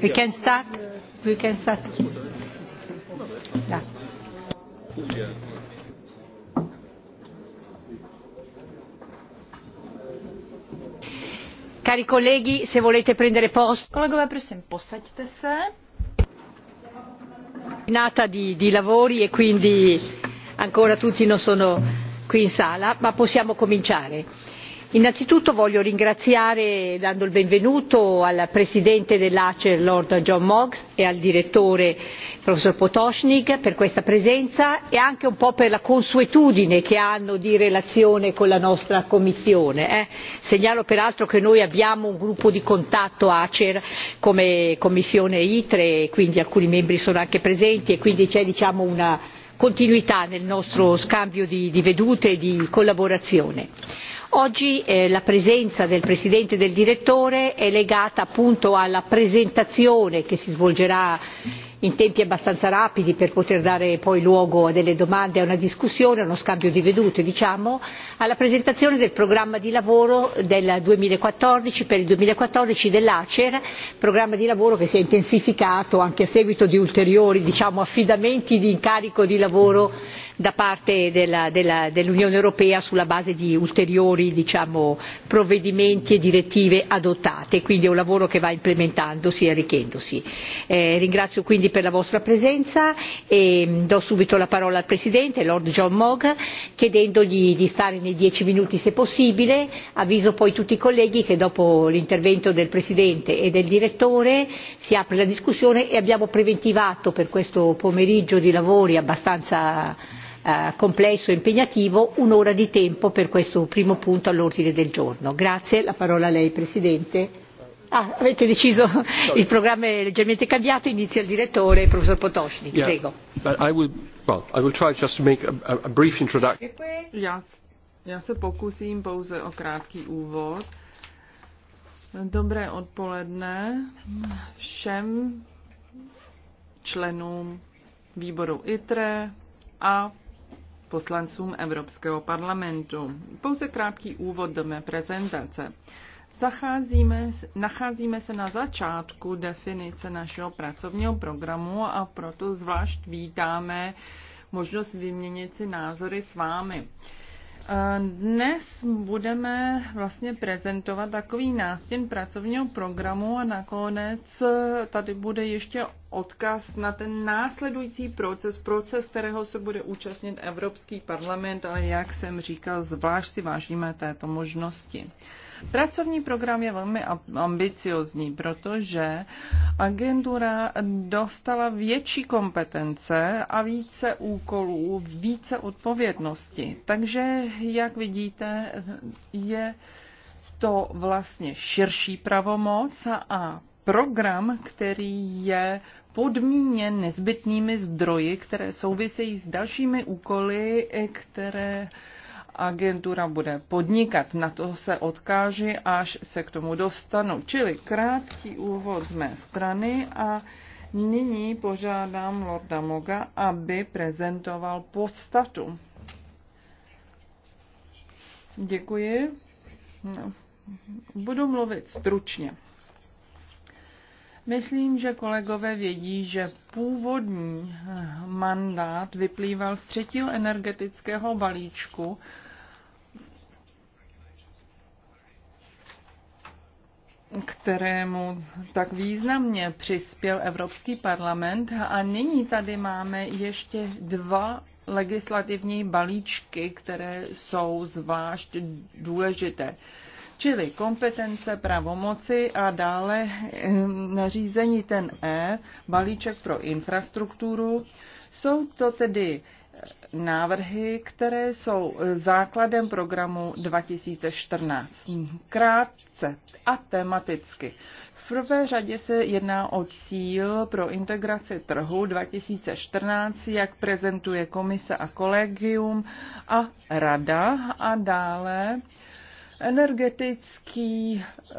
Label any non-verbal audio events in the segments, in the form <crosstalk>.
We can start. We can start. Cari colleghi, se volete prendere posto. Kolegové, prosím, posaďte se. Nata di, di lavori e quindi ancora tutti non sono qui in sala, ma possiamo cominciare innanzitutto voglio ringraziare dando il benvenuto al presidente dell'acer lord john moggs e al direttore professor potonik per questa presenza e anche un po' per la consuetudine che hanno di relazione con la nostra commissione. Eh. segnalo peraltro che noi abbiamo un gruppo di contatto acer come commissione itre e quindi alcuni membri sono anche presenti e quindi c'è diciamo una continuità nel nostro scambio di vedute e di collaborazione oggi eh, la presenza del presidente e del direttore è legata appunto alla presentazione che si svolgerà in tempi abbastanza rapidi per poter dare poi luogo a delle domande e a una discussione a uno scambio di vedute diciamo alla presentazione del programma di lavoro del duemilaquattordici per il duemilaquattordici dell'acer programma di lavoro che si è intensificato anche a seguito di ulteriori diciamo affidamenti di incarico di lavoro da parte dell'unione europea sulla base di ulteriori diciamo provvedimenti e direttive adottate quindi è un lavoro che va implementandosi e arricchendosi. Eh, ringrazio quindi per la vostra presenza e mm, do subito la parola al presidente lord john mogg chiedendogli di stare nei dieci minuti se possibile avviso poi tutti i colleghi che dopo l'intervento del presidente e del direttore si apre la discussione e abbiamo preventivato per questo pomeriggio di lavori abbastanza Eh, complesso e impegnativo un'ora di tempo per questo primo punto all'ordine del giorno. Grazie, la parola a lei Presidente. Ah, avete deciso il programma è leggermente cambiato, inizia il direttore, il professor Potocnik, yeah, prego. I will, well, I will try just to make a, a brief introduction. Já, já se pokusím pouze o krátký úvod. Dobré odpoledne všem členům výboru ITRE a poslancům Evropského parlamentu. Pouze krátký úvod do mé prezentace. Zacházíme, nacházíme se na začátku definice našeho pracovního programu a proto zvlášť vítáme možnost vyměnit si názory s vámi. Uh, dnes budeme vlastně prezentovat takový nástěn pracovního programu a nakonec e, tady bude ještě odkaz na ten následující proces, proces, kterého se bude účastnit Evropský parlament, ale jak jsem říkal, zvlášť si vážíme této možnosti. Pracovní program je velmi ambiciozní, protože agentura dostala větší kompetence a více úkolů, více odpovědnosti. Takže, jak vidíte, je to vlastně širší pravomoc a program, který je podmíněn nezbytnými zdroji, které souvisejí s dalšími úkoly, které agentura bude podnikat. Na to se odkáži, až se k tomu dostanu. Čili krátký úvod z mé strany a nyní požádám Lorda Moga, aby prezentoval podstatu. Děkuji. No, budu mluvit stručně. Myslím, že kolegové vědí, že původní eh, mandát vyplýval z třetího energetického balíčku, kterému tak významně přispěl Evropský parlament. A nyní tady máme ještě dva legislativní balíčky, které jsou zvlášť důležité. Čili kompetence, pravomoci a dále nařízení ten E, balíček pro infrastrukturu, jsou to tedy eh, návrhy, které jsou eh, základem programu 2014. Krátce a tematicky. V prvé řadě se jedná o cíl pro integraci trhu 2014, jak prezentuje komise a kolegium a rada a dále energetický eh,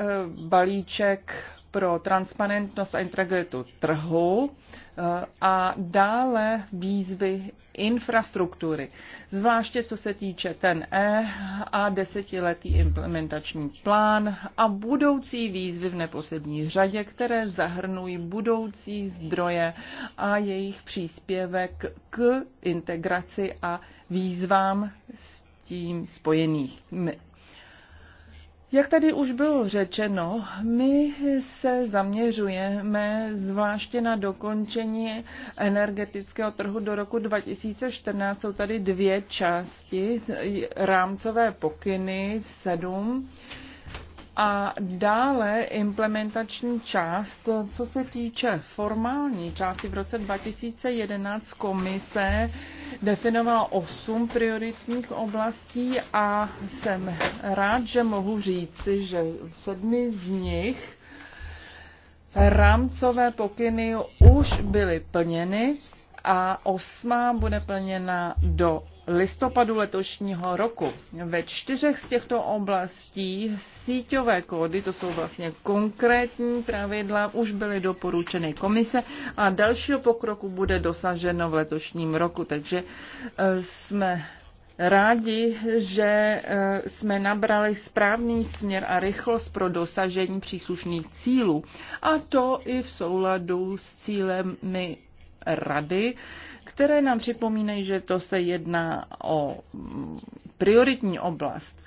balíček pro transparentnost a integritu trhu eh, a dále výzvy infrastruktury, zvláště co se týče ten E a desetiletý implementační plán a budoucí výzvy v neposlední řadě, které zahrnují budoucí zdroje a jejich příspěvek k integraci a výzvám s tím spojených. Jak tady už bylo řečeno, my se zaměřujeme zvláště na dokončení energetického trhu do roku 2014. Jsou tady dvě části, rámcové pokyny 7 a dále implementační část, co se týče formální části, v roce 2011 komise definovala osm prioritních oblastí a jsem rád, že mohu říci, že v sedmi z nich rámcové pokyny už byly plněny a osmá bude plněna do listopadu letošního roku. Ve čtyřech z těchto oblastí síťové kódy, to jsou vlastně konkrétní pravidla, už byly doporučeny komise a dalšího pokroku bude dosaženo v letošním roku. Takže e, jsme rádi, že e, jsme nabrali správný směr a rychlost pro dosažení příslušných cílů. A to i v souladu s cílemi rady, které nám připomínají, že to se jedná o prioritní oblast.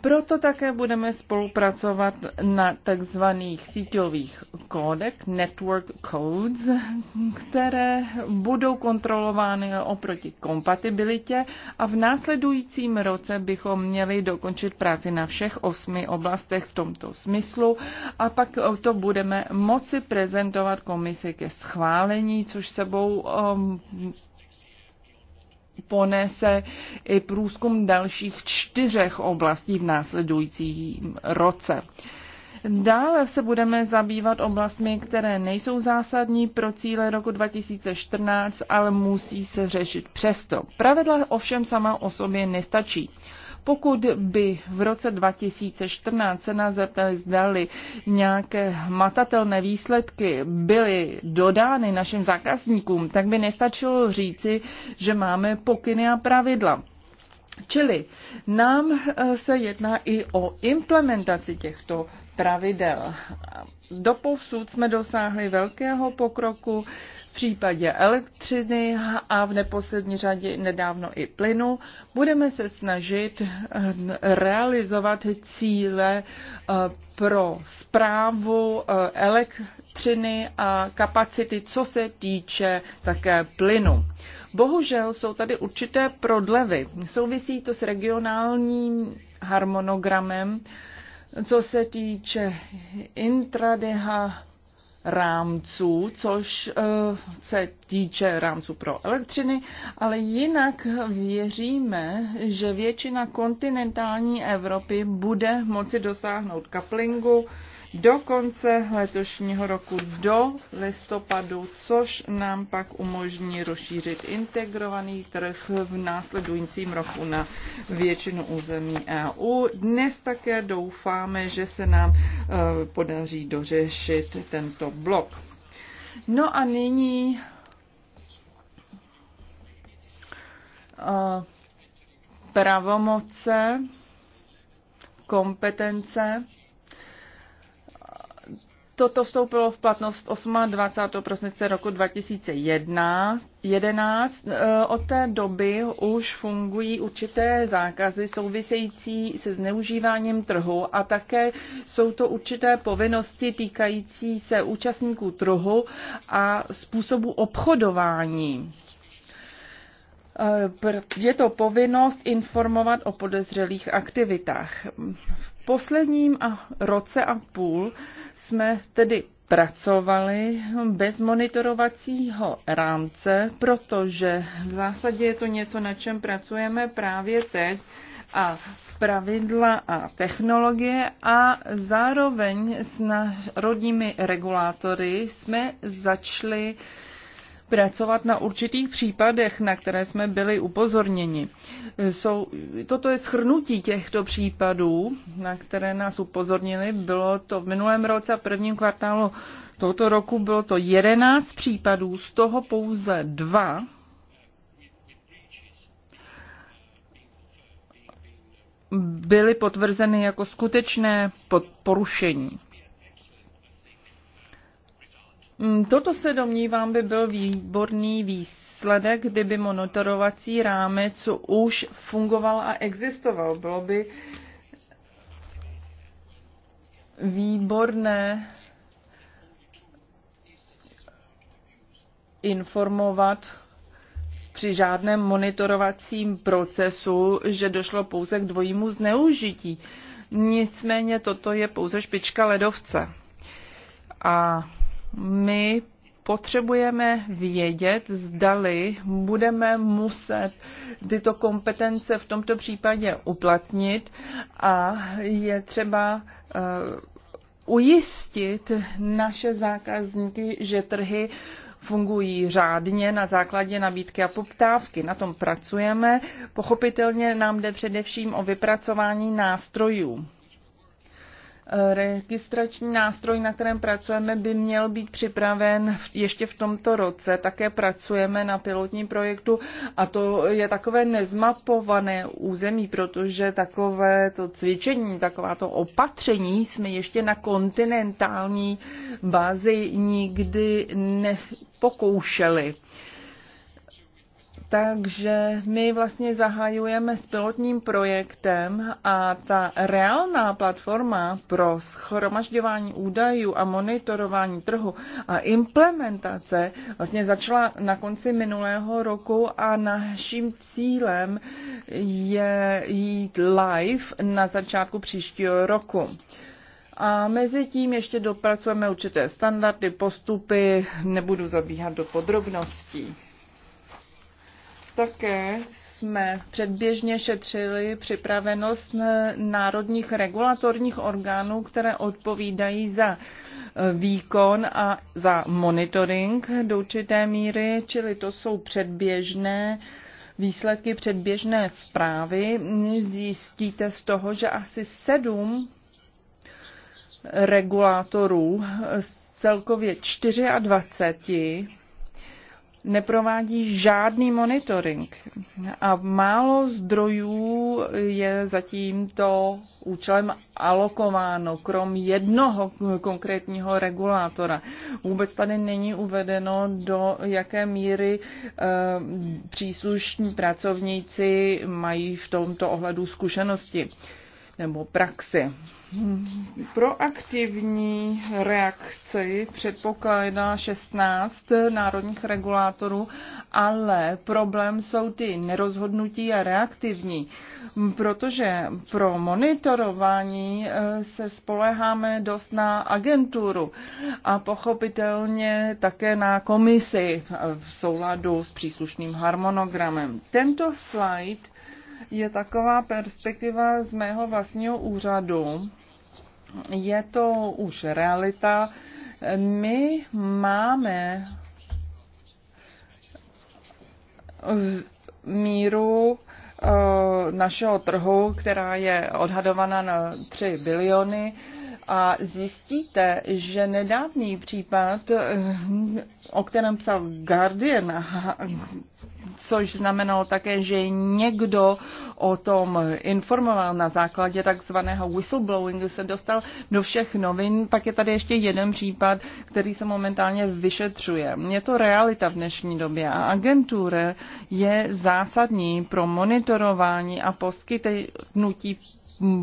Proto také budeme spolupracovat na takzvaných síťových kódech, network codes, které budou kontrolovány oproti kompatibilitě a v následujícím roce bychom měli dokončit práci na všech osmi oblastech v tomto smyslu a pak to budeme moci prezentovat komisi ke schválení, což sebou um, ponese i průzkum dalších čtyřech oblastí v následujícím roce. Dále se budeme zabývat oblastmi, které nejsou zásadní pro cíle roku 2014, ale musí se řešit přesto. Pravidla ovšem sama o sobě nestačí. Pokud by v roce 2014 se na zeptali, zdali nějaké hmatatelné výsledky byly dodány našim zákazníkům, tak by nestačilo říci, že máme pokyny a pravidla. Čili nám eh, se jedná i o implementaci těchto pravidel. Doposud jsme dosáhli velkého pokroku v případě elektřiny a v neposlední řadě nedávno i plynu. Budeme se snažit eh, realizovat cíle eh, pro zprávu eh, elektřiny a kapacity, co se týče také plynu. Bohužel jsou tady určité prodlevy. Souvisí to s regionálním harmonogramem, co se týče intradeha rámců, což eh, se týče rámců pro elektřiny, ale jinak věříme, že většina kontinentální Evropy bude moci dosáhnout kaplingu do konce letošního roku do listopadu, což nám pak umožní rozšířit integrovaný trh v následujícím roku na většinu území EU. Dnes také doufáme, že se nám e, podaří dořešit tento blok. No a nyní e, pravomoce, kompetence Toto vstoupilo v platnost 28. prosince roku 2011. E, od té doby už fungují určité zákazy související se zneužíváním trhu a také jsou to určité povinnosti týkající se účastníků trhu a způsobu obchodování. E, je to povinnost informovat o podezřelých aktivitách. V posledním a roce a půl jsme tedy pracovali bez monitorovacího rámce, protože v zásadě je to něco, na čem pracujeme právě teď a pravidla a technologie a zároveň s národními regulátory jsme začali pracovat na určitých případech, na které jsme byli upozorněni. Jsou, toto je schrnutí těchto případů, na které nás upozornili. Bylo to v minulém roce a prvním kvartálu tohoto roku bylo to 11 případů, z toho pouze dva byly potvrzeny jako skutečné porušení. Mm, toto se domnívám by byl výborný výsledek, kdyby monitorovací rámec už fungoval a existoval. Bylo by výborné informovat při žádném monitorovacím procesu, že došlo pouze k dvojímu zneužití. Nicméně toto je pouze špička ledovce. A my potřebujeme vědět, zdali budeme muset tyto kompetence v tomto případě uplatnit a je třeba eh, ujistit naše zákazníky, že trhy fungují řádně na základě nabídky a poptávky. Na tom pracujeme. Pochopitelně nám jde především o vypracování nástrojů. Registrační nástroj, na kterém pracujeme, by měl být připraven ještě v tomto roce. Také pracujeme na pilotním projektu a to je takové nezmapované území, protože takové to cvičení, taková to opatření jsme ještě na kontinentální bázi nikdy nepokoušeli. Uh, takže my vlastně zahajujeme s pilotním projektem a ta reálná platforma pro schromažďování údajů a monitorování trhu a implementace vlastně začala na konci minulého roku a naším cílem je jít live na začátku příštího roku. A mezi tím ještě dopracujeme určité standardy, postupy, nebudu zabíhat do podrobností. Také jsme předběžně šetřili připravenost národních regulatorních orgánů, které odpovídají za e, výkon a za monitoring do určité míry, čili to jsou předběžné výsledky předběžné zprávy. Zjistíte z toho, že asi sedm regulátorů z celkově 24 neprovádí žádný monitoring a málo zdrojů je za tímto účelem alokováno, krom jednoho konkrétního regulátora. Vůbec tady není uvedeno, do jaké míry e, příslušní pracovníci mají v tomto ohledu zkušenosti nebo praxi. Proaktivní reakci předpokládá 16 národních regulátorů, ale problém jsou ty nerozhodnutí a reaktivní, protože pro monitorování eh, se spoleháme dost na agenturu a pochopitelně také na komisi v souladu s příslušným harmonogramem. Tento slide je taková perspektiva z mého vlastního úřadu. Je to už realita. My máme míru eh, našeho trhu, která je odhadovaná na 3 biliony, a zjistíte, že nedávný případ, eh, o kterém psal Guardian, což znamenalo také, že někdo o tom informoval na základě takzvaného whistleblowingu, se dostal do všech novin. Pak je tady ještě jeden případ, který se momentálně vyšetřuje. Je to realita v dnešní době a agentura je zásadní pro monitorování a poskytnutí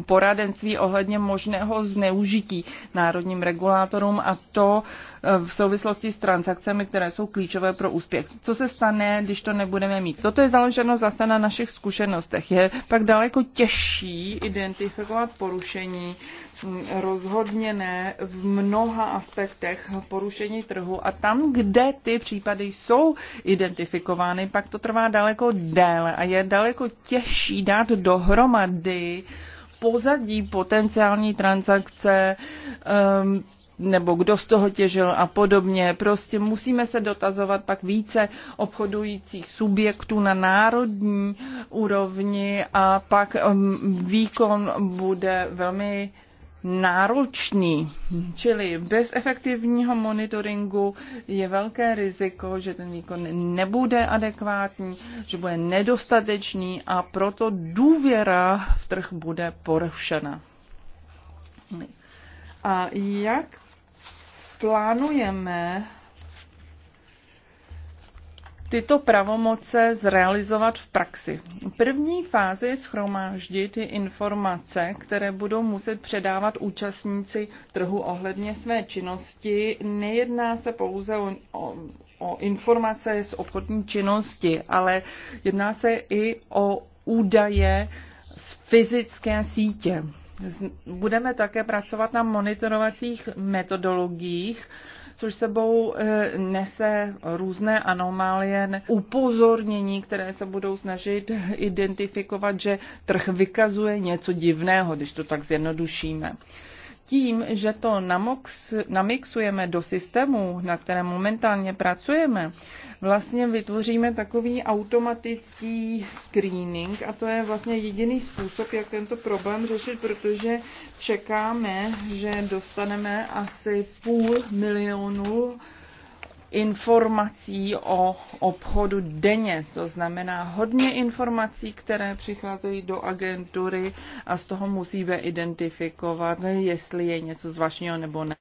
poradenství ohledně možného zneužití národním regulátorům a to eh, v souvislosti s transakcemi, které jsou klíčové pro úspěch. Co se stane, když to nebudeme mít? Toto je založeno zase na našich zkušenostech. Je pak daleko těžší identifikovat porušení, hm, rozhodně ne v mnoha aspektech porušení trhu a tam, kde ty případy jsou identifikovány, pak to trvá daleko déle a je daleko těžší dát dohromady pozadí potenciální transakce um, nebo kdo z toho těžil a podobně. Prostě musíme se dotazovat pak více obchodujících subjektů na národní úrovni a pak ehm, výkon bude velmi náročný. Čili bez efektivního monitoringu je velké riziko, že ten výkon nebude adekvátní, že bude nedostatečný a proto důvěra v trh bude porušena. A jak plánujeme tyto pravomoce zrealizovat v praxi. První fáze je schromáždit informace, které budou muset předávat účastníci trhu ohledně své činnosti. Nejedná se pouze o, o, o informace z obchodní činnosti, ale jedná se i o údaje z fyzické sítě. Budeme také pracovat na monitorovacích metodologiích, což sebou eh, nese různé anomálie, upozornění, které se budou snažit identifikovat, že trh vykazuje něco divného, když to tak zjednodušíme tím, že to namox, namixujeme do systému, na kterém momentálně pracujeme, vlastně vytvoříme takový automatický screening a to je vlastně jediný způsob, jak tento problém řešit, protože čekáme, že dostaneme asi půl milionu informací o obchodu denně. To znamená hodně informací, které přicházejí do agentury a z toho musíme identifikovat, jestli je něco zvláštního nebo ne.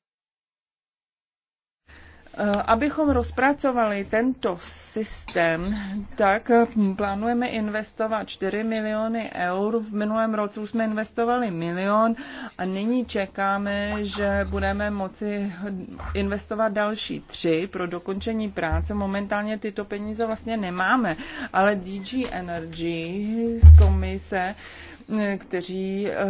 Eh, abychom rozpracovali tento systém, tak eh, plánujeme investovat 4 miliony eur. V minulém roce už jsme investovali milion a nyní čekáme, že budeme moci investovat další tři pro dokončení práce. Momentálně tyto peníze vlastně nemáme, ale DG Energy z komise kteří eh,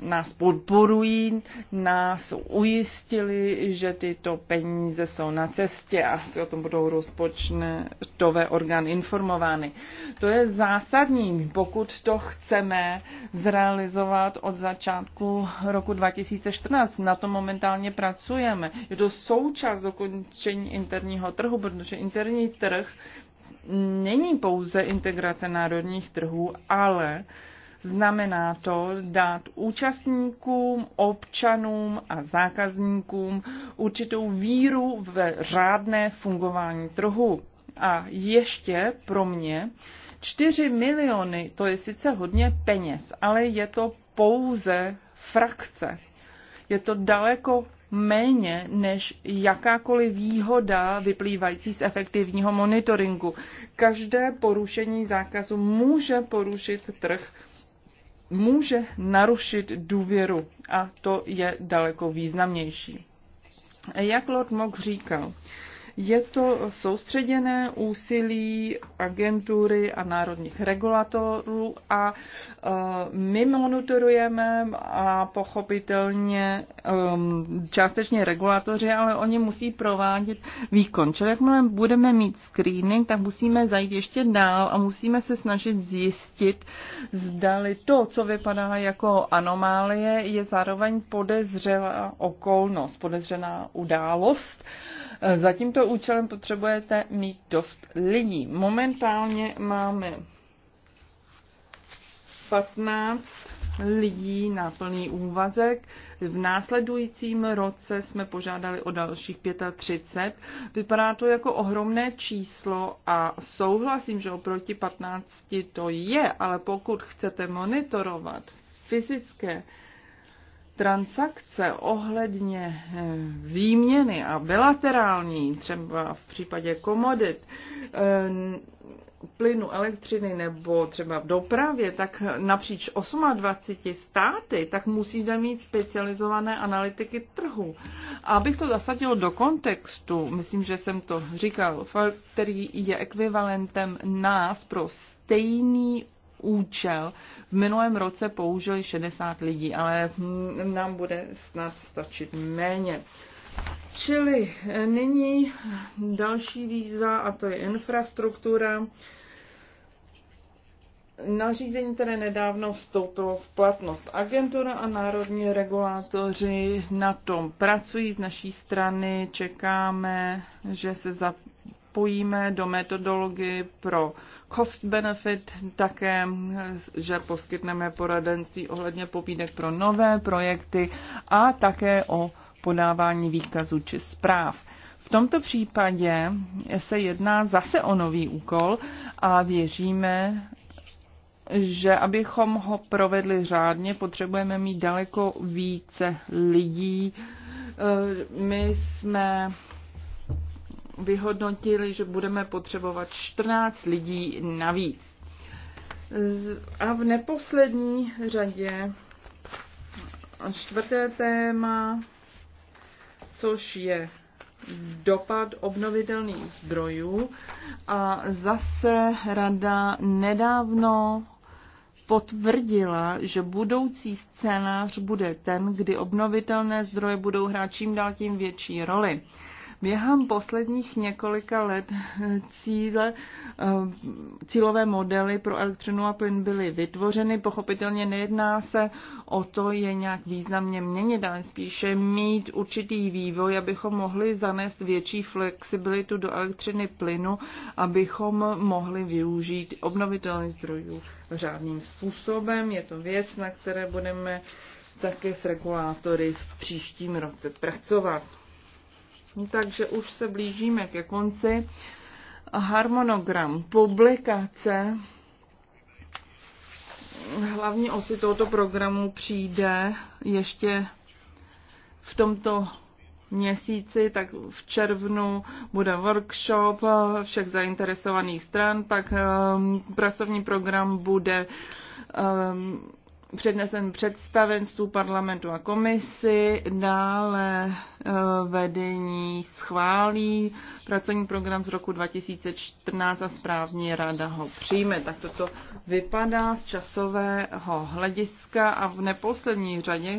nás podporují, nás ujistili, že tyto peníze jsou na cestě a si o tom budou rozpočtové orgány informovány. To je zásadní, pokud to chceme zrealizovat od začátku roku 2014. Na to momentálně pracujeme. Je to součást dokončení interního trhu, protože interní trh není pouze integrace národních trhů, ale Znamená to dát účastníkům, občanům a zákazníkům určitou víru v řádné fungování trhu. A ještě pro mě 4 miliony, to je sice hodně peněz, ale je to pouze frakce. Je to daleko méně než jakákoliv výhoda vyplývající z efektivního monitoringu. Každé porušení zákazu může porušit trh může narušit důvěru a to je daleko významnější. Jak Lord Mock říkal, je to soustředěné úsilí agentury a národních regulatorů a eh, my monitorujeme a pochopitelně ehm, částečně regulatoři, ale oni musí provádět výkon. Čili jakmile budeme mít screening, tak musíme zajít ještě dál a musíme se snažit zjistit, zdali to, co vypadá jako anomálie, je zároveň podezřelá okolnost, podezřená událost za tímto účelem potřebujete mít dost lidí. Momentálně máme 15 lidí na plný úvazek. V následujícím roce jsme požádali o dalších 35. Vypadá to jako ohromné číslo a souhlasím, že oproti 15 to je, ale pokud chcete monitorovat fyzické transakce ohledně eh, výměny a bilaterální, třeba v případě komodit, eh, plynu, elektřiny nebo třeba v dopravě, tak napříč 28 státy, tak musíte mít specializované analytiky trhu. A abych to zasadil do kontextu, myslím, že jsem to říkal, který je ekvivalentem nás pro stejný účel v minulém roce použili 60 lidí, ale hm, nám bude snad stačit méně. Čili eh, nyní další výzva, a to je infrastruktura. Nařízení, které nedávno vstoupilo v platnost. Agentura a národní regulátoři na tom pracují z naší strany, čekáme, že se za, zapojíme do metodologii pro cost benefit, také, že poskytneme poradenství ohledně pobídek pro nové projekty a také o podávání výkazů či zpráv. V tomto případě se jedná zase o nový úkol a věříme, že abychom ho provedli řádně, potřebujeme mít daleko více lidí. My jsme vyhodnotili, že budeme potřebovat 14 lidí navíc. A v neposlední řadě čtvrté téma, což je dopad obnovitelných zdrojů. A zase rada nedávno potvrdila, že budoucí scénář bude ten, kdy obnovitelné zdroje budou hrát čím dál tím větší roli. Během posledních několika let cíle, eh, cílové modely pro elektřinu a plyn byly vytvořeny. Pochopitelně nejedná se o to je nějak významně měnit, ale spíše mít určitý vývoj, abychom mohli zanést větší flexibilitu do elektřiny plynu, abychom mohli využít obnovitelných zdrojů řádným způsobem. Je to věc, na které budeme také s regulátory v příštím roce pracovat. Takže už se blížíme ke konci. Harmonogram publikace hlavní osy tohoto programu přijde ještě v tomto měsíci, tak v červnu bude workshop všech zainteresovaných stran, pak um, pracovní program bude um, přednesen představenstvu parlamentu a komisi, dále e, vedení schválí pracovní program z roku 2014 a správní rada ho přijme. Tak toto vypadá z časového hlediska a v neposlední řadě,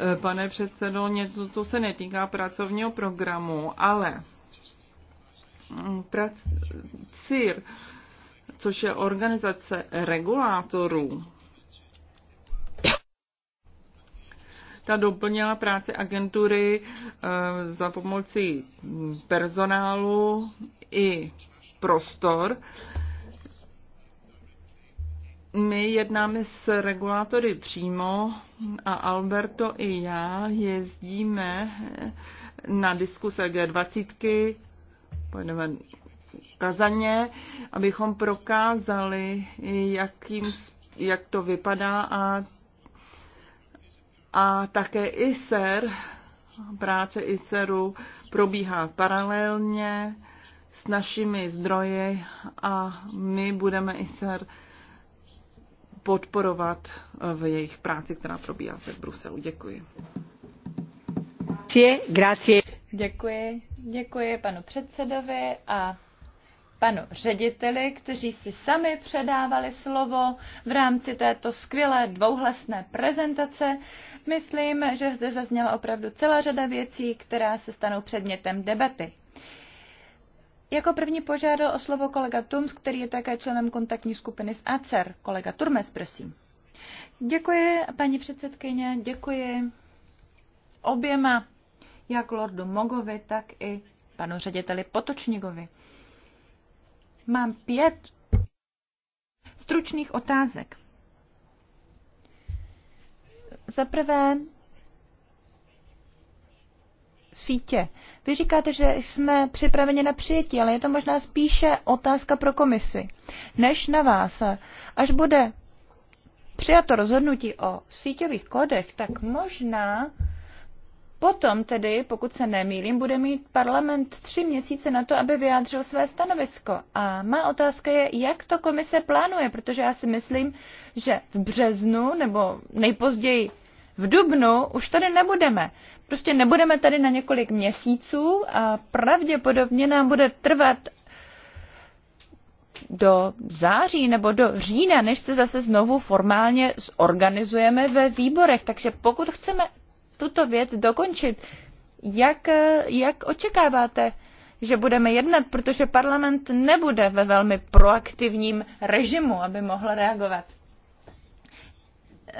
e, pane předsedo, něco, co se netýká pracovního programu, ale mm, prac, CIR, což je organizace regulátorů, Ta doplnila práci agentury eh, za pomocí personálu i prostor. My jednáme s regulátory přímo a Alberto i já jezdíme na diskuse G20, pojedeme Kazaně, abychom prokázali, jakým, jak to vypadá a a také ISER, práce ISERu probíhá paralelně s našimi zdroji a my budeme ISER podporovat v jejich práci, která probíhá v Bruselu. Děkuji. Grazie, Děkuji, děkuji panu předsedovi a panu řediteli, kteří si sami předávali slovo v rámci této skvělé dvouhlasné prezentace. Myslím, že zde zazněla opravdu celá řada věcí, která se stanou předmětem debaty. Jako první požádal o slovo kolega Tums, který je také členem kontaktní skupiny z ACER. Kolega Turmes, prosím. Děkuji, paní předsedkyně, děkuji oběma, jak Lordu Mogovi, tak i panu řediteli Potočníkovi. Mám pět stručných otázek. Za prvé, sítě. Vy říkáte, že jsme připraveni na přijetí, ale je to možná spíše otázka pro komisi, než na vás. Až bude přijato rozhodnutí o síťových kodech, tak možná Potom tedy, pokud se nemýlím, bude mít parlament tři měsíce na to, aby vyjádřil své stanovisko. A má otázka je, jak to komise plánuje, protože já si myslím, že v březnu nebo nejpozději v dubnu už tady nebudeme. Prostě nebudeme tady na několik měsíců a pravděpodobně nám bude trvat do září nebo do října, než se zase znovu formálně zorganizujeme ve výborech. Takže pokud chceme tuto věc dokončit. Jak, jak očekáváte, že budeme jednat, protože parlament nebude ve velmi proaktivním režimu, aby mohl reagovat.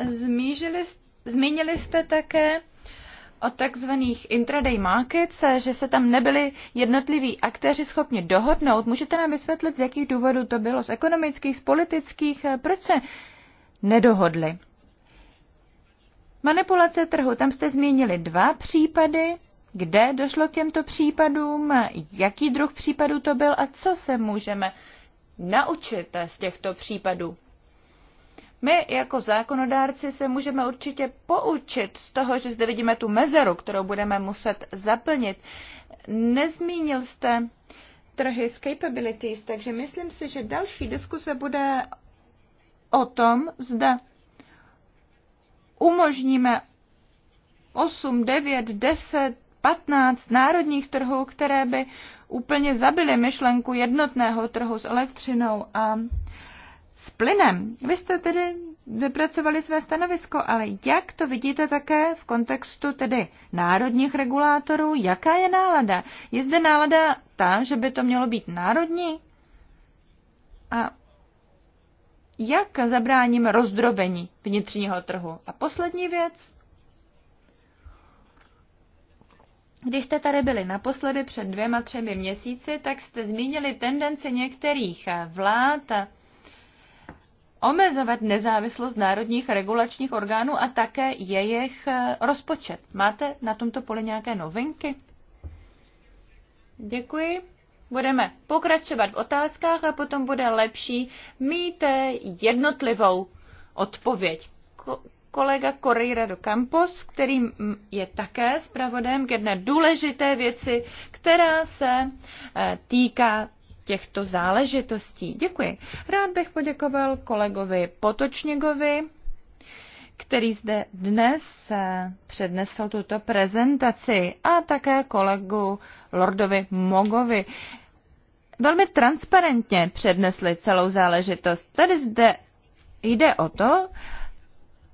Zmížili, zmínili jste také o takzvaných intraday markets, že se tam nebyli jednotliví aktéři schopni dohodnout. Můžete nám vysvětlit, z jakých důvodů to bylo, z ekonomických, z politických, proč se nedohodli? Manipulace trhu, tam jste zmínili dva případy, kde došlo k těmto případům, jaký druh případů to byl a co se můžeme naučit z těchto případů. My jako zákonodárci se můžeme určitě poučit z toho, že zde vidíme tu mezeru, kterou budeme muset zaplnit. Nezmínil jste trhy s capabilities, takže myslím si, že další diskuse bude o tom, zda umožníme 8, 9, 10, 15 národních trhů, které by úplně zabily myšlenku jednotného trhu s elektřinou a s plynem. Vy jste tedy vypracovali své stanovisko, ale jak to vidíte také v kontextu tedy národních regulátorů? Jaká je nálada? Je zde nálada ta, že by to mělo být národní? A jak zabráníme rozdrobení vnitřního trhu. A poslední věc. Když jste tady byli naposledy před dvěma, třemi měsíci, tak jste zmínili tendenci některých vlád omezovat nezávislost národních regulačních orgánů a také jejich rozpočet. Máte na tomto poli nějaké novinky? Děkuji budeme pokračovat v otázkách a potom bude lepší mít eh, jednotlivou odpověď. Ko- kolega Correira do Campos, který mm, je také zpravodem k jedné důležité věci, která se eh, týká těchto záležitostí. Děkuji. Rád bych poděkoval kolegovi Potočněgovi který zde dnes eh, přednesl tuto prezentaci a také kolegu Lordovi Mogovi. Velmi transparentně přednesli celou záležitost. Tady zde jde o to,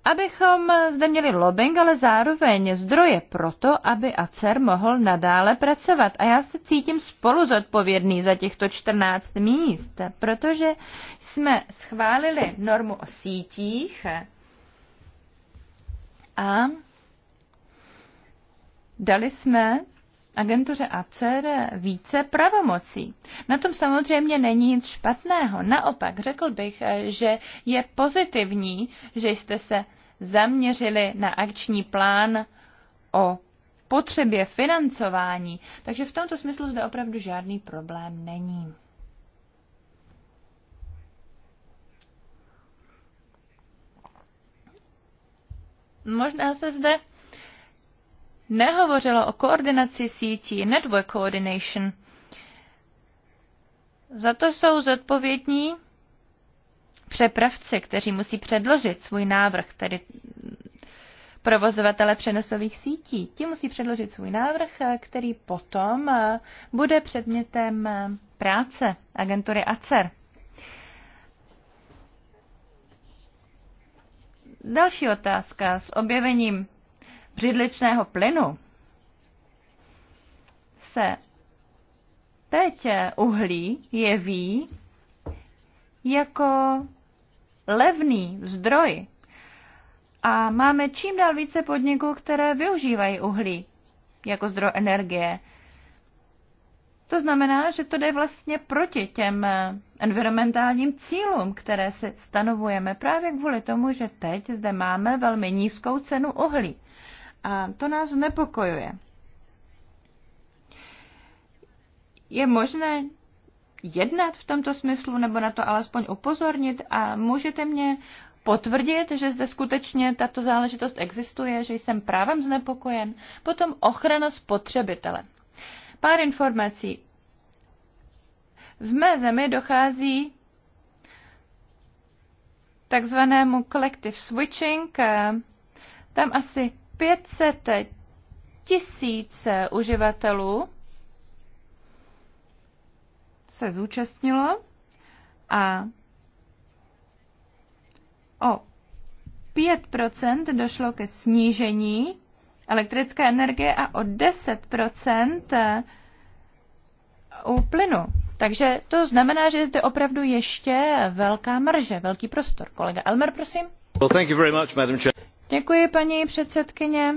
abychom zde měli lobbying, ale zároveň zdroje pro to, aby ACER mohl nadále pracovat. A já se cítím spolu zodpovědný za těchto 14 míst, protože jsme schválili normu o sítích, a dali jsme agentuře ACER více pravomocí. Na tom samozřejmě není nic špatného. Naopak řekl bych, eh, že je pozitivní, že jste se zaměřili na akční plán o potřebě financování. Takže v tomto smyslu zde opravdu žádný problém není. možná se zde nehovořilo o koordinaci sítí, network coordination. Za to jsou zodpovědní přepravci, kteří musí předložit svůj návrh, tedy provozovatele přenosových sítí. Ti musí předložit svůj návrh, který potom bude předmětem práce agentury ACER. Další otázka. S objevením břidličného plynu se teď uhlí jeví jako levný zdroj. A máme čím dál více podniků, které využívají uhlí jako zdroj energie. To znamená, že to jde vlastně proti těm eh, environmentálním cílům, které si stanovujeme právě kvůli tomu, že teď zde máme velmi nízkou cenu uhlí. A to nás znepokojuje. Je možné jednat v tomto smyslu, nebo na to alespoň upozornit a můžete mě potvrdit, že zde skutečně tato záležitost existuje, že jsem právem znepokojen. Potom ochrana spotřebitele. Pár informací. V mé zemi dochází takzvanému collective switching. Eh, tam asi 500 tisíc uživatelů se zúčastnilo a o 5% došlo ke snížení elektrické energie a o 10 eh, u plynu. Takže to znamená, že je zde opravdu ještě velká marže, velký prostor. Kolega Elmer, prosím. Well, thank you very much, Madam Chair. Děkuji, paní předsedkyně.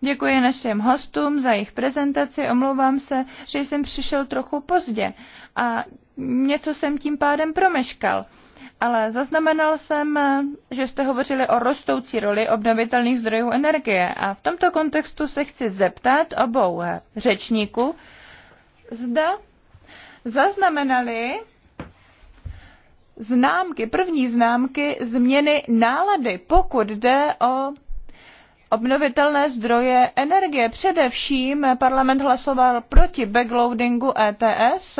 Děkuji našim hostům za jejich prezentaci. Omlouvám se, že jsem přišel trochu pozdě a něco jsem tím pádem promeškal ale zaznamenal jsem, že jste hovořili o rostoucí roli obnovitelných zdrojů energie a v tomto kontextu se chci zeptat obou řečníků, zda zaznamenali známky, první známky změny nálady, pokud jde o obnovitelné zdroje energie. Především parlament hlasoval proti backloadingu ETS,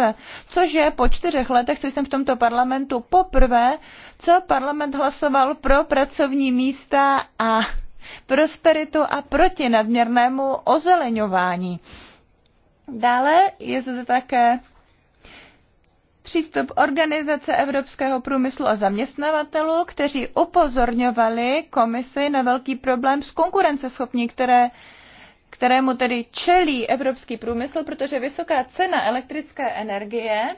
což je po čtyřech letech, co jsem v tomto parlamentu poprvé, co parlament hlasoval pro pracovní místa a prosperitu a proti nadměrnému ozeleňování. Dále je zde také přístup Organizace evropského průmyslu a zaměstnavatelů, kteří upozorňovali komisi na velký problém s konkurenceschopní, které, kterému tedy čelí evropský průmysl, protože vysoká cena elektrické energie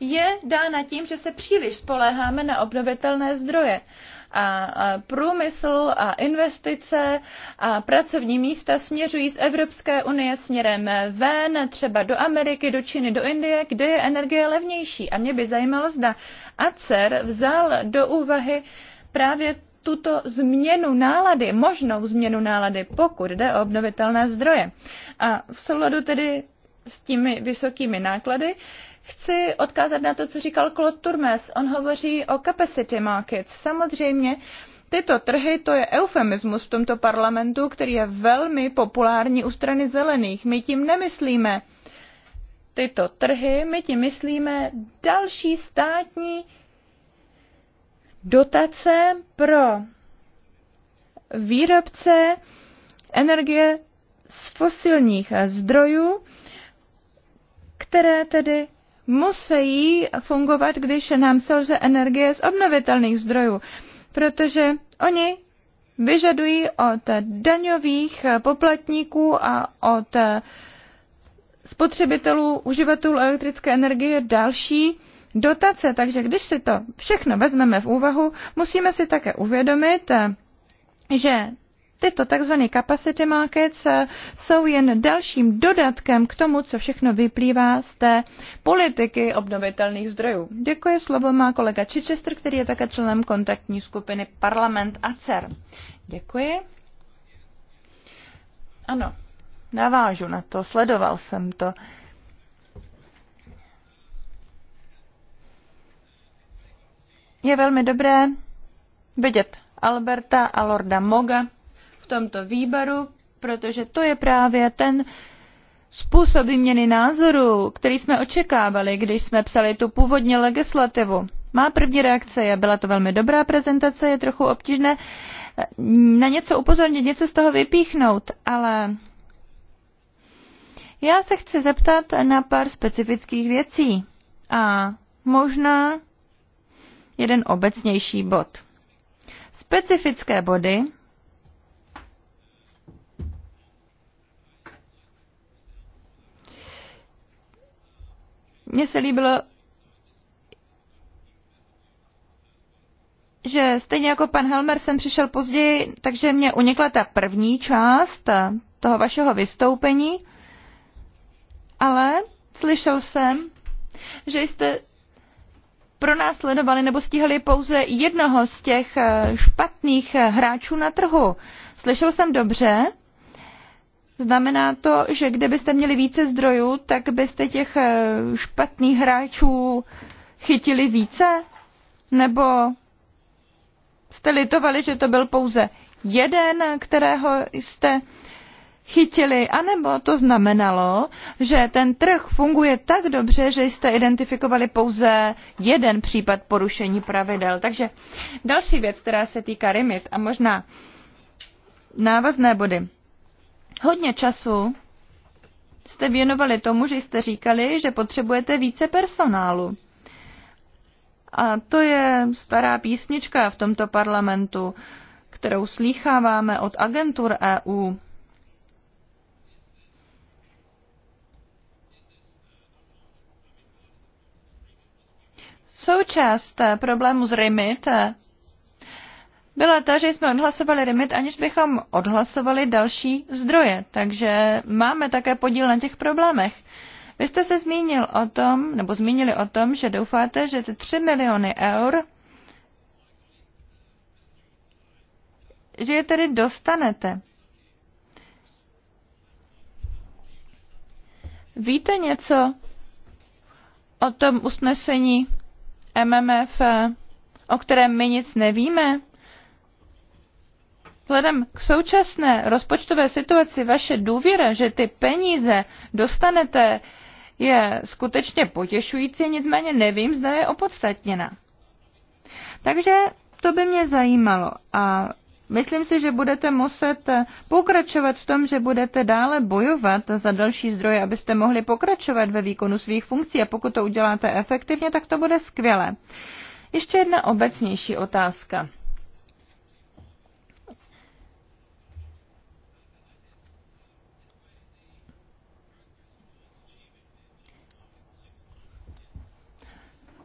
je dána tím, že se příliš spoléháme na obnovitelné zdroje a průmysl a investice a pracovní místa směřují z Evropské unie směrem ven, třeba do Ameriky, do Číny, do Indie, kde je energie levnější. A mě by zajímalo, zda ACER vzal do úvahy právě tuto změnu nálady, možnou změnu nálady, pokud jde o obnovitelné zdroje. A v souladu tedy s těmi vysokými náklady, chci odkázat na to, co říkal Claude Turmes. On hovoří o capacity markets. Samozřejmě tyto trhy, to je eufemismus v tomto parlamentu, který je velmi populární u strany zelených. My tím nemyslíme tyto trhy, my tím myslíme další státní dotace pro výrobce energie z fosilních zdrojů, které tedy musí fungovat, když nám selže energie z obnovitelných zdrojů, protože oni vyžadují od daňových poplatníků a od spotřebitelů, uživatelů elektrické energie další dotace. Takže když si to všechno vezmeme v úvahu, musíme si také uvědomit, že Tyto tzv. capacity markets eh, jsou jen dalším dodatkem k tomu, co všechno vyplývá z té politiky obnovitelných zdrojů. Děkuji, slovo má kolega Chichester, který je také členem kontaktní skupiny Parlament a CER. Děkuji. Ano, navážu na to, sledoval jsem to. Je velmi dobré vidět Alberta a Lorda Moga, tomto výboru, protože to je právě ten způsob výměny názorů, který jsme očekávali, když jsme psali tu původně legislativu. Má první reakce je, byla to velmi dobrá prezentace, je trochu obtížné eh, na něco upozornit, něco z toho vypíchnout, ale já se chci zeptat na pár specifických věcí a možná jeden obecnější bod. Specifické body Mně se líbilo, že stejně jako pan Helmer jsem přišel později, takže mě unikla ta první část toho vašeho vystoupení, ale slyšel jsem, že jste pronásledovali nebo stíhali pouze jednoho z těch špatných hráčů na trhu. Slyšel jsem dobře? Znamená to, že kdybyste měli více zdrojů, tak byste těch eh, špatných hráčů chytili více? Nebo jste litovali, že to byl pouze jeden, kterého jste chytili, a nebo to znamenalo, že ten trh funguje tak dobře, že jste identifikovali pouze jeden případ porušení pravidel. Takže další věc, která se týká remit a možná návazné body. Hodně času jste věnovali tomu, že jste říkali, že potřebujete více personálu. A to je stará písnička v tomto parlamentu, kterou slýcháváme od agentur EU. Součást eh, problému s RIMIT eh, byla ta, že jsme odhlasovali limit, aniž bychom odhlasovali další zdroje. Takže máme také podíl na těch problémech. Vy jste se zmínil o tom, nebo zmínili o tom, že doufáte, že ty 3 miliony eur, že je tedy dostanete. Víte něco o tom usnesení MMF, o kterém my nic nevíme? Vzhledem k současné rozpočtové situaci vaše důvěra, že ty peníze dostanete, je skutečně potěšující, nicméně nevím, zda je opodstatněna. Takže to by mě zajímalo a myslím si, že budete muset pokračovat v tom, že budete dále bojovat za další zdroje, abyste mohli pokračovat ve výkonu svých funkcí a pokud to uděláte efektivně, tak to bude skvělé. Ještě jedna obecnější otázka.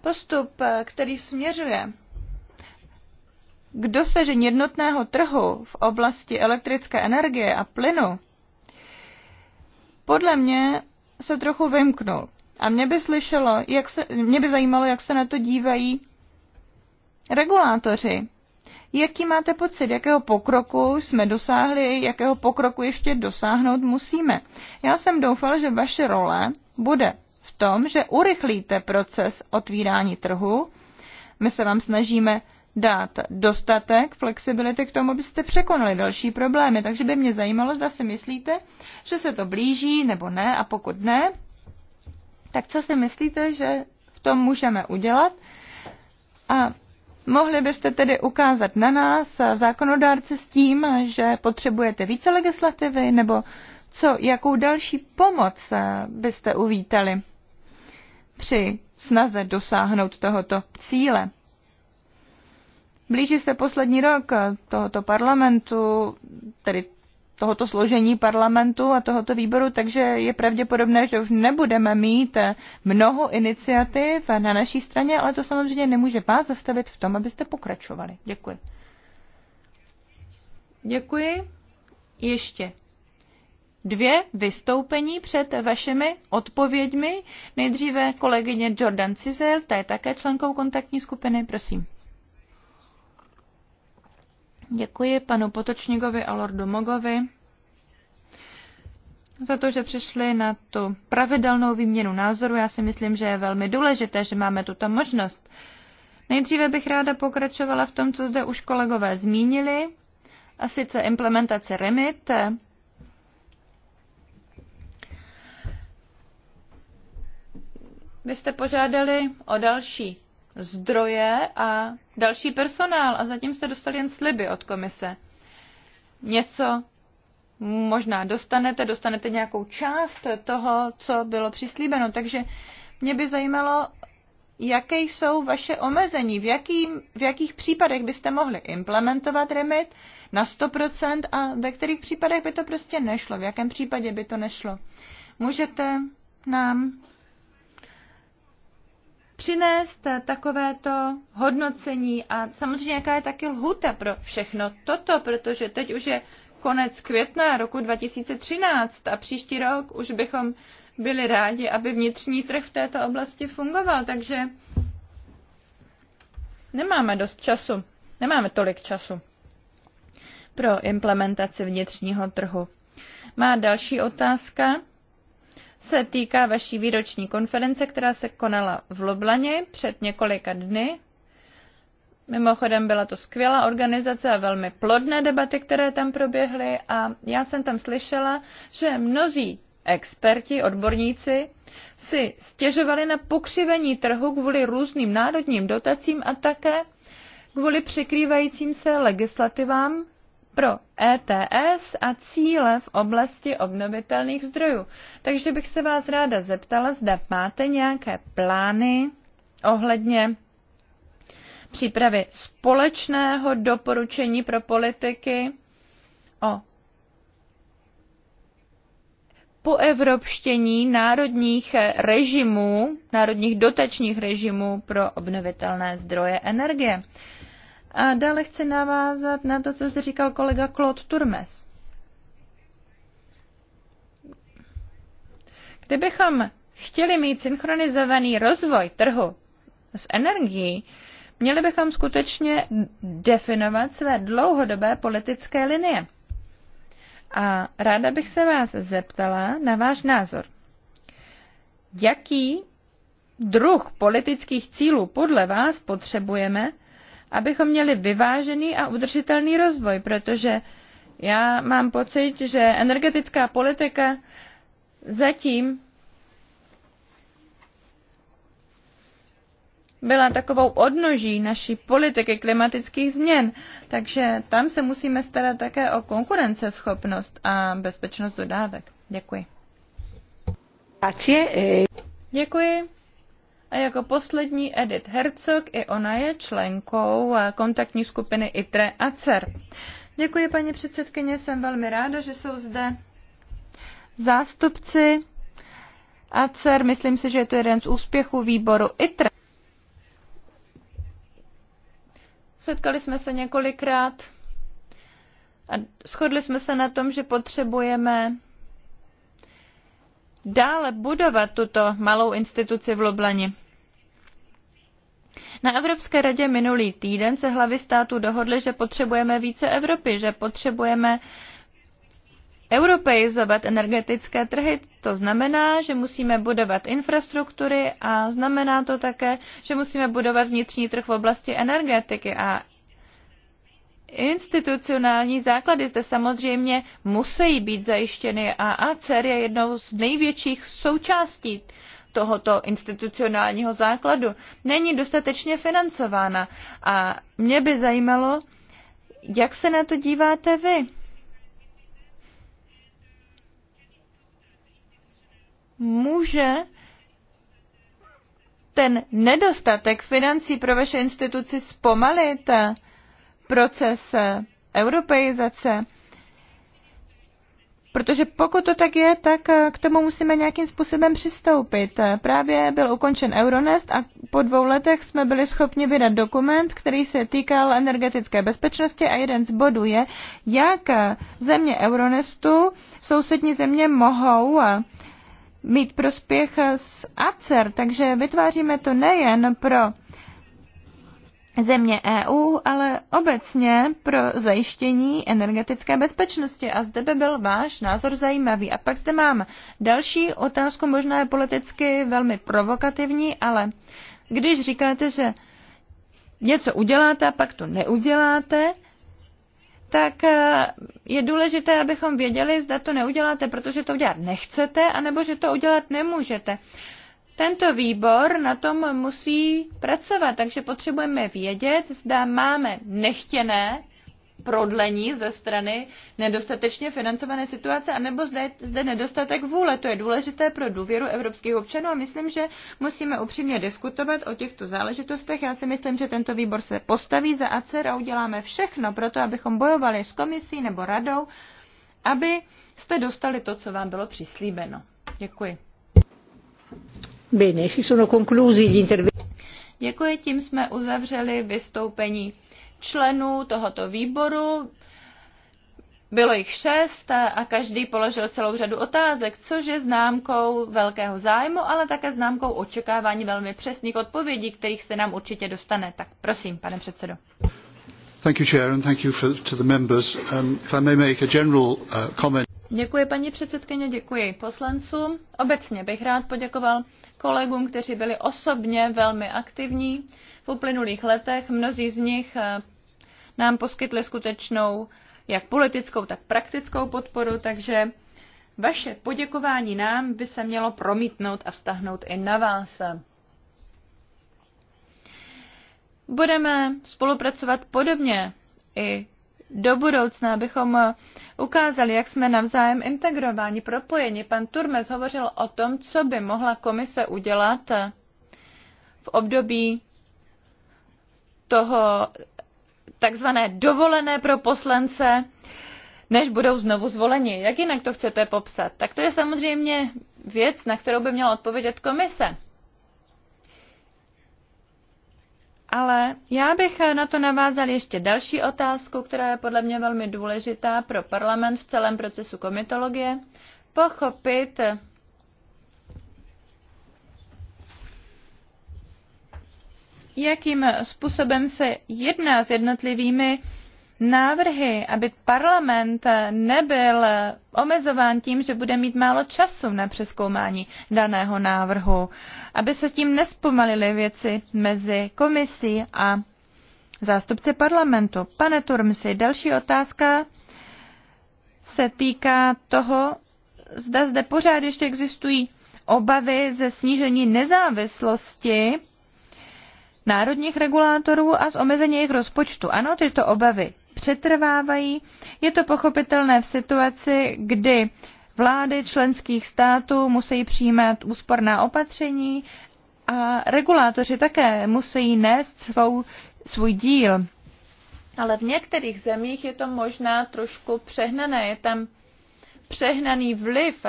Postup, eh, který směřuje k dosažení jednotného trhu v oblasti elektrické energie a plynu, podle mě se trochu vymknul. A mě by, slyšelo, jak se, mě by zajímalo, jak se na to dívají regulátoři. Jaký máte pocit, jakého pokroku jsme dosáhli, jakého pokroku ještě dosáhnout musíme? Já jsem doufal, že vaše role bude tom, že urychlíte proces otvírání trhu. My se vám snažíme dát dostatek flexibility k tomu, abyste překonali další problémy. Takže by mě zajímalo, zda si myslíte, že se to blíží nebo ne. A pokud ne, tak co si myslíte, že v tom můžeme udělat? A mohli byste tedy ukázat na nás, zákonodárce, s tím, že potřebujete více legislativy, nebo co, jakou další pomoc byste uvítali? při snaze dosáhnout tohoto cíle. Blíží se poslední rok tohoto parlamentu, tedy tohoto složení parlamentu a tohoto výboru, takže je pravděpodobné, že už nebudeme mít mnoho iniciativ na naší straně, ale to samozřejmě nemůže vás zastavit v tom, abyste pokračovali. Děkuji. Děkuji. Ještě dvě vystoupení před vašimi odpověďmi. Nejdříve kolegyně Jordan Cizel, ta je také členkou kontaktní skupiny, prosím. Děkuji panu Potočníkovi a Lordu Mogovi za to, že přišli na tu pravidelnou výměnu názoru. Já si myslím, že je velmi důležité, že máme tuto možnost. Nejdříve bych ráda pokračovala v tom, co zde už kolegové zmínili, a sice implementace REMIT, Vy jste požádali o další zdroje a další personál a zatím jste dostali jen sliby od komise. Něco možná dostanete, dostanete nějakou část toho, co bylo přislíbeno. Takže mě by zajímalo, jaké jsou vaše omezení, v, jaký, v jakých případech byste mohli implementovat remit na 100% a ve kterých případech by to prostě nešlo, v jakém případě by to nešlo. Můžete nám přinést takovéto hodnocení a samozřejmě jaká je taky lhuta pro všechno toto, protože teď už je konec května roku 2013 a příští rok už bychom byli rádi, aby vnitřní trh v této oblasti fungoval, takže nemáme dost času, nemáme tolik času pro implementaci vnitřního trhu. Má další otázka se týká vaší výroční konference, která se konala v Loblani před několika dny. Mimochodem byla to skvělá organizace a velmi plodné debaty, které tam proběhly a já jsem tam slyšela, že mnozí experti, odborníci si stěžovali na pokřivení trhu kvůli různým národním dotacím a také kvůli překrývajícím se legislativám pro ETS a cíle v oblasti obnovitelných zdrojů. Takže bych se vás ráda zeptala, zda máte nějaké plány ohledně přípravy společného doporučení pro politiky o poevropštění národních režimů, národních dotačních režimů pro obnovitelné zdroje energie. A dále chci navázat na to, co zde říkal kolega Claude Turmes. Kdybychom chtěli mít synchronizovaný rozvoj trhu s energií, měli bychom skutečně definovat své dlouhodobé politické linie. A ráda bych se vás zeptala na váš názor. Jaký druh politických cílů podle vás potřebujeme, abychom měli vyvážený a udržitelný rozvoj, protože já mám pocit, že energetická politika zatím byla takovou odnoží naší politiky klimatických změn, takže tam se musíme starat také o konkurenceschopnost a bezpečnost dodávek. Děkuji. Děkuji. A jako poslední Edith Herzog, i ona je členkou eh, kontaktní skupiny ITRE a CER. Děkuji, paní předsedkyně, jsem velmi ráda, že jsou zde zástupci CER. Myslím si, že je to jeden z úspěchů výboru ITRE. Setkali jsme se několikrát a shodli jsme se na tom, že potřebujeme dále budovat tuto malou instituci v Lublani. Na Evropské radě minulý týden se hlavy států dohodly, že potřebujeme více Evropy, že potřebujeme europeizovat energetické trhy. To znamená, že musíme budovat infrastruktury a znamená to také, že musíme budovat vnitřní trh v oblasti energetiky. A institucionální základy zde samozřejmě musí být zajištěny a ACER je jednou z největších součástí tohoto institucionálního základu. Není dostatečně financována a mě by zajímalo, jak se na to díváte vy. Může ten nedostatek financí pro vaše instituci zpomalit? proces eh, europeizace? Protože pokud to tak je, tak eh, k tomu musíme nějakým způsobem přistoupit. Eh, Právě byl ukončen Euronest a po dvou letech jsme byli schopni vydat dokument, který se týkal energetické bezpečnosti a jeden z bodů je, jak země Euronestu, sousední země mohou mít prospěch z ACER. Takže vytváříme to nejen pro země EU, ale obecně pro zajištění energetické bezpečnosti. A zde by byl váš názor zajímavý. A pak zde mám další otázku, možná je politicky velmi provokativní, ale když říkáte, že něco uděláte a pak to neuděláte, tak eh, je důležité, abychom věděli, zda to neuděláte, protože to udělat nechcete, anebo že to udělat nemůžete. Tento výbor na tom musí pracovat, takže potřebujeme vědět, zda máme nechtěné prodlení ze strany nedostatečně financované situace, anebo zde, zde nedostatek vůle. To je důležité pro důvěru evropských občanů a myslím, že musíme upřímně diskutovat o těchto záležitostech. Já si myslím, že tento výbor se postaví za ACER a uděláme všechno pro to, abychom bojovali s komisí nebo radou, aby jste dostali to, co vám bylo přislíbeno. Děkuji. Bene, si sono conclusi gli interventi. Děkuji, tím jsme uzavřeli vystoupení členů tohoto výboru. Bylo jich šest a každý položil celou řadu otázek, což je známkou velkého zájmu, ale také známkou očekávání velmi přesných odpovědí, kterých se nám určitě dostane. Tak prosím, pane předsedo. Um, uh, děkuji paní předsedkyně, děkuji poslancům. Obecně bych rád poděkoval kolegům, kteří byli osobně velmi aktivní v uplynulých letech. Mnozí z nich eh, nám poskytli skutečnou jak politickou, tak praktickou podporu, takže vaše poděkování nám by se mělo promítnout a vztahnout i na vás. Budeme spolupracovat podobně i do budoucna, abychom eh, ukázali, jak jsme navzájem integrováni, propojeni. Pan Turmes hovořil o tom, co by mohla komise udělat eh, v období toho takzvané dovolené pro poslance, než budou znovu zvoleni. Jak jinak to chcete popsat? Tak to je samozřejmě věc, na kterou by měla odpovědět komise. Ale já bych na to navázal ještě další otázku, která je podle mě velmi důležitá pro parlament v celém procesu komitologie. Pochopit, jakým způsobem se jedná s jednotlivými návrhy, aby parlament nebyl omezován tím, že bude mít málo času na přeskoumání daného návrhu, aby se tím nespomalily věci mezi komisí a zástupci parlamentu. Pane Turmsi, další otázka se týká toho, zda zde pořád ještě existují obavy ze snížení nezávislosti národních regulátorů a z omezení jejich rozpočtu. Ano, tyto obavy přetrvávají. Je to pochopitelné v situaci, kdy vlády členských států musí přijímat úsporná opatření a regulátoři také musí nést svou, svůj díl. Ale v některých zemích je to možná trošku přehnané. Je tam přehnaný vliv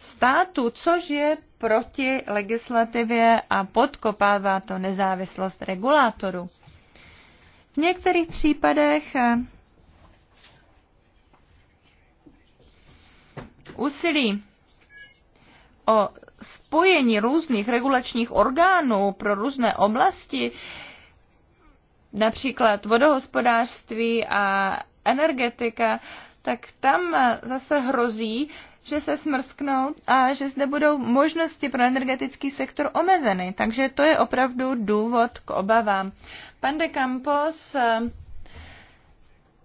státu, což je proti legislativě a podkopává to nezávislost regulátoru. V některých případech eh, úsilí o spojení různých regulačních orgánů pro různé oblasti, například vodohospodářství a energetika, tak tam eh, zase hrozí, že se smrsknou a že zde budou možnosti pro energetický sektor omezeny. Takže to je opravdu důvod k obavám. Pan de Campos eh,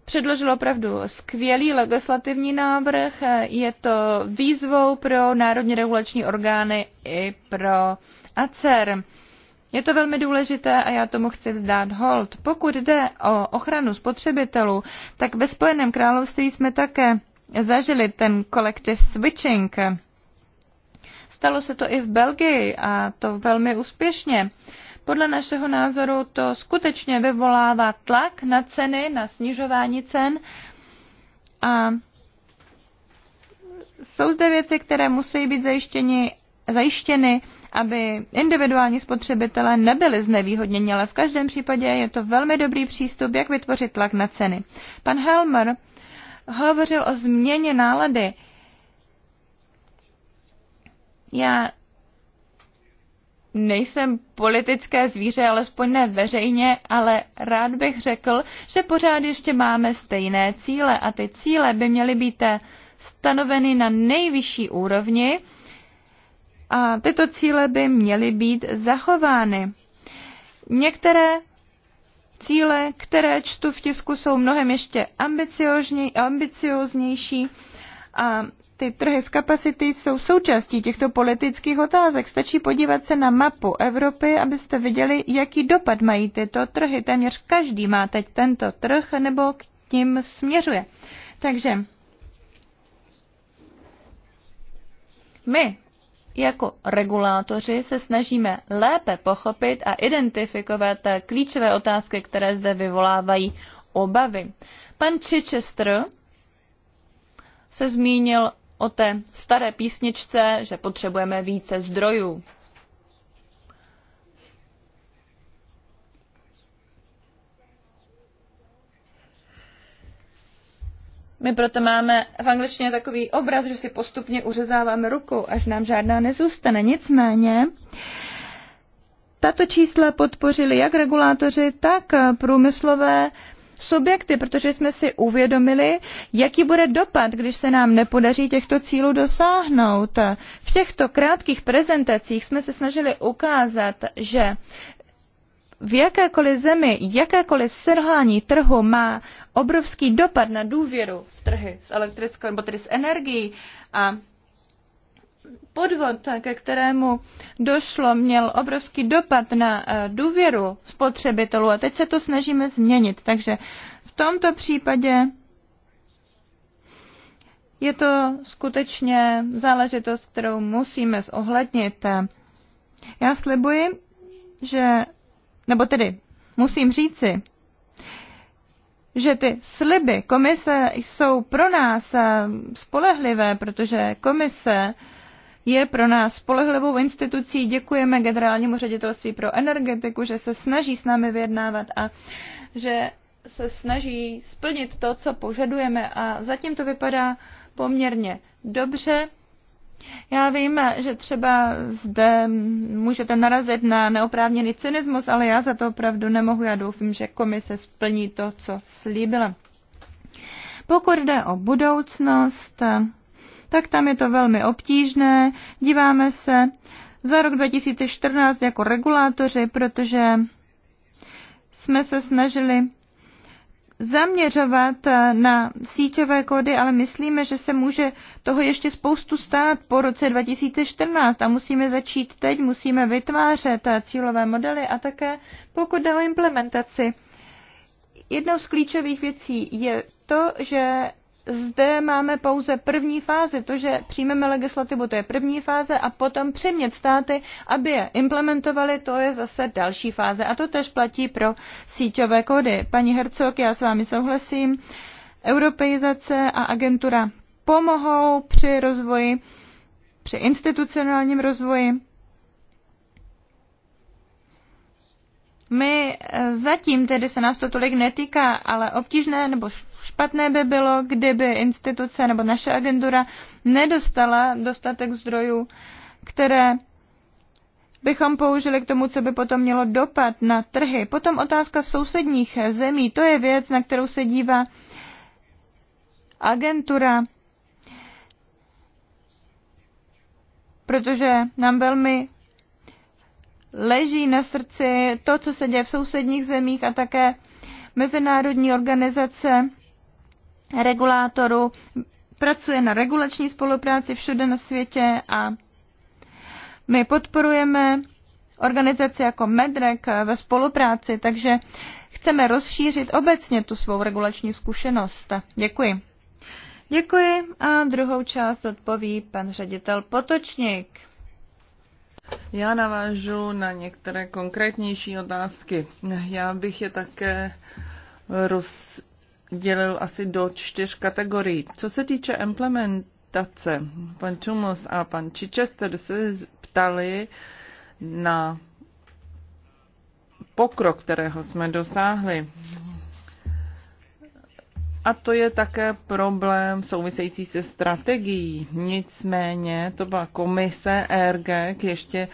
předložil opravdu skvělý legislativní návrh. Eh, je to výzvou pro národní regulační orgány i pro ACER. Je to velmi důležité a já tomu chci vzdát hold. Pokud jde o ochranu spotřebitelů, tak ve Spojeném království jsme také zažili ten collective switching. Stalo se to i v Belgii a to velmi úspěšně. Uh, podle našeho názoru to skutečně vyvolává tlak na ceny, na snižování cen a jsou zde věci, které musí být zajištěny, zajištěny aby individuální spotřebitelé nebyli znevýhodněni, ale v každém případě je to velmi dobrý přístup, jak vytvořit tlak na ceny. Pan Helmer hovořil o změně nálady. Já nejsem politické zvíře, alespoň ne veřejně, ale rád bych řekl, že pořád ještě máme stejné cíle a ty cíle by měly být eh, stanoveny na nejvyšší úrovni a tyto cíle by měly být zachovány. Některé cíle, které čtu v tisku, jsou mnohem ještě ambicioznější a ty trhy z kapacity jsou součástí těchto politických otázek. Stačí podívat se na mapu Evropy, abyste viděli, jaký dopad mají tyto trhy. Téměř každý má teď tento trh nebo k tím směřuje. Takže my jako regulátoři se snažíme lépe pochopit a identifikovat klíčové otázky, které zde vyvolávají obavy. Pan Chichester se zmínil o té staré písničce, že potřebujeme více zdrojů. My proto máme v angličtině takový obraz, že si postupně uřezáváme ruku, až nám žádná nezůstane. Nicméně tato čísla podpořili jak regulátoři, tak průmyslové subjekty, protože jsme si uvědomili, jaký bude dopad, když se nám nepodaří těchto cílů dosáhnout. V těchto krátkých prezentacích jsme se snažili ukázat, že v jakékoliv zemi, jakékoliv selhání trhu má obrovský dopad na důvěru v trhy s elektrickou, nebo tedy s energií a podvod, ke kterému došlo, měl obrovský dopad na eh, důvěru spotřebitelů a teď se to snažíme změnit. Takže v tomto případě je to skutečně záležitost, kterou musíme zohlednit. Já slibuji, že, nebo tedy musím říci, že ty sliby komise jsou pro nás eh, spolehlivé, protože komise uh, je pro nás spolehlivou institucí. Děkujeme generálnímu ředitelství pro energetiku, že se snaží s námi vyjednávat a že se snaží splnit to, co požadujeme a zatím to vypadá poměrně dobře. Já vím, že třeba zde můžete narazit na neoprávněný cynismus, ale já za to opravdu nemohu. Já doufím, že komise splní to, co slíbila. Pokud jde o budoucnost, tak tam je to velmi obtížné. Díváme se za rok 2014 jako regulátoři, protože jsme se snažili zaměřovat na síťové kódy, ale myslíme, že se může toho ještě spoustu stát po roce 2014 a musíme začít teď, musíme vytvářet cílové modely a také pokud jde o implementaci. Jednou z klíčových věcí je to, že zde máme pouze první fázi, to, že přijmeme legislativu, to je první fáze a potom přimět státy, aby je implementovali, to je zase další fáze. A to tež platí pro síťové kody. Paní Hercog, já s vámi souhlasím. Europeizace a agentura pomohou při rozvoji, při institucionálním rozvoji My eh, zatím tedy se nás to tolik netýká, ale obtížné nebo špatné by bylo, kdyby instituce nebo naše agentura nedostala dostatek zdrojů, které bychom použili k tomu, co by potom mělo dopad na trhy. Potom otázka sousedních zemí, to je věc, na kterou se dívá agentura, protože nám velmi leží na srdci to, co se děje v sousedních zemích a také mezinárodní organizace regulátorů pracuje na regulační spolupráci všude na světě a my podporujeme organizaci jako MEDREK ve spolupráci, takže chceme rozšířit obecně tu svou regulační zkušenost. Děkuji. Děkuji a druhou část odpoví pan ředitel Potočník. Já navážu na některé konkrétnější otázky. Já bych je také rozdělil asi do čtyř kategorií. Co se týče implementace, pan Čumos a pan Čičester se ptali na pokrok, kterého jsme dosáhli. A to je také problém související se strategií. Nicméně to byla komise RG ještě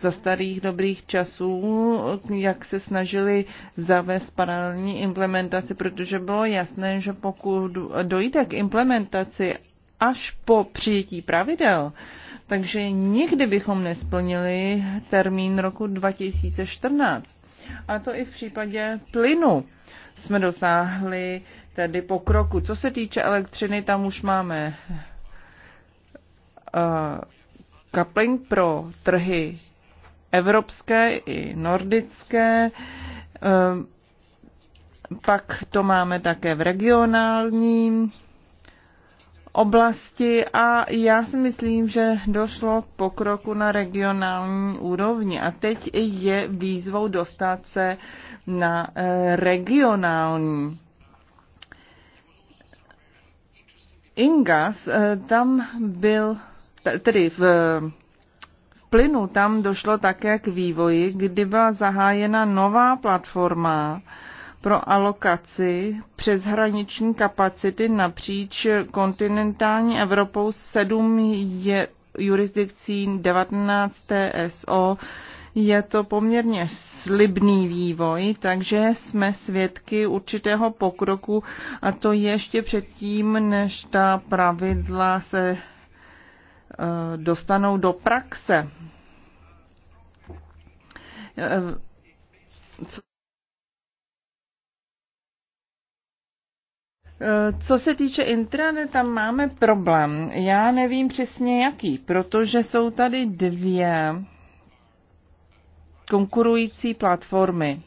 za starých dobrých časů, jak se snažili zavést paralelní implementaci, protože bylo jasné, že pokud dojde k implementaci až po přijetí pravidel, takže nikdy bychom nesplnili termín roku 2014. A to i v případě plynu jsme dosáhli tedy pokroku. Co se týče elektřiny, tam už máme uh, pro trhy evropské i nordické. Eh, pak to máme také v regionálním oblasti a já si myslím, že došlo k pokroku na regionální úrovni a teď je výzvou dostat se na eh, regionální Ingas, eh, tam byl, tedy v, v plynu tam došlo také k vývoji, kdy byla zahájena nová platforma pro alokaci přeshraniční kapacity napříč kontinentální Evropou 7 je jurisdikcí 19 SO. Je to poměrně slibný vývoj, takže jsme svědky určitého pokroku a to ještě předtím, než ta pravidla se eh, dostanou do praxe. Eh, co se týče intranet, tam máme problém. Já nevím přesně jaký, protože jsou tady dvě konkurující platformy.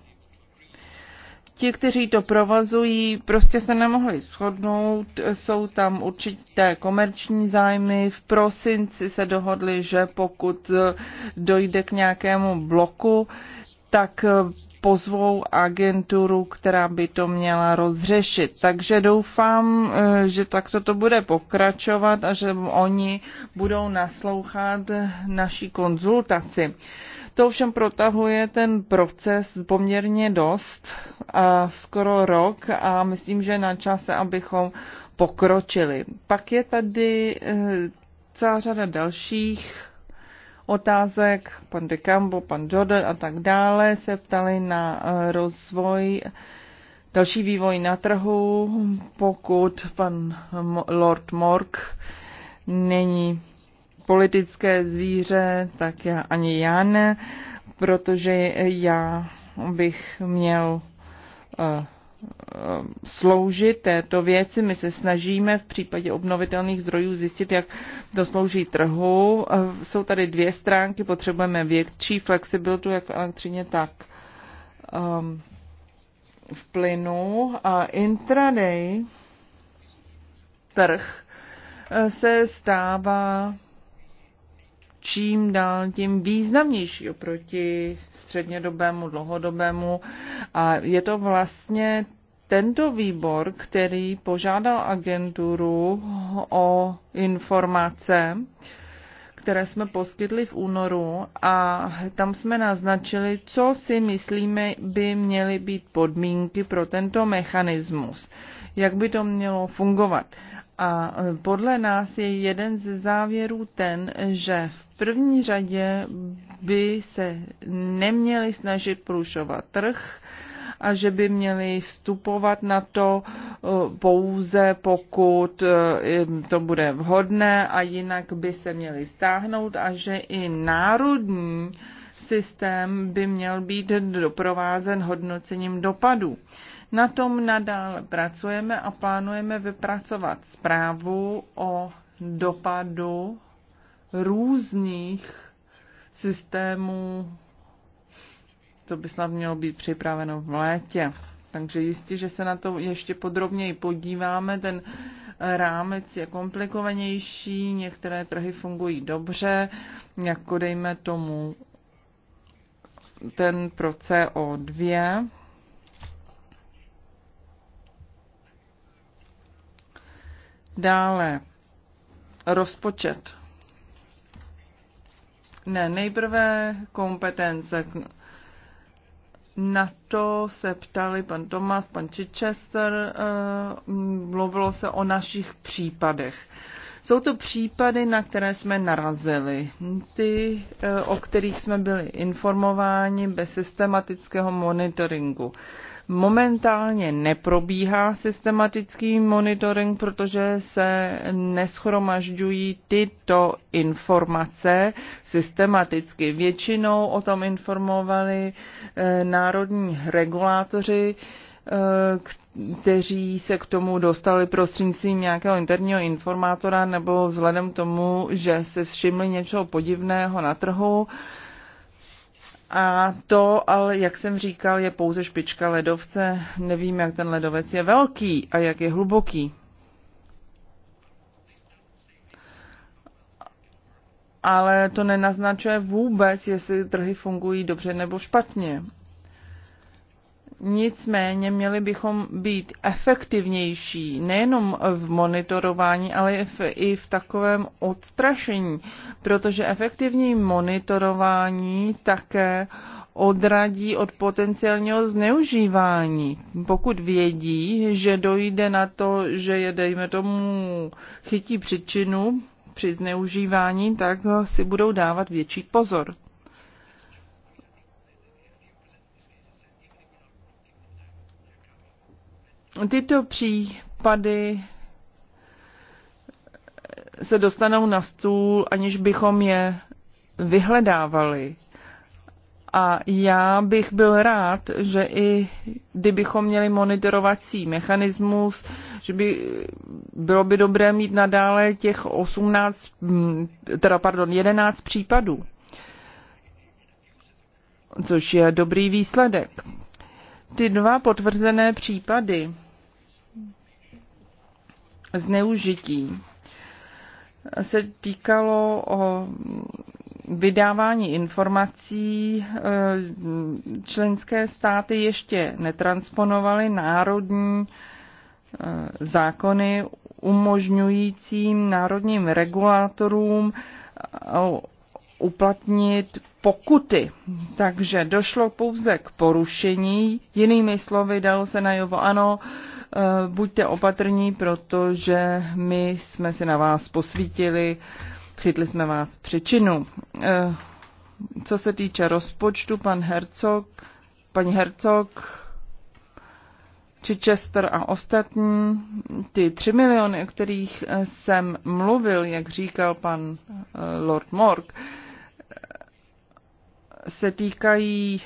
Ti, kteří to provozují, prostě se nemohli shodnout, jsou tam určité komerční zájmy. V prosinci se dohodli, že pokud dojde k nějakému bloku, tak pozvou agenturu, která by to měla rozřešit. Takže doufám, že takto to bude pokračovat a že oni budou naslouchat naší konzultaci. To ovšem protahuje ten proces poměrně dost, a skoro rok a myslím, že na čase, abychom pokročili. Pak je tady eh, celá řada dalších otázek, pan de Cambo, pan Jordan a tak dále se ptali na eh, rozvoj, další vývoj na trhu, pokud pan Lord Mork není politické zvíře, tak já ani já ne, protože já bych měl eh, eh, sloužit této věci. My se snažíme v případě obnovitelných zdrojů zjistit, jak to slouží trhu. Eh, jsou tady dvě stránky, potřebujeme větší flexibilitu jak v elektřině, tak ehm, v plynu. A intraday trh se stává čím dál tím významnější oproti střednědobému, dlouhodobému. A je to vlastně tento výbor, který požádal agenturu o informace, které jsme poskytli v únoru a tam jsme naznačili, co si myslíme by měly být podmínky pro tento mechanismus, jak by to mělo fungovat. A e, podle nás je jeden ze závěrů ten, že v první řadě by se neměli snažit průšovat trh a že by měli vstupovat na to e, pouze pokud e, to bude vhodné a jinak by se měli stáhnout a že i národní systém by měl být doprovázen hodnocením dopadů. Na tom nadále pracujeme a plánujeme vypracovat zprávu o dopadu různých systémů. To by snad mělo být připraveno v létě. Takže jistě, že se na to ještě podrobněji podíváme. Ten rámec je komplikovanější, některé trhy fungují dobře, jako dejme tomu ten pro CO2 Dále rozpočet. Ne, nejprve kompetence. Na to se ptali pan Tomas, pan Chichester, eh, mluvilo se o našich případech. Jsou to případy, na které jsme narazili. Ty, eh, o kterých jsme byli informováni bez systematického monitoringu. Momentálně neprobíhá systematický monitoring, protože se neschromažďují tyto informace systematicky. Většinou o tom informovali eh, národní regulátoři, eh, kteří se k tomu dostali prostřednictvím nějakého interního informátora nebo vzhledem k tomu, že se všimli něčeho podivného na trhu a to, ale jak jsem říkal, je pouze špička ledovce. Nevím, jak ten ledovec je velký a jak je hluboký. Ale to nenaznačuje vůbec, jestli trhy fungují dobře nebo špatně. Nicméně měli bychom být efektivnější nejenom v monitorování, ale i v, i v takovém odstrašení, protože efektivní monitorování také odradí od potenciálního zneužívání. Pokud vědí, že dojde na to, že je, dejme tomu, chytí příčinu při zneužívání, tak si budou dávat větší pozor. tyto případy se dostanou na stůl, aniž bychom je vyhledávali. A já bych byl rád, že i kdybychom měli monitorovací mechanismus, že by bylo by dobré mít nadále těch 18, teda pardon, 11 případů, což je dobrý výsledek ty dva potvrzené případy zneužití se týkalo o vydávání informací. Eh, členské státy ještě netransponovaly národní eh, zákony umožňujícím národním regulátorům eh, uplatnit pokuty. Takže došlo pouze k porušení. Jinými slovy, dalo se najevo, ano, e, buďte opatrní, protože my jsme si na vás posvítili, chytli jsme vás přičinu. E, co se týče rozpočtu, pan Hercog, paní Hercog, Chichester a ostatní, ty tři miliony, o kterých e, jsem mluvil, jak říkal pan Lord Morg, se týkají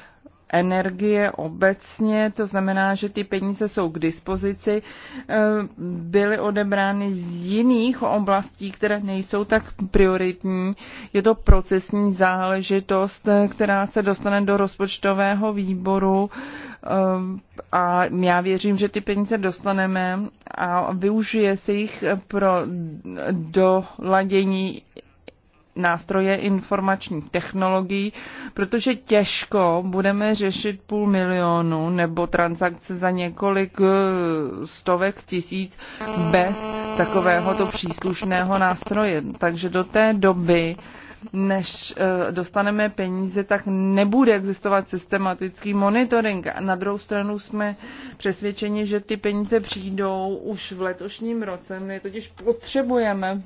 energie obecně, to znamená, že ty peníze jsou k dispozici, eh, byly odebrány z jiných oblastí, které nejsou tak prioritní. Je to procesní záležitost, eh, která se dostane do rozpočtového výboru eh, a já věřím, že ty peníze dostaneme a využije se jich pro doladění nástroje informačních technologií, protože těžko budeme řešit půl milionu nebo transakce za několik eh, stovek tisíc bez takovéhoto příslušného nástroje. Takže do té doby než eh, dostaneme peníze, tak nebude existovat systematický monitoring. A na druhou stranu jsme přesvědčeni, že ty peníze přijdou už v letošním roce. My totiž potřebujeme,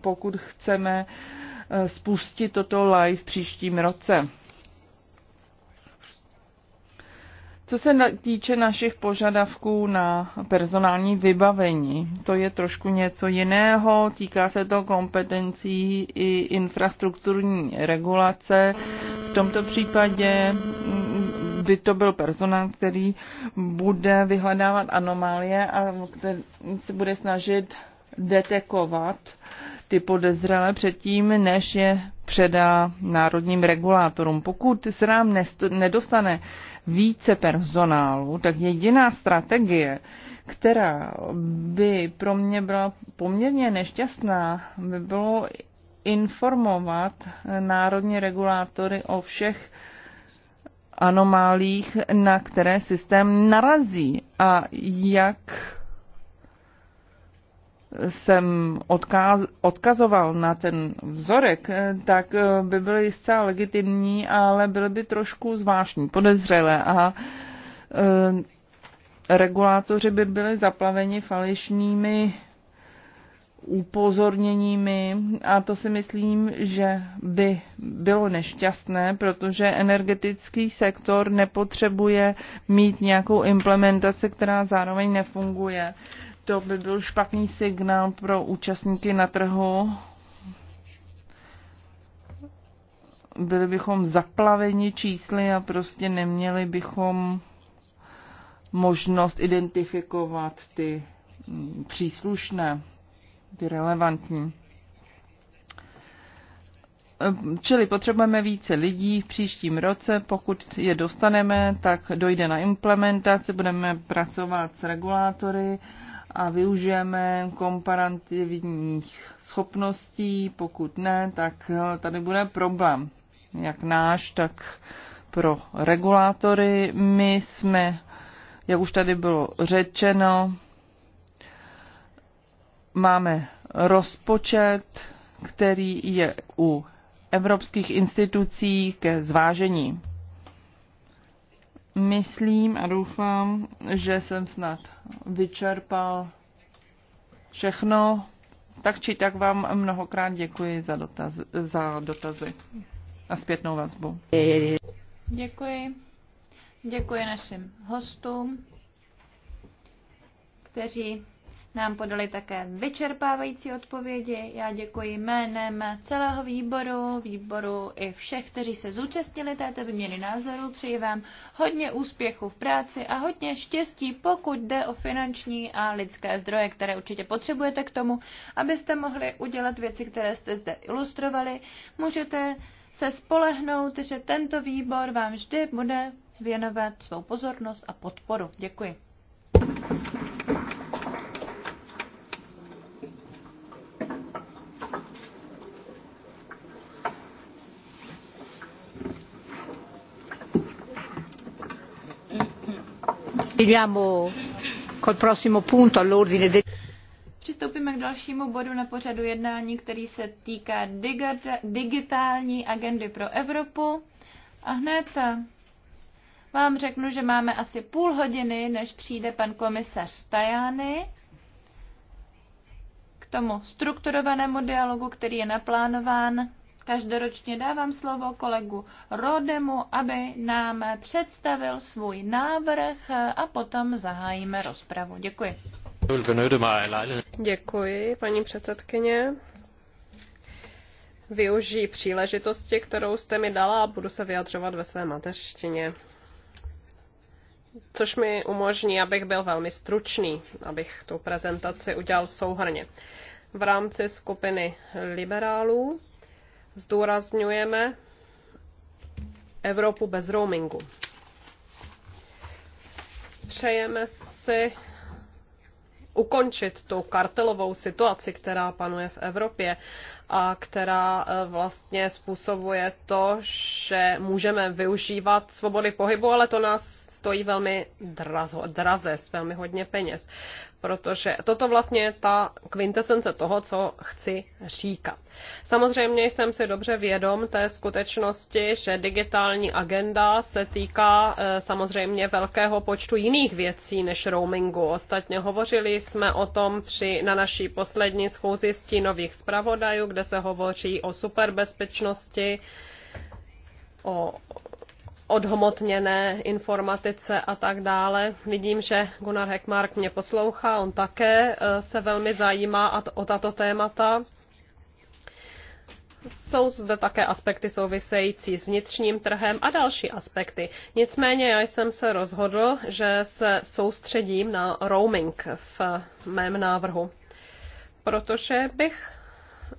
pokud chceme Eh, spustit toto live v příštím roce. Co se týče našich požadavků na personální vybavení, to je trošku něco jiného. Týká se to kompetencí i infrastrukturní regulace. V tomto případě mm, by to byl personál, který bude vyhledávat anomálie a který se bude snažit detekovat ty podezřelé předtím, než je předá národním regulátorům. Pokud se nám nedostane více personálu, tak jediná strategie, která by pro mě byla poměrně nešťastná, by bylo informovat národní regulátory o všech anomálích, na které systém narazí a jak jsem odkaz, odkazoval na ten vzorek, eh, tak eh, by byly zcela legitimní, ale byly by trošku zvláštní, podezřelé a e, regulátoři by byli zaplaveni falešnými upozorněními a to si myslím, že by bylo nešťastné, protože energetický sektor nepotřebuje mít nějakou implementaci, která zároveň nefunguje. To by byl špatný signál pro účastníky na trhu. Byli bychom zaplaveni čísly a prostě neměli bychom možnost identifikovat ty příslušné, ty relevantní. Čili potřebujeme více lidí v příštím roce. Pokud je dostaneme, tak dojde na implementaci, budeme pracovat s regulátory a využijeme komparativních schopností, pokud ne, tak eh, tady bude problém, jak náš, tak pro regulátory. My jsme, jak už tady bylo řečeno, máme rozpočet, který je u evropských institucí ke zvážení. Myslím a doufám, že jsem snad vyčerpal všechno. Tak či tak vám mnohokrát děkuji za, dotaz, za dotazy a zpětnou vazbu. Děkuji. Děkuji našim hostům, kteří nám podali také vyčerpávající odpovědi. Já děkuji jménem celého výboru, výboru i všech, kteří se zúčastnili této vyměny názorů. Přeji vám hodně úspěchu v práci a hodně štěstí, pokud jde o finanční a lidské zdroje, které určitě potřebujete k tomu, abyste mohli udělat věci, které jste zde ilustrovali. Můžete se spolehnout, že tento výbor vám vždy bude věnovat svou pozornost a podporu. Děkuji. Přistoupíme k dalšímu bodu na pořadu jednání, který se týká digitální agendy pro Evropu. A hned vám řeknu, že máme asi půl hodiny, než přijde pan komisař Tajány k tomu strukturovanému dialogu, který je naplánován Každoročně dávám slovo kolegu Rodemu, aby nám představil svůj návrh a potom zahájíme rozpravu. Děkuji. Děkuji, paní předsedkyně. Využij příležitosti, kterou jste mi dala a budu se vyjadřovat ve své mateřštině. Což mi umožní, abych byl velmi stručný, abych tu prezentaci udělal souhrně. V rámci skupiny liberálů zdůrazňujeme Evropu bez roamingu. Přejeme si ukončit tu kartelovou situaci, která panuje v Evropě a která eh, vlastně způsobuje to, že můžeme využívat svobody pohybu, ale to nás stojí velmi drazo, draze, velmi hodně peněz. Protože toto vlastně je ta kvintesence toho, co chci říkat. Samozřejmě jsem si dobře vědom té skutečnosti, že digitální agenda se týká e, samozřejmě velkého počtu jiných věcí než roamingu. Ostatně hovořili jsme o tom při, na naší poslední schůzi stínových zpravodajů, kde se hovoří o superbezpečnosti, o odhmotněné informatice a tak dále. Vidím, že Gunnar Heckmark mě poslouchá, on také eh, se velmi zajímá o tato témata. Jsou zde také aspekty související s vnitřním trhem a další aspekty. Nicméně já jsem se rozhodl, že se soustředím na roaming v mém návrhu, protože bych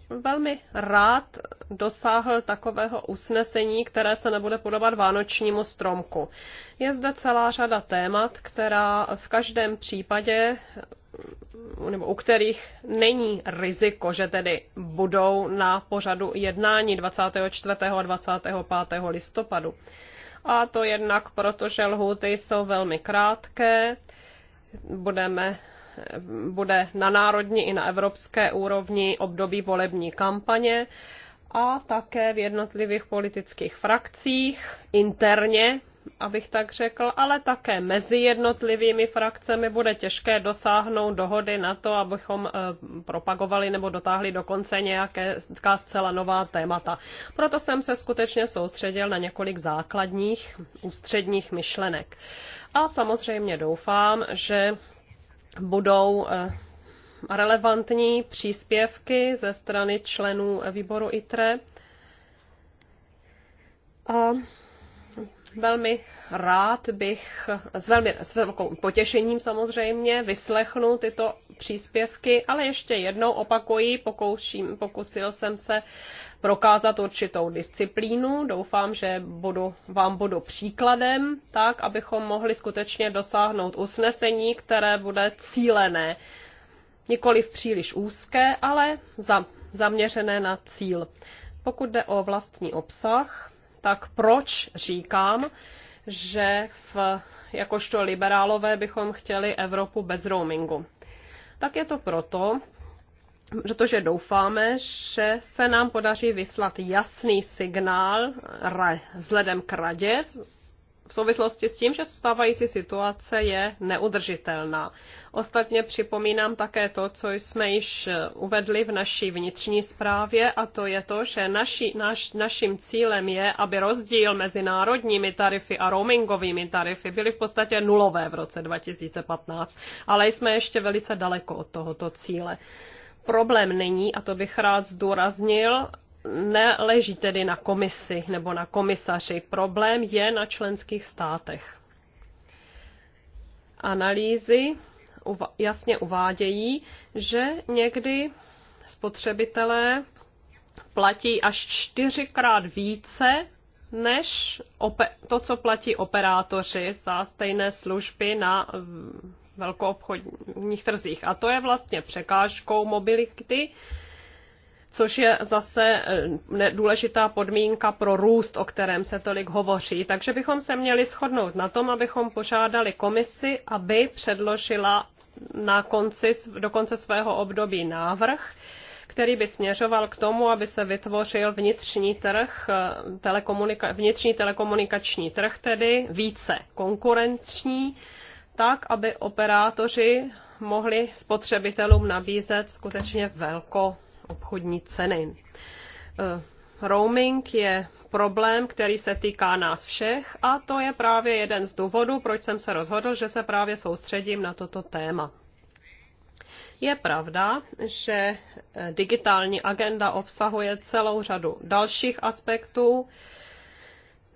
velmi rád dosáhl takového usnesení, které se nebude podobat vánočnímu stromku. Je zde celá řada témat, která v každém případě nebo u kterých není riziko, že tedy budou na pořadu jednání 24. a 25. listopadu. A to jednak proto, že lhuty jsou velmi krátké, budeme bude na národní i na evropské úrovni období volební kampaně a také v jednotlivých politických frakcích interně, abych tak řekl, ale také mezi jednotlivými frakcemi bude těžké dosáhnout dohody na to, abychom eh, propagovali nebo dotáhli dokonce nějaké zcela nová témata. Proto jsem se skutečně soustředil na několik základních ústředních myšlenek. A samozřejmě doufám, že budou eh, relevantní příspěvky ze strany členů výboru ITRE. A velmi rád bych, s, velmi, s velkou potěšením samozřejmě, vyslechnu tyto příspěvky, ale ještě jednou opakuji, pokouším, pokusil jsem se prokázat určitou disciplínu. Doufám, že budu, vám budu příkladem, tak abychom mohli skutečně dosáhnout usnesení, které bude cílené. Nikoliv příliš úzké, ale za, zaměřené na cíl. Pokud jde o vlastní obsah, tak proč říkám, že v, jakožto liberálové bychom chtěli Evropu bez roamingu? Tak je to proto, protože doufáme, že se nám podaří vyslat jasný signál vzhledem k radě v souvislosti s tím, že stávající situace je neudržitelná. Ostatně připomínám také to, co jsme již uvedli v naší vnitřní zprávě, a to je to, že naši, naš, naším cílem je, aby rozdíl mezi národními tarify a roamingovými tarify byly v podstatě nulové v roce 2015, ale jsme ještě velice daleko od tohoto cíle problém není, a to bych rád zdůraznil, neleží tedy na komisi nebo na komisaři. Problém je na členských státech. Analýzy jasně uvádějí, že někdy spotřebitelé platí až čtyřikrát více než to, co platí operátoři za stejné služby na velkoobchodních trzích. A to je vlastně překážkou mobility, což je zase eh, důležitá podmínka pro růst, o kterém se tolik hovoří. Takže bychom se měli shodnout na tom, abychom požádali komisi, aby předložila na konci, do konce svého období návrh, který by směřoval k tomu, aby se vytvořil vnitřní trh, eh, telekomunika- vnitřní telekomunikační trh, tedy více konkurenční, tak, aby operátoři mohli spotřebitelům nabízet skutečně velko obchodní ceny. Eh, roaming je problém, který se týká nás všech a to je právě jeden z důvodů, proč jsem se rozhodl, že se právě soustředím na toto téma. Je pravda, že eh, digitální agenda obsahuje celou řadu dalších aspektů.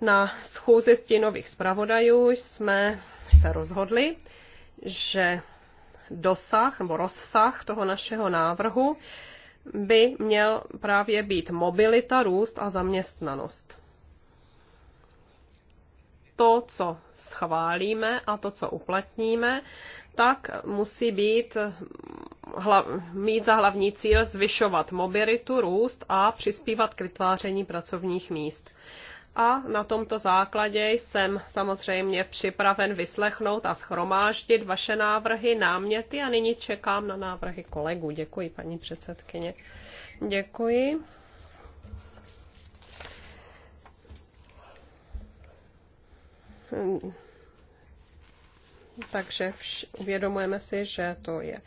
Na schůzi stínových zpravodajů jsme se rozhodli, že dosah nebo rozsah toho našeho návrhu by měl právě být mobilita, růst a zaměstnanost. To, co schválíme a to, co uplatníme, tak musí být hla, mít za hlavní cíl zvyšovat mobilitu, růst a přispívat k vytváření pracovních míst. A na tomto základě jsem samozřejmě připraven vyslechnout a schromáždit vaše návrhy, náměty a nyní čekám na návrhy kolegů. Děkuji, paní předsedkyně. Děkuji. Takže uvědomujeme si, že to je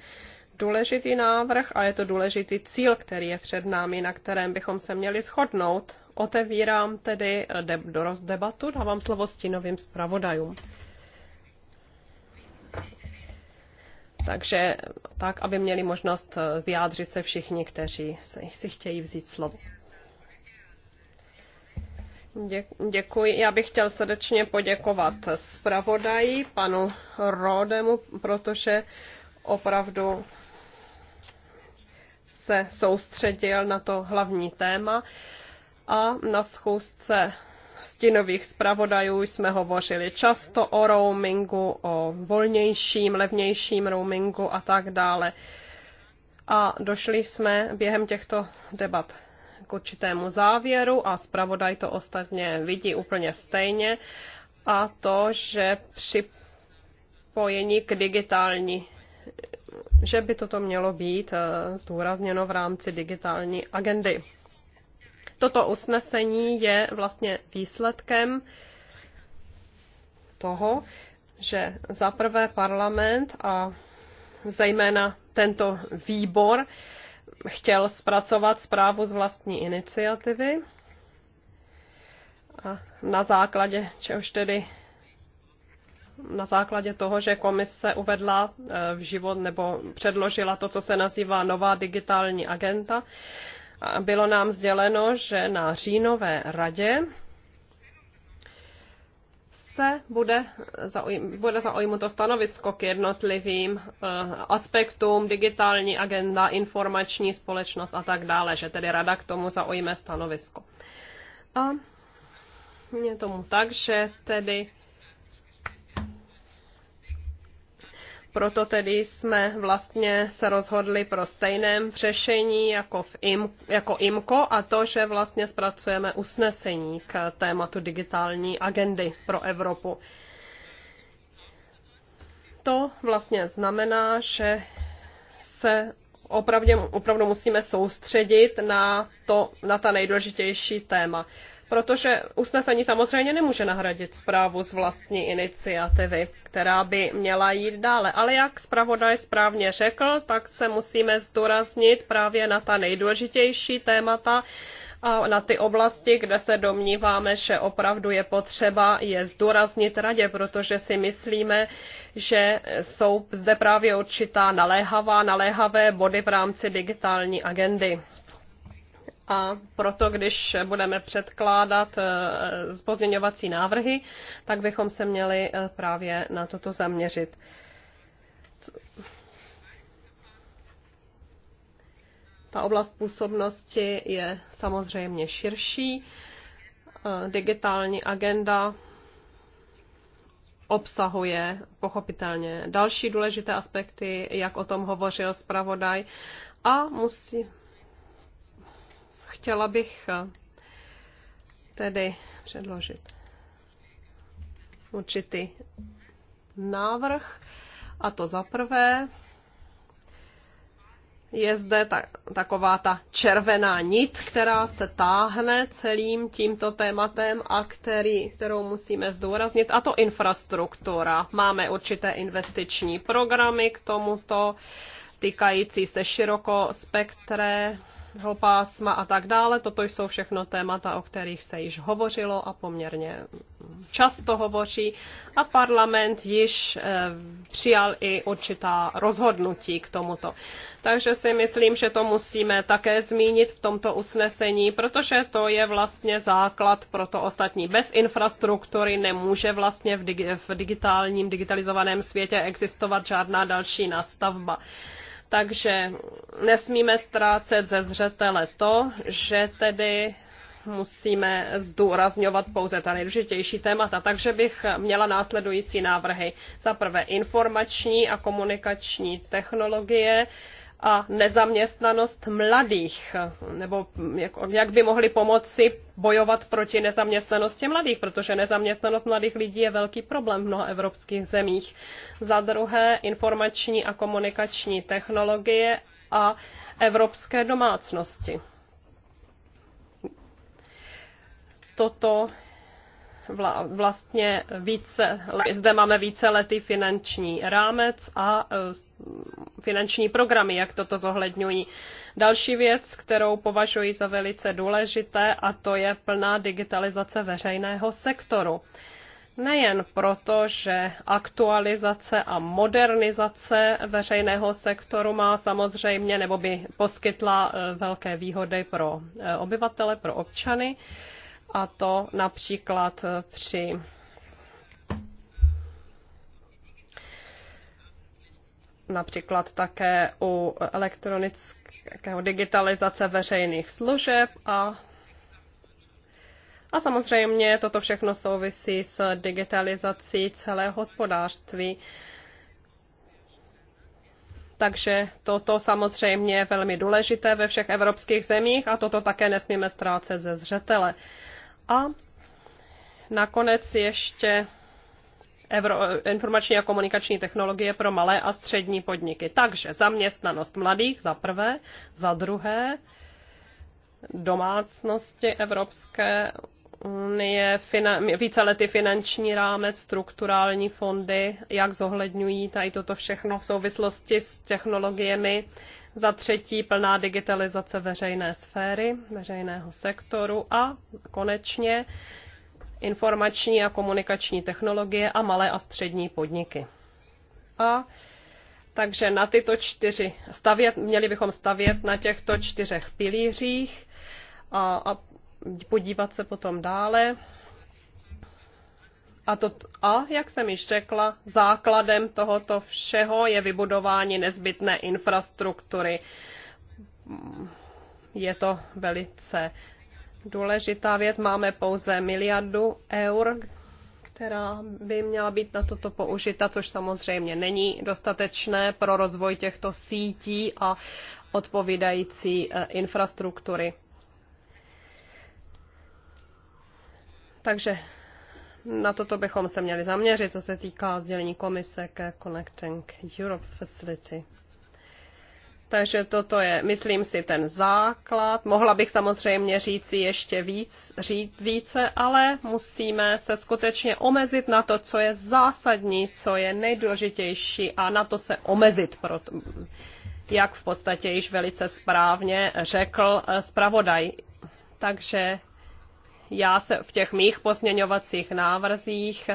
důležitý návrh a je to důležitý cíl, který je před námi, na kterém bychom se měli shodnout Otevírám tedy eh, de- do debatu, dávám slovo stínovým zpravodajům. Takže tak, aby měli možnost eh, vyjádřit se všichni, kteří si chtějí vzít slovo. Děkuji. Já bych chtěl srdečně poděkovat zpravodaji panu Rodemu, protože opravdu se soustředil na to hlavní téma a na schůzce stinových zpravodajů jsme hovořili často o roamingu, o volnějším, levnějším roamingu a tak dále. A došli jsme během těchto debat k určitému závěru a zpravodaj to ostatně vidí úplně stejně a to, že připojení k digitální že by toto mělo být eh, zdůrazněno v rámci digitální agendy. Toto usnesení je vlastně výsledkem toho, že zaprvé parlament a zejména tento výbor chtěl zpracovat zprávu z vlastní iniciativy a na základě čehož tedy na základě toho, že komise uvedla eh, v život nebo předložila to, co se nazývá nová digitální agenda. Bylo nám sděleno, že na říjnové radě se bude, zaujím, bude zaujmuto stanovisko k jednotlivým eh, aspektům, digitální agenda, informační společnost a tak dále, že tedy rada k tomu zaujme stanovisko. A je tomu tak, že tedy Proto tedy jsme vlastně se rozhodli pro stejném řešení jako, v IM, jako IMCO a to, že vlastně zpracujeme usnesení k tématu digitální agendy pro Evropu. To vlastně znamená, že se opravdu, opravdu musíme soustředit na, to, na ta nejdůležitější téma protože usnesení samozřejmě nemůže nahradit zprávu z vlastní iniciativy, která by měla jít dále. Ale jak zpravodaj správně řekl, tak se musíme zdůraznit právě na ta nejdůležitější témata, a na ty oblasti, kde se domníváme, že opravdu je potřeba je zdůraznit radě, protože si myslíme, že jsou zde právě určitá naléhavá, naléhavé body v rámci digitální agendy a proto, když budeme předkládat eh, pozměňovací návrhy, tak bychom se měli eh, právě na toto zaměřit. Ta oblast působnosti je samozřejmě širší. Eh, digitální agenda obsahuje pochopitelně další důležité aspekty, jak o tom hovořil zpravodaj, a musí, chtěla bych eh, tedy předložit určitý návrh. A to za prvé je zde ta, taková ta červená nit, která se táhne celým tímto tématem a který, kterou musíme zdůraznit, a to infrastruktura. Máme určité investiční programy k tomuto, týkající se široko spektré pásma a tak dále. Toto jsou všechno témata, o kterých se již hovořilo a poměrně často hovoří. A parlament již eh, přijal i určitá rozhodnutí k tomuto. Takže si myslím, že to musíme také zmínit v tomto usnesení, protože to je vlastně základ pro to ostatní. Bez infrastruktury nemůže vlastně v digitálním, digitalizovaném světě existovat žádná další nastavba. Takže nesmíme ztrácet ze zřetele to, že tedy musíme zdůrazňovat pouze ta nejdůležitější témata. Takže bych měla následující návrhy. Za prvé informační a komunikační technologie a nezaměstnanost mladých, nebo jak, jak by mohli pomoci bojovat proti nezaměstnanosti mladých, protože nezaměstnanost mladých lidí je velký problém v mnoha evropských zemích. Za druhé, informační a komunikační technologie a evropské domácnosti. Toto vla, vlastně více, zde máme více lety finanční rámec a e, finanční programy, jak toto zohledňují. Další věc, kterou považuji za velice důležité, a to je plná digitalizace veřejného sektoru. Nejen proto, že aktualizace a modernizace veřejného sektoru má samozřejmě nebo by poskytla e, velké výhody pro e, obyvatele, pro občany, a to například eh, při například také u elektronického digitalizace veřejných služeb a a samozřejmě toto všechno souvisí s digitalizací celého hospodářství. Takže toto samozřejmě je velmi důležité ve všech evropských zemích a toto také nesmíme ztrácet ze zřetele. A nakonec ještě Evro, informační a komunikační technologie pro malé a střední podniky. Takže zaměstnanost mladých za prvé, za druhé domácnosti Evropské unie, více lety finanční rámec, strukturální fondy, jak zohledňují tady toto všechno v souvislosti s technologiemi. Za třetí plná digitalizace veřejné sféry, veřejného sektoru a konečně informační a komunikační technologie a malé a střední podniky. A takže na tyto čtyři stavět, měli bychom stavět na těchto čtyřech pilířích a, a podívat se potom dále. A, to, a, jak jsem již řekla, základem tohoto všeho je vybudování nezbytné infrastruktury. Je to velice důležitá věc. Máme pouze miliardu eur, která by měla být na toto použita, což samozřejmě není dostatečné pro rozvoj těchto sítí a odpovídající eh, infrastruktury. Takže na toto bychom se měli zaměřit, co se týká sdělení komise ke Connecting Europe Facility. Takže toto je, myslím si, ten základ. Mohla bych samozřejmě říci ještě víc, říct více, ale musíme se skutečně omezit na to, co je zásadní, co je nejdůležitější a na to se omezit. Proto, jak v podstatě již velice správně řekl eh, zpravodaj. Takže já se v těch mých pozměňovacích návrzích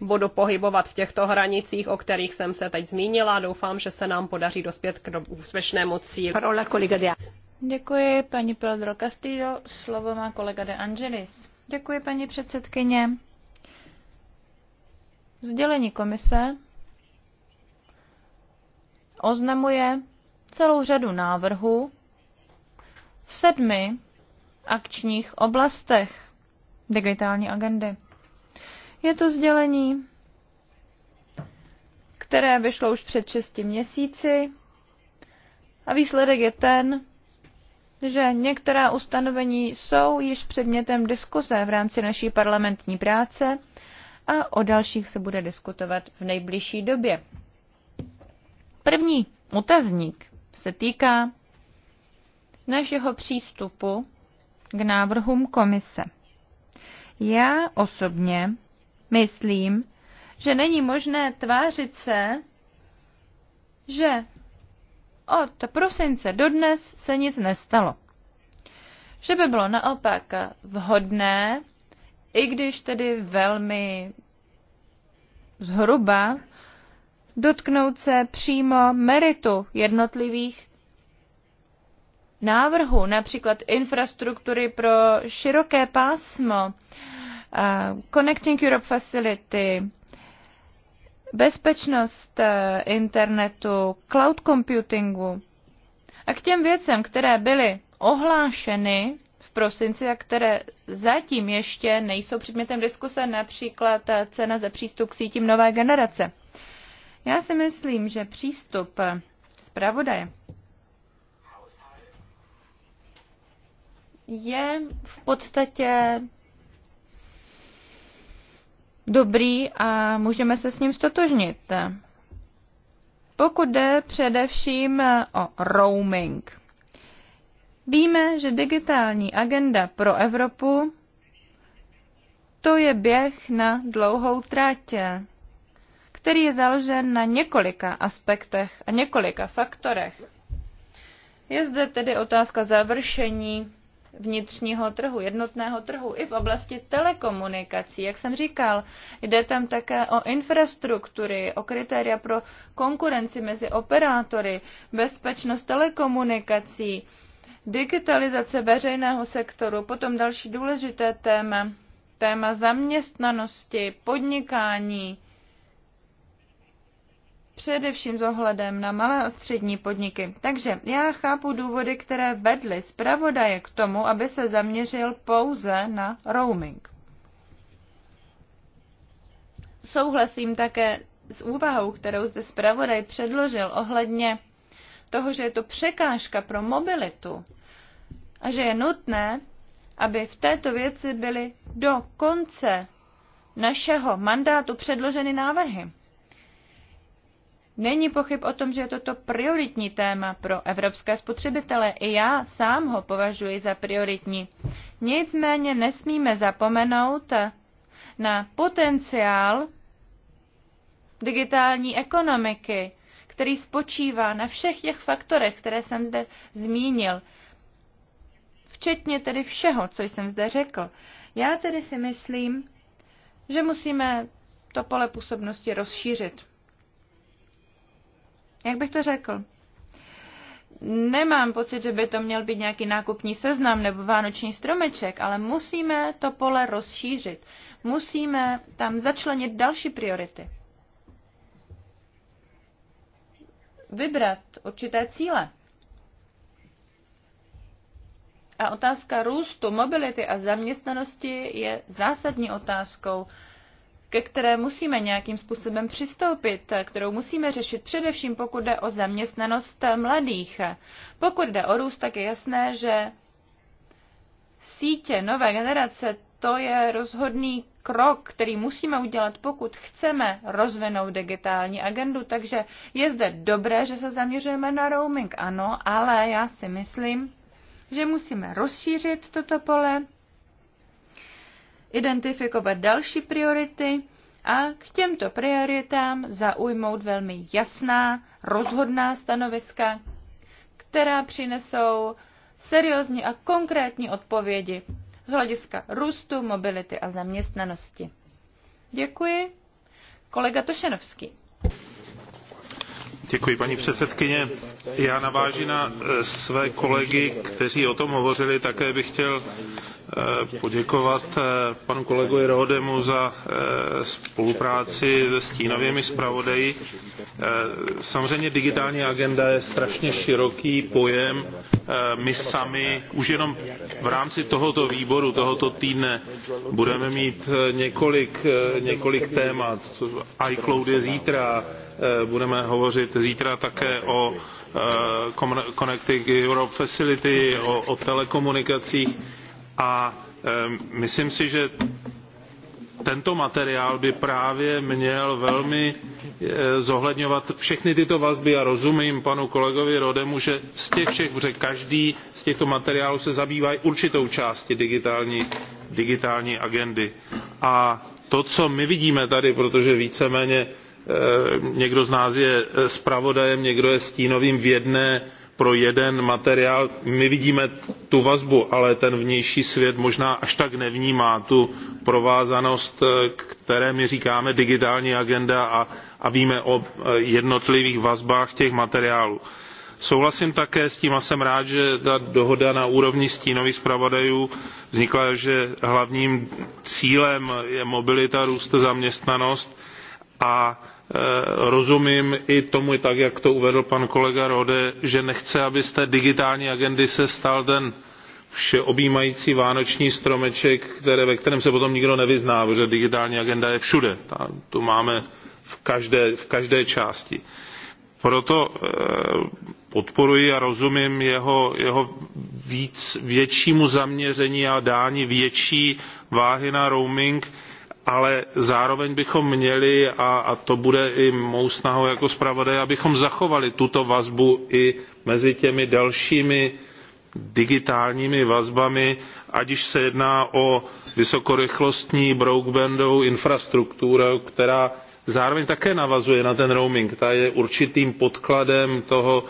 budu pohybovat v těchto hranicích, o kterých jsem se teď zmínila. Doufám, že se nám podaří dospět k úspěšnému cíli. Děkuji, paní Pedro Castillo. Slovo má kolega De Angelis. Děkuji, paní předsedkyně. Sdělení komise oznamuje celou řadu návrhů v sedmi akčních oblastech digitální agendy. Je to sdělení, které vyšlo už před 6 měsíci a výsledek je ten, že některá ustanovení jsou již předmětem diskuze v rámci naší parlamentní práce a o dalších se bude diskutovat v nejbližší době. První otazník se týká našeho přístupu k návrhům komise. Já osobně myslím, že není možné tvářit se, že od prosince do dnes se nic nestalo. Že by bylo naopak vhodné, i když tedy velmi zhruba, dotknout se přímo meritu jednotlivých návrhů, například infrastruktury pro široké pásmo, eh, Connecting Europe Facility, bezpečnost eh, internetu, cloud computingu. A k těm věcem, které byly ohlášeny v prosinci a které zatím ještě nejsou předmětem diskuse, například eh, cena za přístup k sítím nové generace. Já si myslím, že přístup zpravodaje je v podstatě dobrý a můžeme se s ním stotožnit. Pokud jde především o roaming. Víme, že digitální agenda pro Evropu to je běh na dlouhou trátě, který je založen na několika aspektech a několika faktorech. Je zde tedy otázka završení vnitřního trhu, jednotného trhu i v oblasti telekomunikací. Jak jsem říkal, jde tam také o infrastruktury, o kritéria pro konkurenci mezi operátory, bezpečnost telekomunikací, digitalizace veřejného sektoru, potom další důležité téma, téma zaměstnanosti, podnikání, především s ohledem na malé a střední podniky. Takže já chápu důvody, které vedly zpravodaje k tomu, aby se zaměřil pouze na roaming. Souhlasím také s úvahou, kterou zde zpravodaj předložil ohledně toho, že je to překážka pro mobilitu a že je nutné, aby v této věci byly do konce našeho mandátu předloženy návrhy. Není pochyb o tom, že je toto prioritní téma pro evropské spotřebitele. I já sám ho považuji za prioritní. Nicméně nesmíme zapomenout na potenciál digitální ekonomiky, který spočívá na všech těch faktorech, které jsem zde zmínil, včetně tedy všeho, co jsem zde řekl. Já tedy si myslím, že musíme to pole působnosti rozšířit jak bych to řekl, nemám pocit, že by to měl být nějaký nákupní seznam nebo vánoční stromeček, ale musíme to pole rozšířit. Musíme tam začlenit další priority. Vybrat určité cíle. A otázka růstu, mobility a zaměstnanosti je zásadní otázkou ke které musíme nějakým způsobem přistoupit, kterou musíme řešit především pokud jde o zaměstnanost mladých. Pokud jde o růst, tak je jasné, že sítě nové generace to je rozhodný krok, který musíme udělat, pokud chceme rozvinout digitální agendu. Takže je zde dobré, že se zaměřujeme na roaming, ano, ale já si myslím, že musíme rozšířit toto pole identifikovat další priority a k těmto prioritám zaujmout velmi jasná, rozhodná stanoviska, která přinesou seriózní a konkrétní odpovědi z hlediska růstu, mobility a zaměstnanosti. Děkuji. Kolega Tošenovský paní předsedkyně. Já naváži na eh, své kolegy, kteří o tom hovořili. Také bych chtěl eh, poděkovat eh, panu kolegovi Rohodemu za spolupráci se stínovými zpravodaji. Samozřejmě digitální agenda je strašně široký pojem. My sami už jenom v rámci tohoto výboru, tohoto týdne, budeme mít několik, několik témat. iCloud je zítra, Eh, budeme hovořit zítra také o eh, Connecting Europe Facility, o, o telekomunikacích a eh, myslím si, že tento materiál by právě měl velmi zohledňovat všechny tyto vazby a rozumím panu kolegovi Rodemu, že z těch všech, protože každý z těchto materiálů se zabývá určitou částí digitální, digitální agendy. A to, co my vidíme tady, protože víceméně Eh, někdo z nás je eh, zpravodajem někdo je stínovým v jedné pro jeden materiál my vidíme tu vazbu ale ten vnější svět možná až tak nevnímá tu provázanost eh, které my říkáme digitální agenda a, a víme o jednotlivých vazbách těch materiálů. souhlasím také s tím a jsem rád že ta dohoda na úrovni stínových zpravodajů vznikla že hlavním cílem je mobilita růst zaměstnanost a e, rozumím i tomu tak jak to uvedl pan kolega rohde že nechce aby z té digitální agendy se stal ten všeobjímající vánoční stromeček které, ve kterém se potom nikdo nevyzná protože digitální agenda je všude Ta, tu máme v každé, v každé části. proto e, podporuji a rozumím jeho, jeho víc, většímu zaměření a dání větší váhy na roaming ale zároveň bychom měli, a, a to bude i mou snahou jako zpravodaje, abychom zachovali tuto vazbu i mezi těmi dalšími digitálními vazbami, ať již se jedná o vysokorychlostní broadbandovou infrastrukturu, která zároveň také navazuje na ten roaming. Ta je určitým podkladem toho,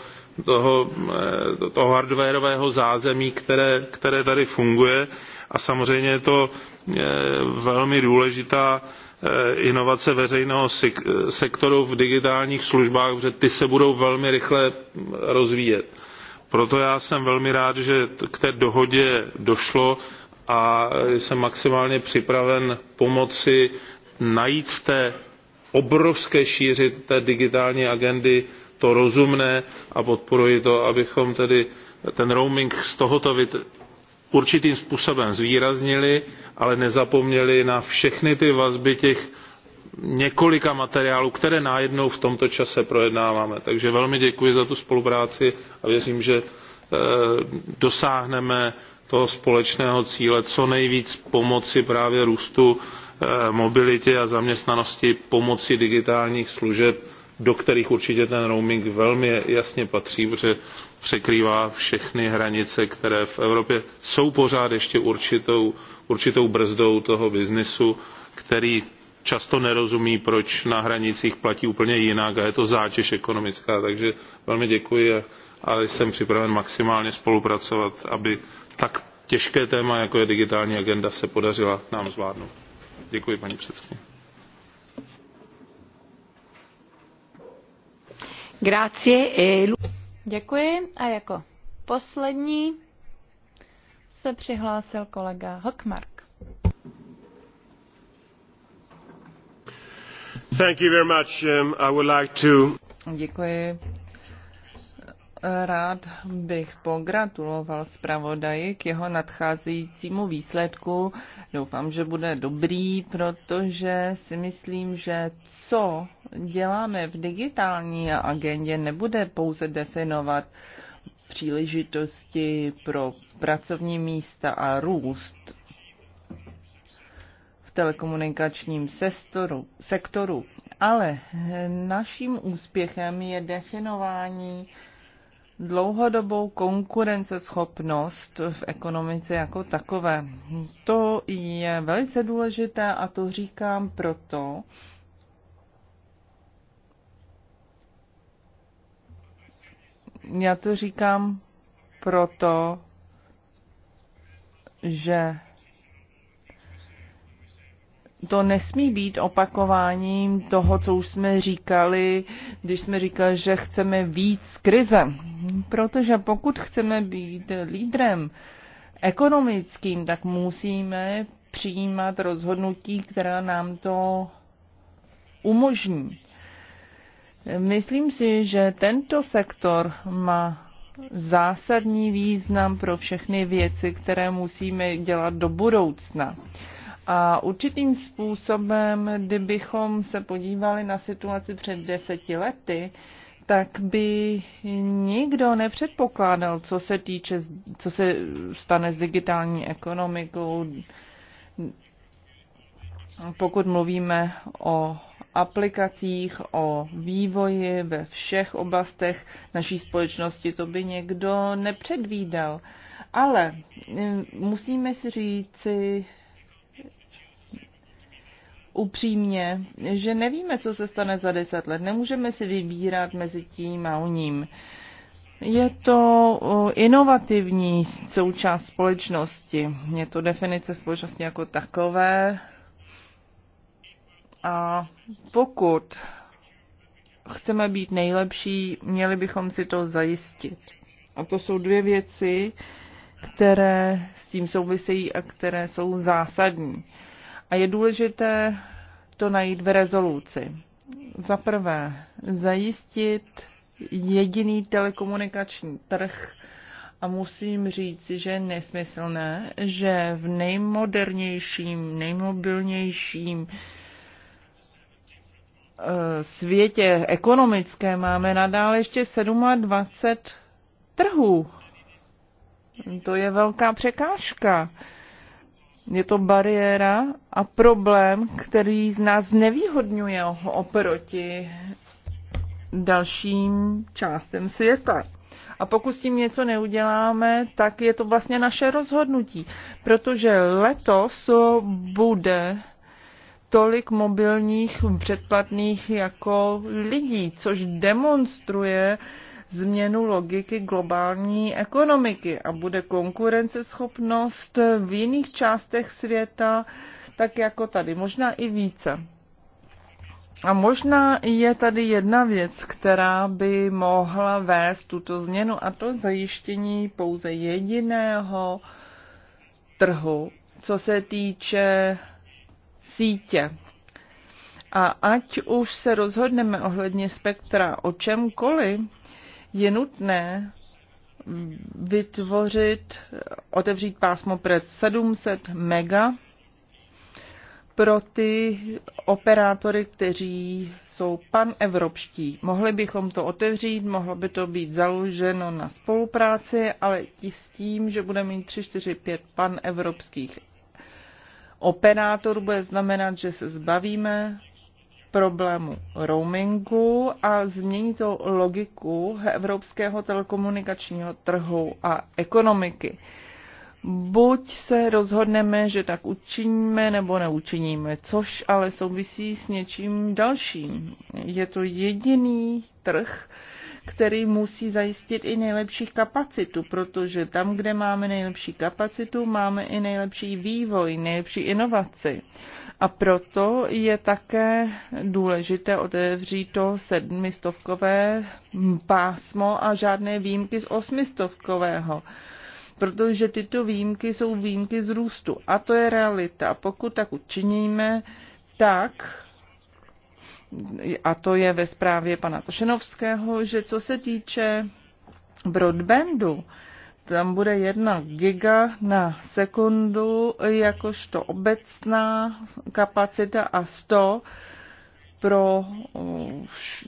toho, eh, toho hardwarového zázemí, které, které tady funguje a samozřejmě je to eh, velmi důležitá eh, inovace veřejného sektoru v digitálních službách, protože ty se budou velmi rychle rozvíjet. Proto já jsem velmi rád, že k té dohodě došlo a jsem maximálně připraven pomoci najít v té obrovské šíři té digitální agendy to rozumné a podporuji to, abychom tedy ten roaming z tohoto určitým způsobem zvýraznili ale nezapomněli na všechny ty vazby těch několika materiálů které najednou v tomto čase projednáváme. takže velmi děkuji za tu spolupráci a věřím že eh, dosáhneme toho společného cíle co nejvíc pomoci právě růstu eh, mobilitě a zaměstnanosti pomocí digitálních služeb do kterých určitě ten roaming velmi jasně patří, protože překrývá všechny hranice, které v Evropě jsou pořád ještě určitou, určitou brzdou toho biznesu, který často nerozumí, proč na hranicích platí úplně jinak a je to zátěž ekonomická. Takže velmi děkuji a, a jsem připraven maximálně spolupracovat, aby tak těžké téma, jako je digitální agenda, se podařila nám zvládnout. Děkuji, paní předsedkyně. E Děkuji a jako poslední se přihlásil kolega Hockmark. Thank you very much. Um, I would like to... Děkuji. Rád bych pogratuloval zpravodaji k jeho nadcházejícímu výsledku. Doufám, že bude dobrý, protože si myslím, že co děláme v digitální agendě nebude pouze definovat příležitosti pro pracovní místa a růst v telekomunikačním sestoru, sektoru ale naším úspěchem je definování dlouhodobou konkurenceschopnost v ekonomice jako takové. To je velice důležité a to říkám proto, já to říkám proto, že to nesmí být opakováním toho, co už jsme říkali, když jsme říkali, že chceme víc krize. Protože pokud chceme být lídrem ekonomickým, tak musíme přijímat rozhodnutí, která nám to umožní. Myslím si, že tento sektor má zásadní význam pro všechny věci, které musíme dělat do budoucna. A určitým způsobem, kdybychom se podívali na situaci před deseti lety, tak by nikdo nepředpokládal, co se týče, co se stane s digitální ekonomikou, pokud mluvíme o aplikacích, o vývoji ve všech oblastech naší společnosti, to by někdo nepředvídal. Ale mm, musíme si říci, upřímně, že nevíme, co se stane za deset let. Nemůžeme si vybírat mezi tím a oním. Je to inovativní součást společnosti. Je to definice společnosti jako takové. A pokud chceme být nejlepší, měli bychom si to zajistit. A to jsou dvě věci, které s tím souvisejí a které jsou zásadní. A je důležité to najít v rezoluci. Za prvé, zajistit jediný telekomunikační trh a musím říct, že je nesmyslné, že v nejmodernějším, nejmobilnějším eh, světě ekonomické máme nadále ještě 27 trhů. To je velká překážka. Je to bariéra a problém, který z nás nevýhodňuje oproti dalším částem světa. A pokud s tím něco neuděláme, tak je to vlastně naše rozhodnutí, protože letos bude tolik mobilních předplatných jako lidí, což demonstruje, změnu logiky globální ekonomiky a bude konkurenceschopnost v jiných částech světa, tak jako tady, možná i více. A možná je tady jedna věc, která by mohla vést tuto změnu, a to zajištění pouze jediného trhu, co se týče sítě. A ať už se rozhodneme ohledně spektra o čemkoliv, nutné vytvořit, otevřít pásmo před 700 mega pro ty operátory, kteří jsou panevropští. Mohli bychom to otevřít, mohlo by to být založeno na spolupráci, ale ti s tím, že budeme mít 3, 4, 5 panevropských operátorů, bude znamenat, že se zbavíme problému roamingu a změní to logiku evropského telekomunikačního trhu a ekonomiky. Buď se rozhodneme, že tak učiníme, nebo neučiníme, což ale souvisí s něčím dalším. Je to jediný trh, který musí zajistit i nejlepší kapacitu, protože tam, kde máme nejlepší kapacitu, máme i nejlepší vývoj, nejlepší inovaci. A proto je také důležité otevřít to sedmistovkové pásmo a žádné výjimky z osmistovkového protože tyto výjimky jsou výjimky z růstu. A to je realita. Pokud tak učiníme, tak a to je ve zprávě pana Tošenovského, že co se týče broadbandu, tam bude jedna giga na sekundu jakožto obecná kapacita a 100 pro uh,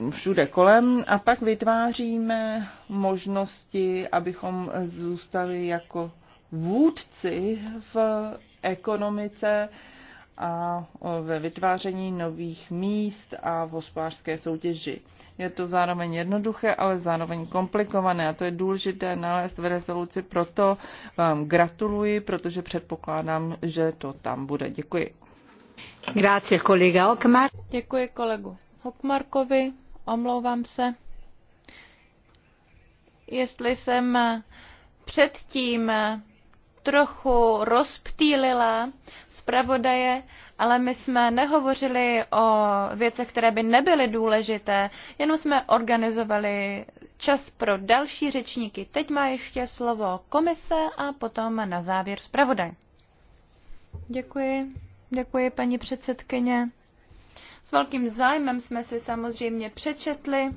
všude kolem a pak vytváříme možnosti, abychom zůstali jako vůdci v ekonomice a ve vytváření nových míst a v hospodářské soutěži. Je to zároveň jednoduché, ale zároveň komplikované a to je důležité nalézt v rezoluci, proto vám um, gratuluji, protože předpokládám, že to tam bude. Děkuji. Grazie, kolega Okmar. Děkuji kolegu Hokmarkovi, omlouvám se. Jestli jsem předtím trochu rozptýlila zpravodaje, ale my jsme nehovořili o věcech, které by nebyly důležité, jenom jsme organizovali čas pro další řečníky. Teď má ještě slovo komise a potom na závěr zpravodaj. Děkuji. Děkuji, paní předsedkyně. S velkým zájmem jsme si samozřejmě přečetli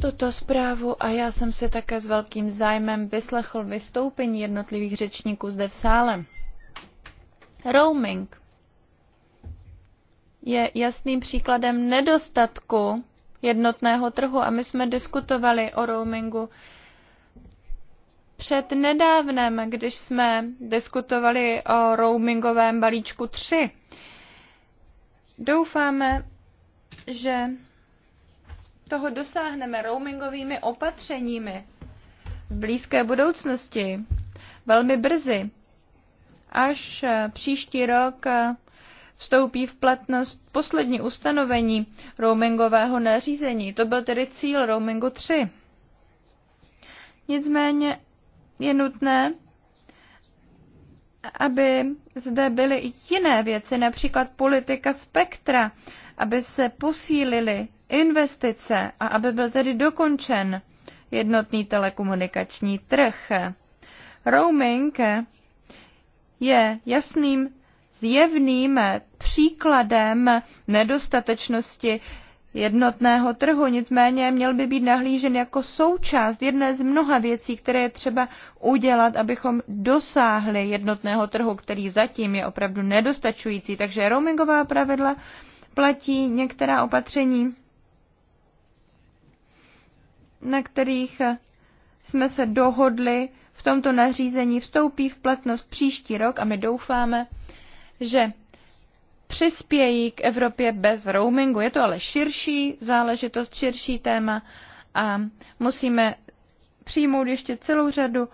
tuto zprávu a já jsem si také s velkým zájmem vyslechl vystoupení jednotlivých řečníků zde v sále. Roaming je jasným příkladem nedostatku jednotného trhu a my jsme diskutovali o roamingu před nedávnem, když jsme diskutovali o roamingovém balíčku 3. Doufáme, že toho dosáhneme roamingovými opatřeními v blízké budoucnosti, velmi brzy, až eh, příští rok eh, vstoupí v platnost poslední ustanovení roamingového nařízení. To byl tedy cíl roamingu 3. Nicméně je nutné, aby zde byly i jiné věci, například politika spektra, aby se posílily investice a aby byl tedy dokončen jednotný telekomunikační trh. Roaming je jasným zjevným příkladem nedostatečnosti jednotného trhu, nicméně měl by být nahlížen jako součást jedné z mnoha věcí, které je třeba udělat, abychom dosáhli jednotného trhu, který zatím je opravdu nedostačující. Takže roamingová pravidla platí některá opatření na kterých jsme se dohodli v tomto nařízení, vstoupí v platnost příští rok a my doufáme, že přispějí k Evropě bez roamingu. Je to ale širší záležitost, širší téma a musíme přijmout ještě celou řadu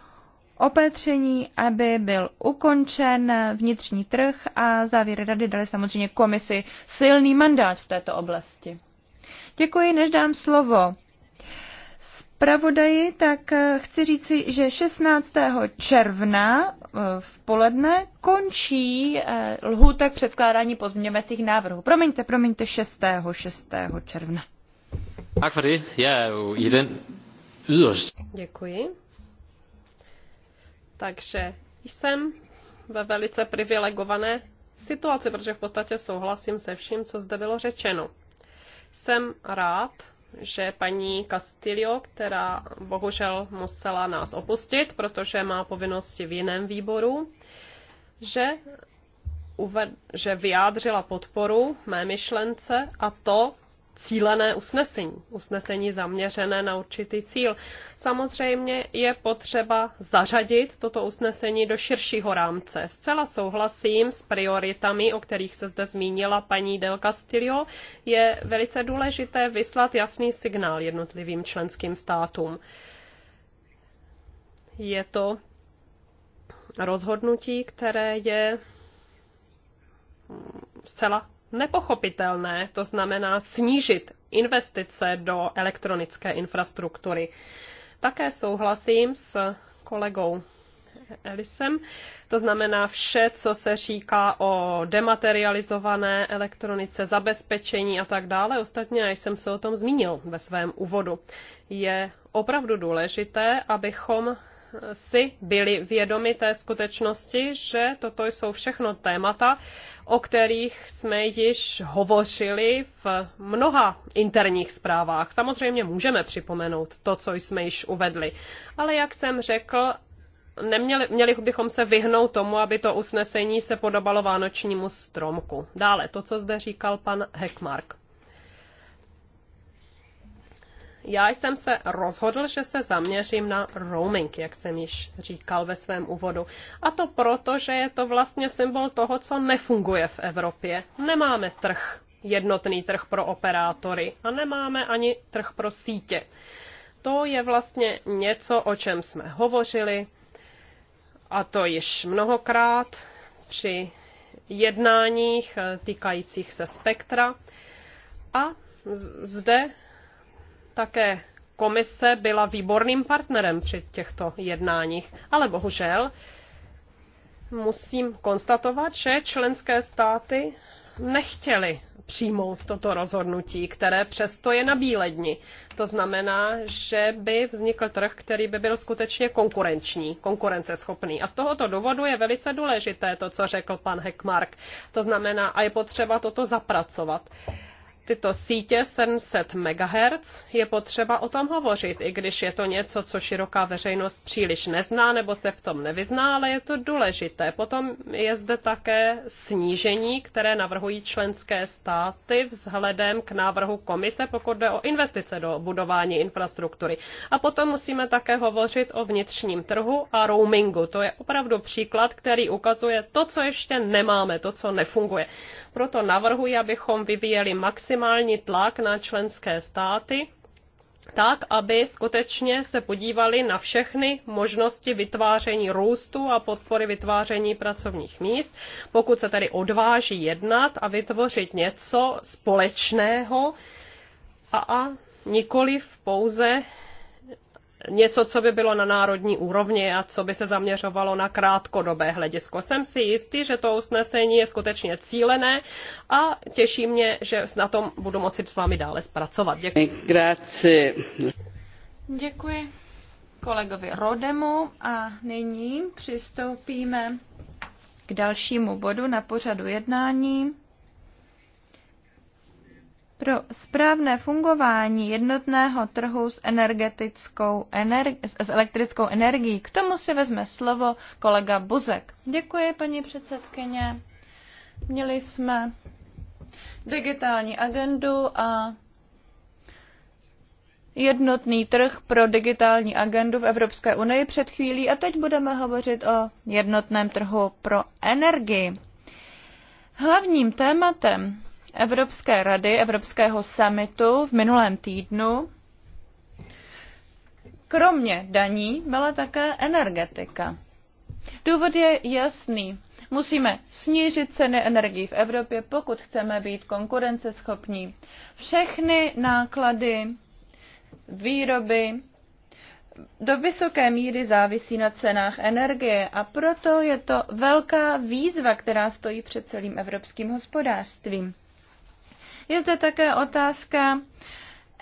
opatření, aby byl ukončen vnitřní trh a závěry rady dali samozřejmě komisi silný mandát v této oblasti. Děkuji, než dám slovo zpravodaji, tak eh, chci říci, že 16. června eh, v poledne končí eh, lhůta k předkládání pozměňovacích návrhů. Promiňte, promiňte, 6. 6. června. Tak for er Děkuji. Takže jsem ve velice privilegované situaci, protože v podstatě souhlasím se vším, co zde bylo řečeno. Jsem rád, že paní Castillo, která bohužel musela nás opustit, protože má povinnosti v jiném výboru, že, uved, že vyjádřila podporu mé myšlence a to, cílené usnesení, usnesení zaměřené na určitý cíl. Samozřejmě je potřeba zařadit toto usnesení do širšího rámce. Zcela souhlasím s prioritami, o kterých se zde zmínila paní Del Castillo. Je velice důležité vyslat jasný signál jednotlivým členským státům. Je to rozhodnutí, které je zcela nepochopitelné, to znamená snížit investice do elektronické infrastruktury. Také souhlasím s kolegou Elisem. To znamená vše, co se říká o dematerializované elektronice, zabezpečení a tak dále. Ostatně já jsem se o tom zmínil ve svém úvodu. Je opravdu důležité, abychom si byli vědomi té skutečnosti, že toto jsou všechno témata, o kterých jsme již hovořili v mnoha interních zprávách. Samozřejmě můžeme připomenout to, co jsme již uvedli. Ale jak jsem řekl, neměli, měli bychom se vyhnout tomu, aby to usnesení se podobalo vánočnímu stromku. Dále to, co zde říkal pan Heckmark. Já jsem se rozhodl, že se zaměřím na roaming, jak jsem již říkal ve svém úvodu. A to proto, že je to vlastně symbol toho, co nefunguje v Evropě. Nemáme trh, jednotný trh pro operátory a nemáme ani trh pro sítě. To je vlastně něco, o čem jsme hovořili, a to již mnohokrát při jednáních eh, týkajících se spektra. A zde také komise byla výborným partnerem při těchto jednáních, ale bohužel musím konstatovat, že členské státy nechtěli přijmout toto rozhodnutí, které přesto je na bílední. To znamená, že by vznikl trh, který by byl skutečně konkurenční, konkurenceschopný. A z tohoto důvodu je velice důležité to, co řekl pan Heckmark. To znamená, a je potřeba toto zapracovat tyto sítě 700 MHz je potřeba o tom hovořit, i když je to něco, co široká veřejnost příliš nezná nebo se v tom nevyzná, ale je to důležité. Potom je zde také snížení, které navrhují členské státy vzhledem k návrhu komise, pokud jde o investice do budování infrastruktury. A potom musíme také hovořit o vnitřním trhu a roamingu. To je opravdu příklad, který ukazuje to, co ještě nemáme, to, co nefunguje. Proto navrhuji, abychom vyvíjeli maximálně maximální tlak na členské státy, tak, aby skutečně se podívali na všechny možnosti vytváření růstu a podpory vytváření pracovních míst. Pokud se tedy odváží jednat a vytvořit něco společného a, a nikoliv pouze něco, co by bylo na národní úrovni a co by se zaměřovalo na krátkodobé hledisko. Jsem si jistý, že to usnesení je skutečně cílené a těší mě, že na tom budu moci s vámi dále zpracovat. Děkuji. Grazie. Děkuji kolegovi Rodemu a nyní přistoupíme k dalšímu bodu na pořadu jednání. Pro správné fungování jednotného trhu s, energetickou energi- s elektrickou energií k tomu si vezme slovo kolega Buzek. Děkuji, paní předsedkyně. Měli jsme digitální agendu a jednotný trh pro digitální agendu v Evropské unii před chvílí a teď budeme hovořit o jednotném trhu pro energii. Hlavním tématem Evropské rady, Evropského summitu v minulém týdnu, kromě daní byla také energetika. Důvod je jasný. Musíme snížit ceny energií v Evropě, pokud chceme být konkurenceschopní. Všechny náklady výroby do vysoké míry závisí na cenách energie a proto je to velká výzva, která stojí před celým evropským hospodářstvím. Je zde také otázka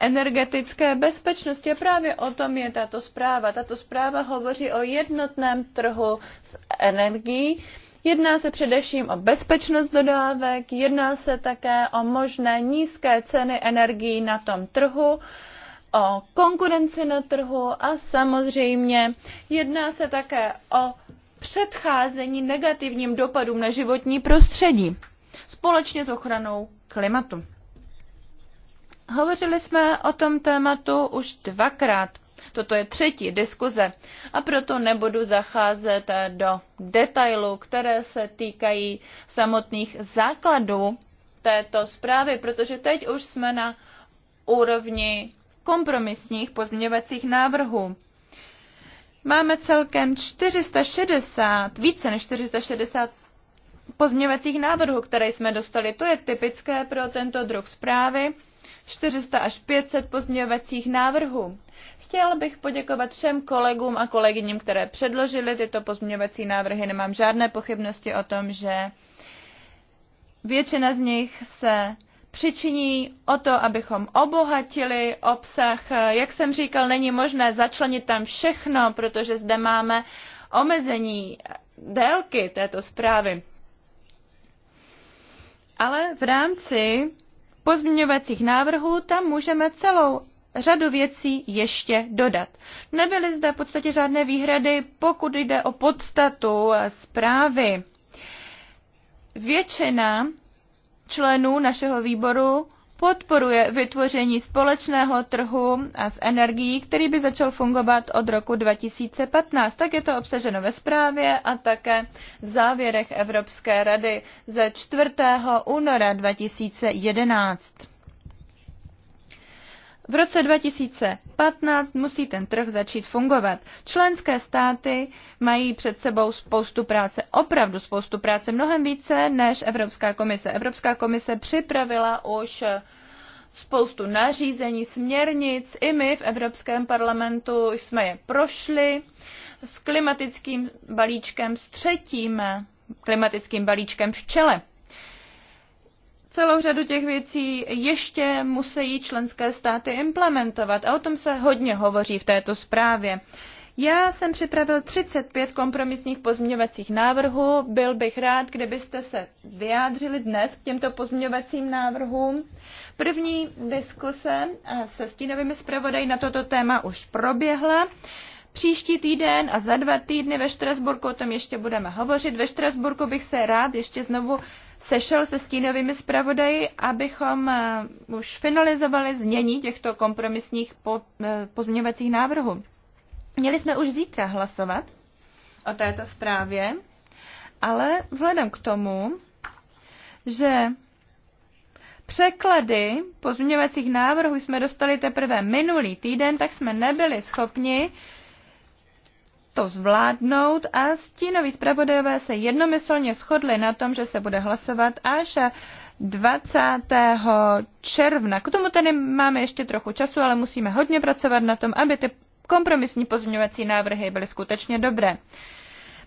energetické bezpečnosti a právě o tom je tato zpráva. Tato zpráva hovoří o jednotném trhu s energií. Jedná se především o bezpečnost dodávek, jedná se také o možné nízké ceny energií na tom trhu, o konkurenci na trhu a samozřejmě jedná se také o předcházení negativním dopadům na životní prostředí společně s ochranou klimatu. Hovořili jsme o tom tématu už dvakrát. Toto je třetí diskuze a proto nebudu zacházet do detailů, které se týkají samotných základů této zprávy, protože teď už jsme na úrovni kompromisních pozměňovacích návrhů. Máme celkem 460, více než 460 pozměňovacích návrhů, které jsme dostali. To je typické pro tento druh zprávy 400 až 500 pozměňovacích návrhů. Chtěl bych poděkovat všem kolegům a kolegyním, které předložili tyto pozměňovací návrhy. Nemám žádné pochybnosti o tom, že většina z nich se přičiní o to, abychom obohatili obsah. Jak jsem říkal, není možné začlenit tam všechno, protože zde máme omezení délky této zprávy. Ale v rámci pozměňovacích návrhů, tam můžeme celou řadu věcí ještě dodat. Nebyly zde v podstatě žádné výhrady, pokud jde o podstatu eh, zprávy. Většina členů našeho výboru podporuje vytvoření společného trhu a s energií, který by začal fungovat od roku 2015. Tak je to obsaženo ve zprávě a také v závěrech Evropské rady ze 4. února 2011 v roce 2015 musí ten trh začít fungovat. Členské státy mají před sebou spoustu práce, opravdu spoustu práce, mnohem více než Evropská komise. Evropská komise připravila už spoustu nařízení, směrnic. I my v Evropském parlamentu jsme je prošli s klimatickým balíčkem, s třetím klimatickým balíčkem v čele. Celou řadu těch věcí ještě musí členské státy implementovat a o tom se hodně hovoří v této zprávě. Já jsem připravil 35 kompromisních pozměňovacích návrhů. Byl bych rád, kdybyste se vyjádřili dnes k těmto pozměňovacím návrhům. První diskuse se stínovými zpravodají na toto téma už proběhla. Příští týden a za dva týdny ve Štrasburku o tom ještě budeme hovořit. Ve Štrasburku bych se rád ještě znovu sešel se stínovými zpravodaji, abychom eh, už finalizovali znění těchto kompromisních eh, pozměňovacích návrhů. Měli jsme už zítra hlasovat o této zprávě, ale vzhledem k tomu, že překlady pozměňovacích návrhů jsme dostali teprve minulý týden, tak jsme nebyli schopni to zvládnout a stínoví zpravodajové se jednomyslně shodli na tom, že se bude hlasovat až 20. června. K tomu tedy máme ještě trochu času, ale musíme hodně pracovat na tom, aby ty kompromisní pozměňovací návrhy byly skutečně dobré.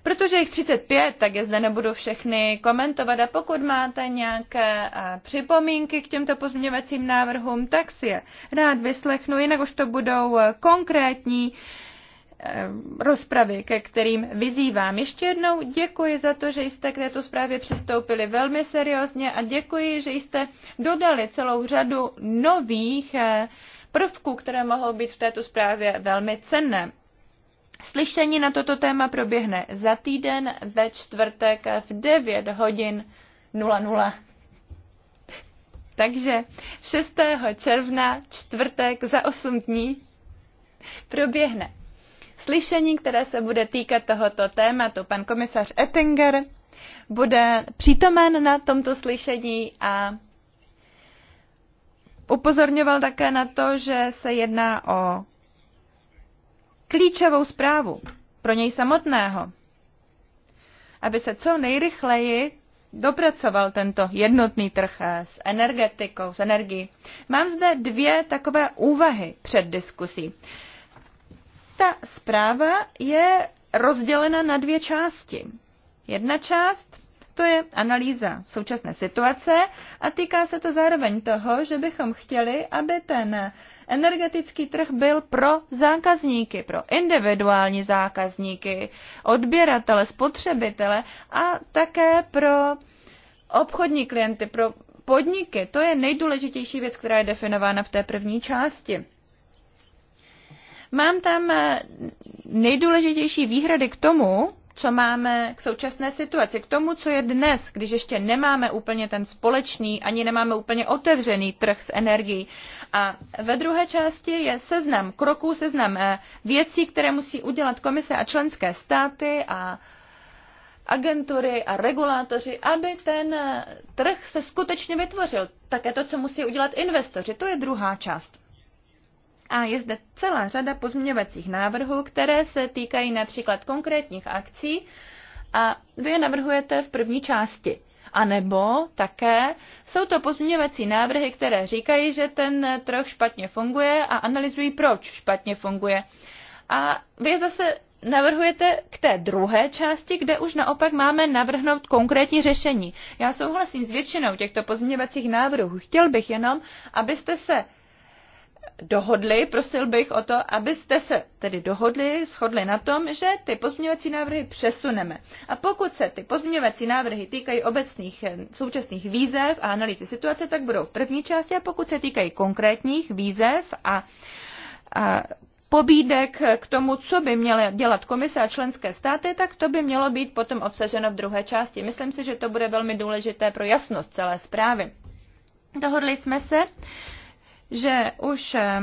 Protože jich 35, tak je zde nebudu všechny komentovat a pokud máte nějaké připomínky k těmto pozměňovacím návrhům, tak si je rád vyslechnu, jinak už to budou konkrétní uh, Eh, rozpravy, ke kterým vyzývám. Ještě jednou děkuji za to, že jste k této zprávě přistoupili velmi seriózně a děkuji, že jste dodali celou řadu nových eh, prvků, které mohou být v této zprávě velmi cenné. Slyšení na toto téma proběhne za týden ve čtvrtek v 9 hodin 00. Takže 6. června, čtvrtek za 8 dní, proběhne slyšení, které se bude týkat tohoto tématu. Pan komisař Ettinger bude přítomen na tomto slyšení a upozorňoval také na to, že se jedná o klíčovou zprávu pro něj samotného, aby se co nejrychleji dopracoval tento jednotný trh s energetikou, s energií. Mám zde dvě takové úvahy před diskusí. Ta zpráva je rozdělena na dvě části. Jedna část to je analýza současné situace a týká se to zároveň toho, že bychom chtěli, aby ten energetický trh byl pro zákazníky, pro individuální zákazníky, odběratele, spotřebitele a také pro obchodní klienty, pro podniky. To je nejdůležitější věc, která je definována v té první části. Mám tam eh, nejdůležitější výhrady k tomu, co máme k současné situaci, k tomu, co je dnes, když ještě nemáme úplně ten společný, ani nemáme úplně otevřený trh s energií. A ve druhé části je seznam kroků, seznam eh, věcí, které musí udělat komise a členské státy a agentury a regulátoři, aby ten eh, trh se skutečně vytvořil. Také to, co musí udělat investoři, to je druhá část. A je zde celá řada pozměňovacích návrhů, které se týkají například konkrétních akcí a vy je navrhujete v první části. A nebo také jsou to pozměňovací návrhy, které říkají, že ten trh špatně funguje a analyzují, proč špatně funguje. A vy zase navrhujete k té druhé části, kde už naopak máme navrhnout konkrétní řešení. Já souhlasím s většinou těchto pozměňovacích návrhů. Chtěl bych jenom, abyste se dohodli, prosil bych o to, abyste se tedy dohodli, shodli na tom, že ty pozměňovací návrhy přesuneme. A pokud se ty pozměňovací návrhy týkají obecných eh, současných výzev a analýzy situace, tak budou v první části a pokud se týkají konkrétních výzev a, a pobídek k tomu, co by měly dělat komise a členské státy, tak to by mělo být potom obsaženo v druhé části. Myslím si, že to bude velmi důležité pro jasnost celé zprávy. Dohodli jsme se, že už eh,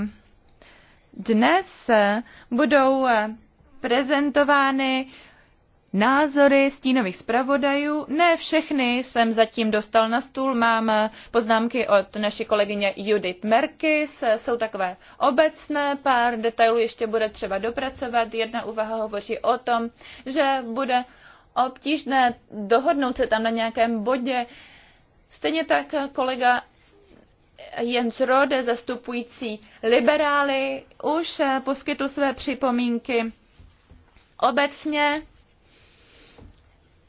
dnes eh, budou eh, prezentovány názory stínových zpravodajů. Ne všechny jsem zatím dostal na stůl. Mám poznámky od naší kolegyně Judith Merkis. Jsou takové obecné, pár detailů ještě bude třeba dopracovat. Jedna úvaha hovoří o tom, že bude obtížné dohodnout se tam na nějakém bodě. Stejně tak kolega Jens Rode, zastupující liberály, už eh, poskytl své připomínky. Obecně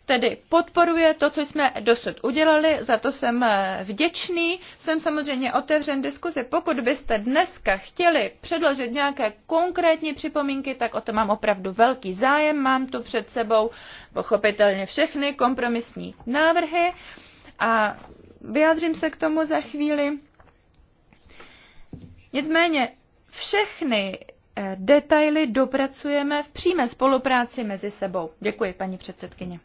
tedy podporuje to, co jsme dosud udělali, za to jsem eh, vděčný. Jsem samozřejmě otevřen diskuzi. Pokud byste dneska chtěli předložit nějaké konkrétní připomínky, tak o to mám opravdu velký zájem. Mám tu před sebou pochopitelně všechny kompromisní návrhy a vyjádřím se k tomu za chvíli. Nicméně všechny eh, detaily dopracujeme v přímé spolupráci mezi sebou. Děkuji, paní předsedkyně.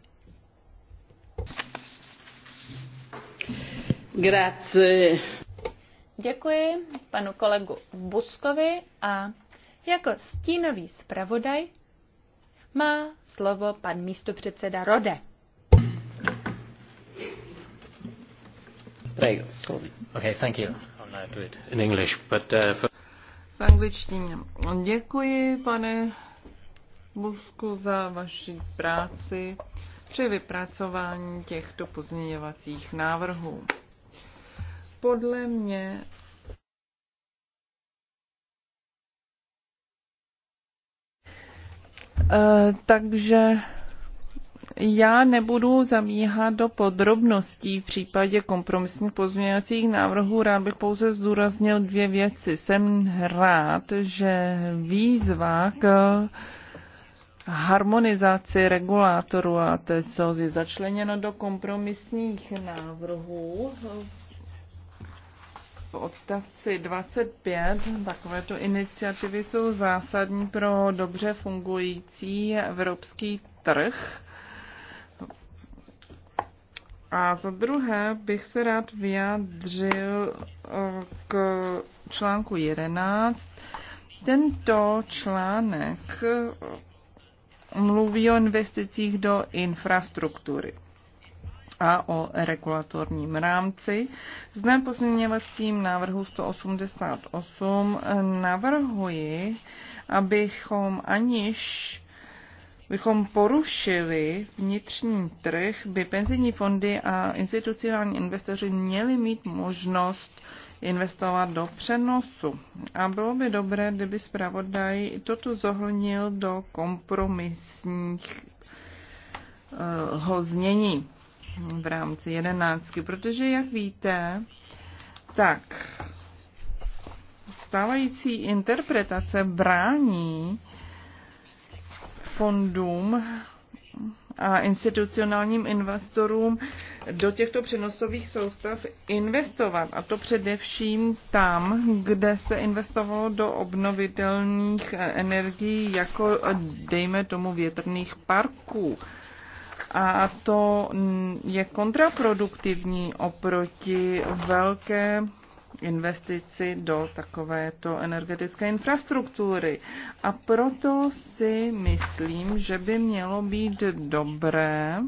Grazie. Děkuji panu kolegu Buskovi a jako stínový zpravodaj má slovo pan místopředseda Rode. Prego, okay, thank you. Uh, v angličtině. Děkuji, pane Busku, za vaši práci při vypracování těchto pozměňovacích návrhů. Podle mě eh, takže já nebudu zamíhat do podrobností v případě kompromisních pozměňovacích návrhů. Rád bych pouze zdůraznil dvě věci. Jsem rád, že výzva k harmonizaci regulátoru a té je začleněno do kompromisních návrhů v odstavci 25 takovéto iniciativy jsou zásadní pro dobře fungující evropský trh a za druhé bych se rád vyjádřil eh, k článku 11. Tento článek eh, mluví o investicích do infrastruktury a o regulatorním rámci. V mém pozměňovacím návrhu 188 navrhuji, abychom aniž bychom porušili vnitřní trh, by penzijní fondy a institucionální investoři měli mít možnost investovat do přenosu. A bylo by dobré, kdyby zpravodaj toto zohlnil do kompromisních eh, ho znění v rámci jedenáctky, protože jak víte, tak stávající interpretace brání fondům a institucionálním investorům do těchto přenosových soustav investovat. A to především tam, kde se investovalo do obnovitelných energií, jako dejme tomu větrných parků. A to je kontraproduktivní oproti velké investici do takovéto energetické infrastruktury. A proto si myslím, že by mělo být dobré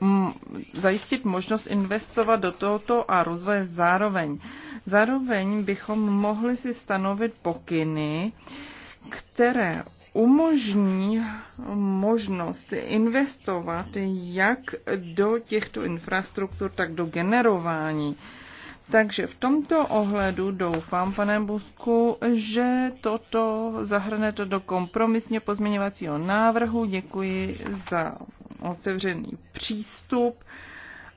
mm, zajistit možnost investovat do tohoto a rozvoje zároveň. Zároveň bychom mohli si stanovit pokyny, které umožní možnost investovat jak do těchto infrastruktur, tak do generování. Takže v tomto ohledu doufám, pane Busku, že toto zahrnete do kompromisně pozměňovacího návrhu. Děkuji za otevřený přístup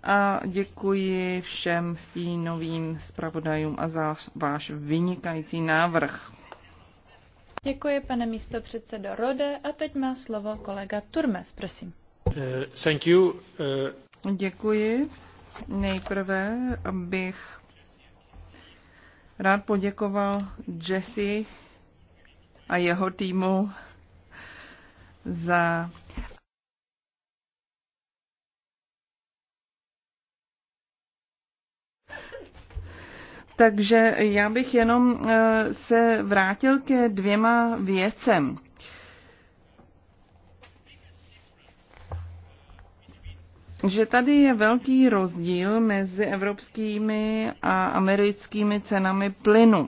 a děkuji všem stínovým zpravodajům a za váš vynikající návrh. Děkuji, pane místo předsedo Rode. A teď má slovo kolega Turmes, prosím. Uh, thank you. Uh... Děkuji. Nejprve bych rád poděkoval Jesse a jeho týmu za Takže já bych jenom eh, se vrátil ke dvěma věcem. že tady je velký rozdíl mezi evropskými a americkými cenami plynu.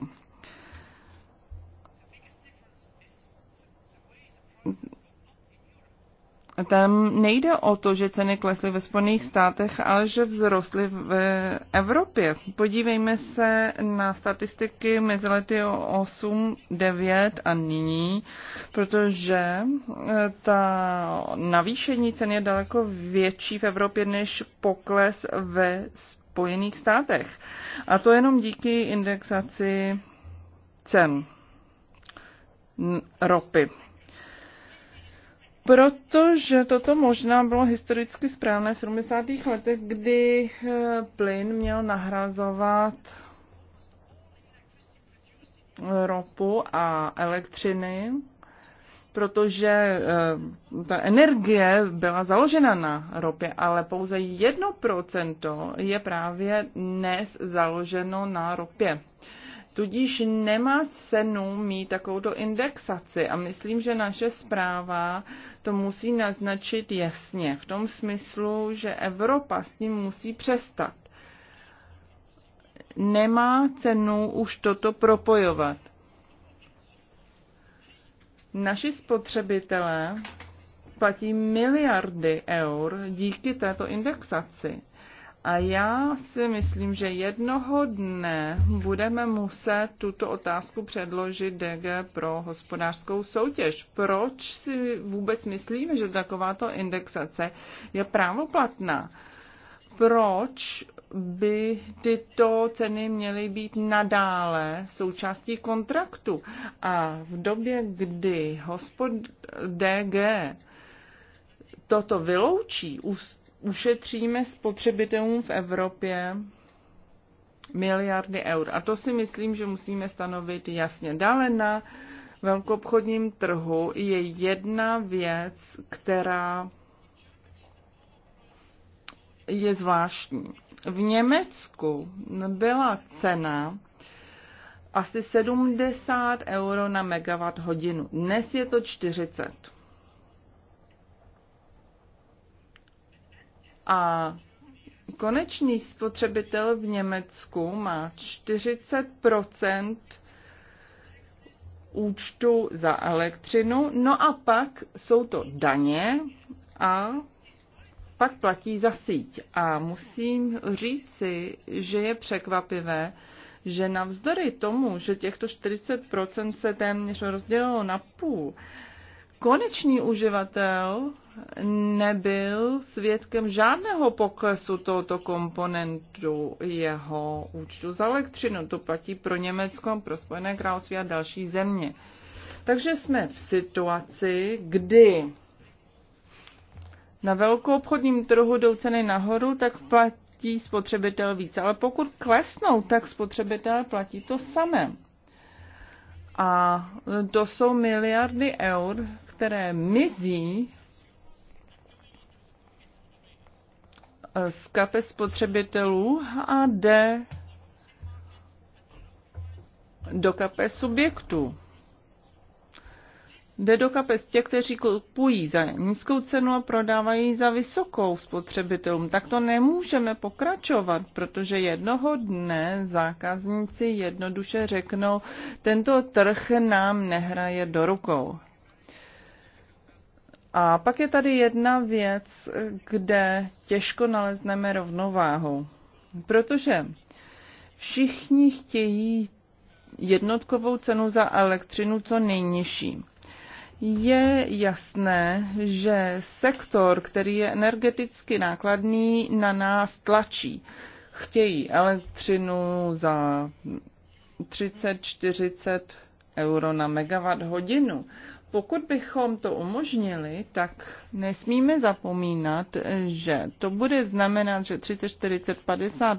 tam nejde o to, že ceny klesly ve Spojených státech, ale že vzrostly v Evropě. Podívejme se na statistiky mezi lety 8, 9 a nyní, protože eh, ta navýšení cen je daleko větší v Evropě než pokles ve Spojených státech. A to jenom díky indexaci cen ropy. Protože toto možná bylo historicky správné v 70. letech, kdy eh, plyn měl nahrazovat eh, ropu a elektřiny, protože eh, ta energie byla založena na ropě, ale pouze 1% je právě dnes založeno na ropě. Tudíž nemá cenu mít takovouto indexaci a myslím, že naše zpráva to musí naznačit jasně, v tom smyslu, že Evropa s tím musí přestat. Nemá cenu už toto propojovat. Naši spotřebitelé platí miliardy eur díky této indexaci. A já si myslím, že jednoho dne budeme muset tuto otázku předložit DG pro hospodářskou soutěž. Proč si vůbec myslíme, že takováto indexace je právoplatná? Proč by tyto ceny měly být nadále součástí kontraktu? A v době, kdy hospod DG toto vyloučí, ušetříme spotřebitelům v Evropě miliardy eur. A to si myslím, že musíme stanovit jasně. Dále na velkoobchodním trhu je jedna věc, která je zvláštní. V Německu byla cena asi 70 euro na megawatt hodinu. Dnes je to 40. A konečný spotřebitel v Německu má 40 účtu za elektřinu, no a pak jsou to daně a pak platí za síť. A musím říci, že je překvapivé, že navzdory tomu, že těchto 40% se téměř rozdělilo na půl, konečný uživatel nebyl svědkem žádného poklesu tohoto komponentu jeho účtu za elektřinu. To platí pro Německo, pro Spojené království a další země. Takže jsme v situaci, kdy na velkou obchodním trhu jdou ceny nahoru, tak platí spotřebitel více. Ale pokud klesnou, tak spotřebitel platí to samé. A to jsou miliardy eur, které mizí z kape spotřebitelů a jde do kape subjektů. Jde do kapes těch, kteří kupují za nízkou cenu a prodávají za vysokou spotřebitelům. Tak to nemůžeme pokračovat, protože jednoho dne zákazníci jednoduše řeknou, tento trh nám nehraje do rukou. A pak je tady jedna věc, kde těžko nalezneme rovnováhu. Protože všichni chtějí jednotkovou cenu za elektřinu co nejnižší. Je jasné, že sektor, který je energeticky nákladný, na nás tlačí. Chtějí elektřinu za 30-40 euro na megawatt hodinu pokud bychom to umožnili, tak nesmíme zapomínat, že to bude znamenat, že 30, 40, 50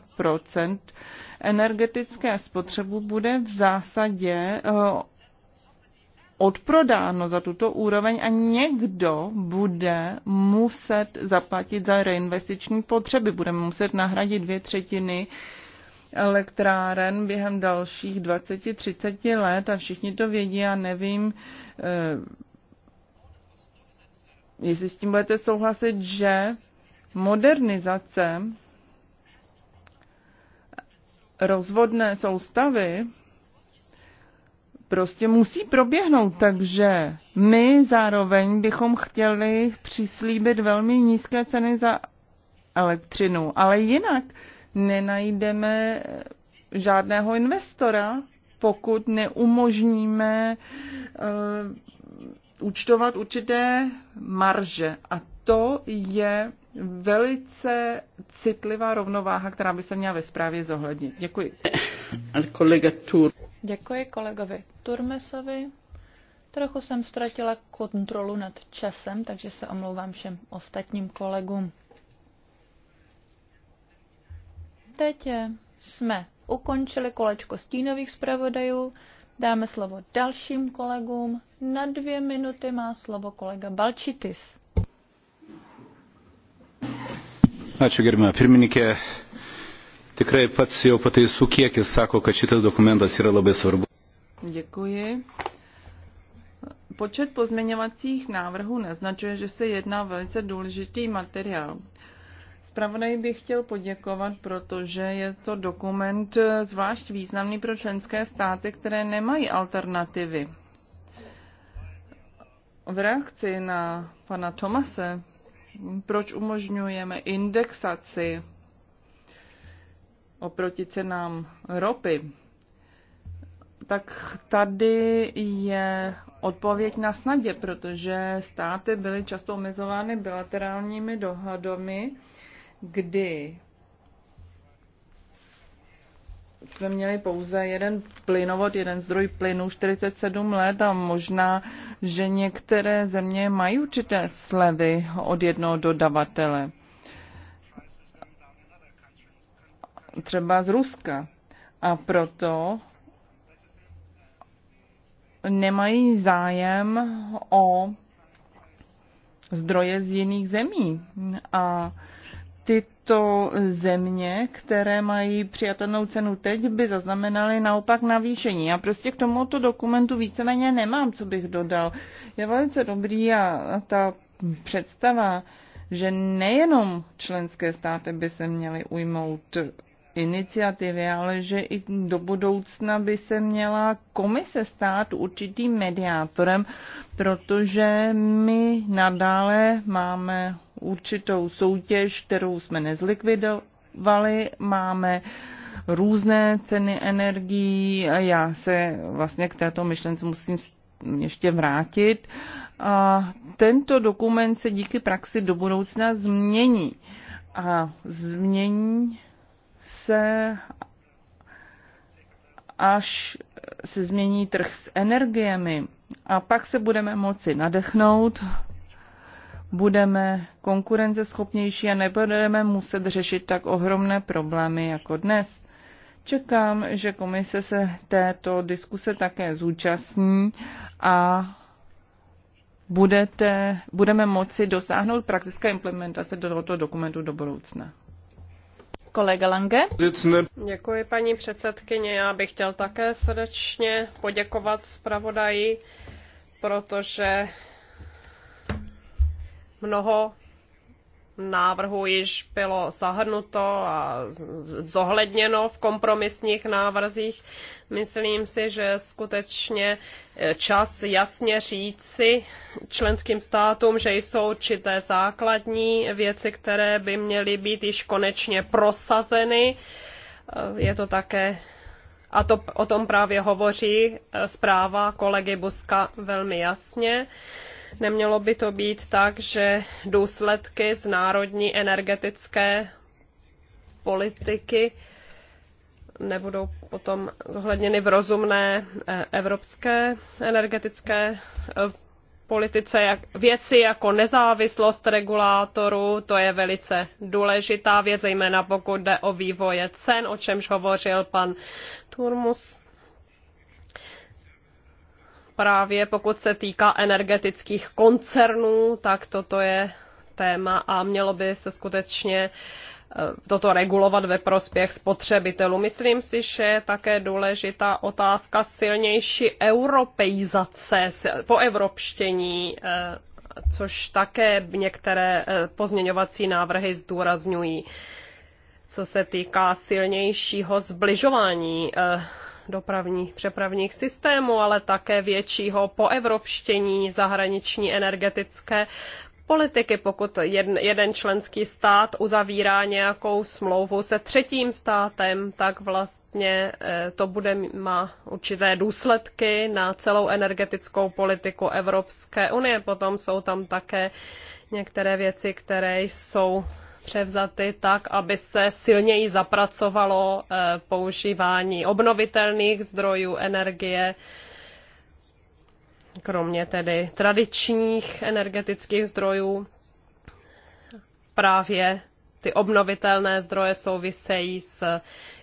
energetické spotřebu bude v zásadě eh, odprodáno za tuto úroveň a někdo bude muset zaplatit za reinvestiční potřeby. Budeme muset nahradit dvě třetiny uh, elektráren během dalších 20-30 let a všichni to vědí, a nevím, eh, jestli s tím budete souhlasit, že modernizace rozvodné soustavy prostě musí proběhnout, takže my zároveň bychom chtěli přislíbit velmi nízké ceny za elektřinu, ale jinak nenajdeme žádného investora, pokud neumožníme uh, účtovat určité marže. A to je velice citlivá rovnováha, která by se měla ve zprávě zohlednit. Děkuji. Kolega Tur. Děkuji kolegovi Turmesovi. Trochu jsem ztratila kontrolu nad časem, takže se omlouvám všem ostatním kolegům. Teď eh, jsme ukončili kolečko stínových zpravodajů. Dáme slovo dalším kolegům. Na dvě minuty má slovo kolega Balčitis. Ačiū gerbime pirmininkė. Tikrai pats jau pataisų kiekis sako, kad šitas dokumentas yra labai svarbu. Děkuji. Počet pozměňovacích návrhů naznačuje, že se jedná velice důležitý materiál zpravodaj bych chtěl poděkovat, protože je to dokument eh, zvlášť významný pro členské státy, které nemají alternativy. V reakci na pana Tomase, proč umožňujeme indexaci oproti cenám ropy, tak tady je odpověď na snadě, protože státy byly často omezovány bilaterálními dohadami kdy jsme měli pouze jeden plynovod, jeden zdroj plynu 47 let a možná, že některé země mají určité slevy od jednoho dodavatele. Třeba z Ruska. A proto nemají zájem o zdroje z jiných zemí. A tyto země, které mají přijatelnou cenu teď, by zaznamenaly naopak navýšení. Já prostě k tomuto dokumentu víceméně nemám, co bych dodal. Je velice dobrý a ta představa, že nejenom členské státy by se měly ujmout iniciativy, ale že i do budoucna by se měla komise stát určitým mediátorem, protože my nadále máme určitou soutěž, kterou jsme nezlikvidovali, máme různé ceny energií. Já se vlastně k této myšlence musím ještě vrátit. A tento dokument se díky praxi do budoucna změní. A změní se, až se změní trh s energiemi. A pak se budeme moci nadechnout, budeme konkurenceschopnější a nebudeme muset řešit tak ohromné problémy jako dnes. Čekám, že komise se této diskuse také zúčastní a budete, budeme moci dosáhnout praktické implementace do tohoto dokumentu do budoucna. Kolega Lange. Děkuji, paní předsedkyně. Já bych chtěl také srdečně poděkovat zpravodaji, protože mnoho návrhu již bylo zahrnuto a zohledněno v kompromisních návrzích. Myslím si, že skutečně eh, čas jasně říci členským státům, že jsou určité základní věci, které by měly být již konečně prosazeny. Eh, je to také a to, o tom právě hovoří eh, zpráva kolegy Buska velmi jasně. Uh, Nemělo by to být tak, že důsledky z národní energetické politiky nebudou potom zohledněny v rozumné eh, evropské energetické eh, politice věci jako nezávislost regulátorů, to je velice důležitá věc, zejména pokud jde o vývoje cen, o čemž hovořil pan Turmus právě pokud se týká energetických koncernů, tak toto je téma a mělo by se skutečně eh, toto regulovat ve prospěch spotřebitelů. Myslím si, že je také důležitá otázka silnější europeizace, poevropštění, eh, což také některé eh, pozměňovací návrhy zdůrazňují co se týká silnějšího zbližování dopravních přepravních systémů, ale také většího poevropštění zahraniční energetické politiky, pokud jeden členský stát uzavírá nějakou smlouvu se třetím státem, tak vlastně eh, to bude má určité důsledky na celou energetickou politiku Evropské unie. Potom jsou tam také některé věci, které jsou převzaty tak, aby se silněji zapracovalo eh, používání obnovitelných zdrojů energie, kromě tedy tradičních energetických zdrojů. Právě ty obnovitelné zdroje souvisejí s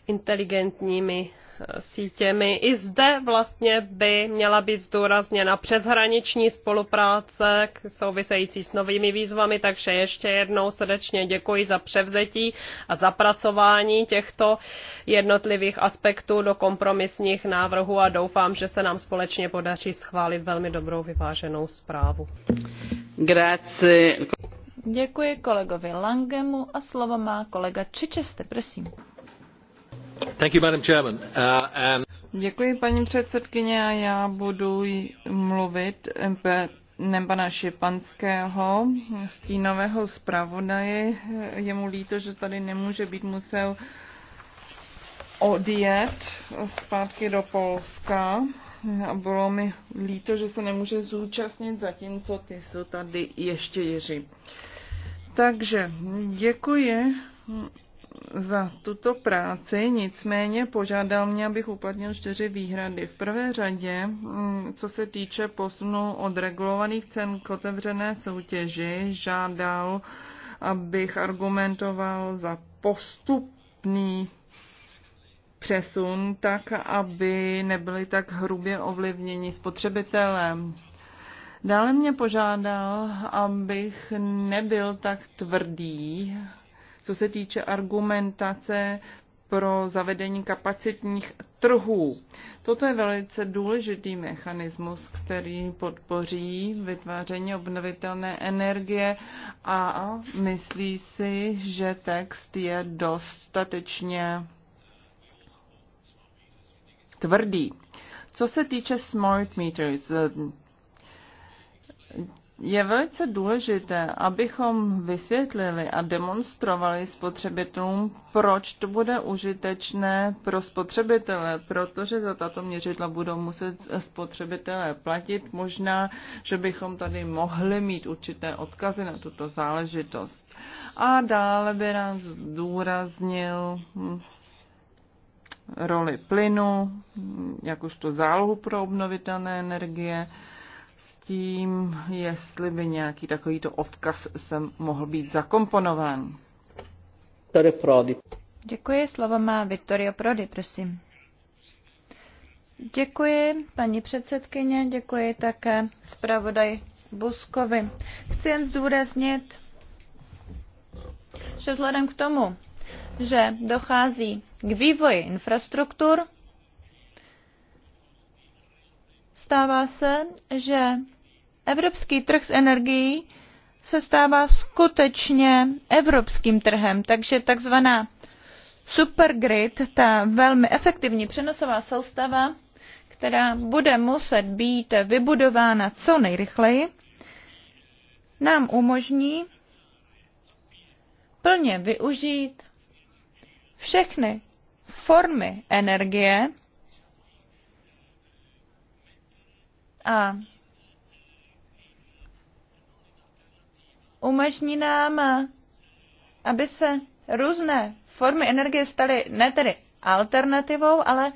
inteligentními sítěmi. I zde vlastně by měla být zdůrazněna přeshraniční spolupráce související s novými výzvami, takže ještě jednou srdečně děkuji za převzetí a zapracování těchto jednotlivých aspektů do kompromisních návrhů a doufám, že se nám společně podaří schválit velmi dobrou vyváženou zprávu. Grazie. Děkuji kolegovi Langemu a slovo má kolega Čičeste, prosím. Uh, děkuji, paní předsedkyně, já budu mluvit jménem pana Šipanského, stínového zpravodaje. Je mu líto, že tady nemůže být, musel odjet zpátky do Polska. A bylo mi líto, že se nemůže zúčastnit, zatímco ty jsou tady ještě Jiří. Takže děkuji za tuto práci, nicméně požádal mě, abych uplatnil čtyři výhrady. V prvé řadě, mm, co se týče posunu od regulovaných cen k otevřené soutěži, žádal, abych argumentoval za postupný přesun tak, aby nebyly tak hrubě ovlivněni spotřebitelem. Dále mě požádal, abych nebyl tak tvrdý co se týče argumentace pro zavedení kapacitních trhů. Toto je velice důležitý mechanismus, který podpoří vytváření obnovitelné energie a myslí si, že text je dostatečně tvrdý. Co se týče smart meters, je velice důležité, abychom vysvětlili a demonstrovali spotřebitelům, proč to bude užitečné pro spotřebitele, protože za tato měřidla budou muset spotřebitelé platit. Možná, že bychom tady mohli mít určité odkazy na tuto záležitost. A dále by nám zdůraznil roli plynu, jakožto zálohu pro obnovitelné energie, tím, jestli by nějaký takovýto odkaz sem mohl být zakomponován. Prodi. Děkuji, slovo má Vittorio Prodi, prosím. Děkuji, paní předsedkyně, děkuji také zpravodaj Buskovi. Chci jen zdůraznit, že vzhledem k tomu, že dochází k vývoji infrastruktur, stává se, že Evropský trh s energií se stává skutečně evropským trhem, takže takzvaná supergrid, ta velmi efektivní přenosová soustava, která bude muset být vybudována co nejrychleji, nám umožní plně využít všechny formy energie a umožní nám, aby se různé formy energie staly ne tedy alternativou, ale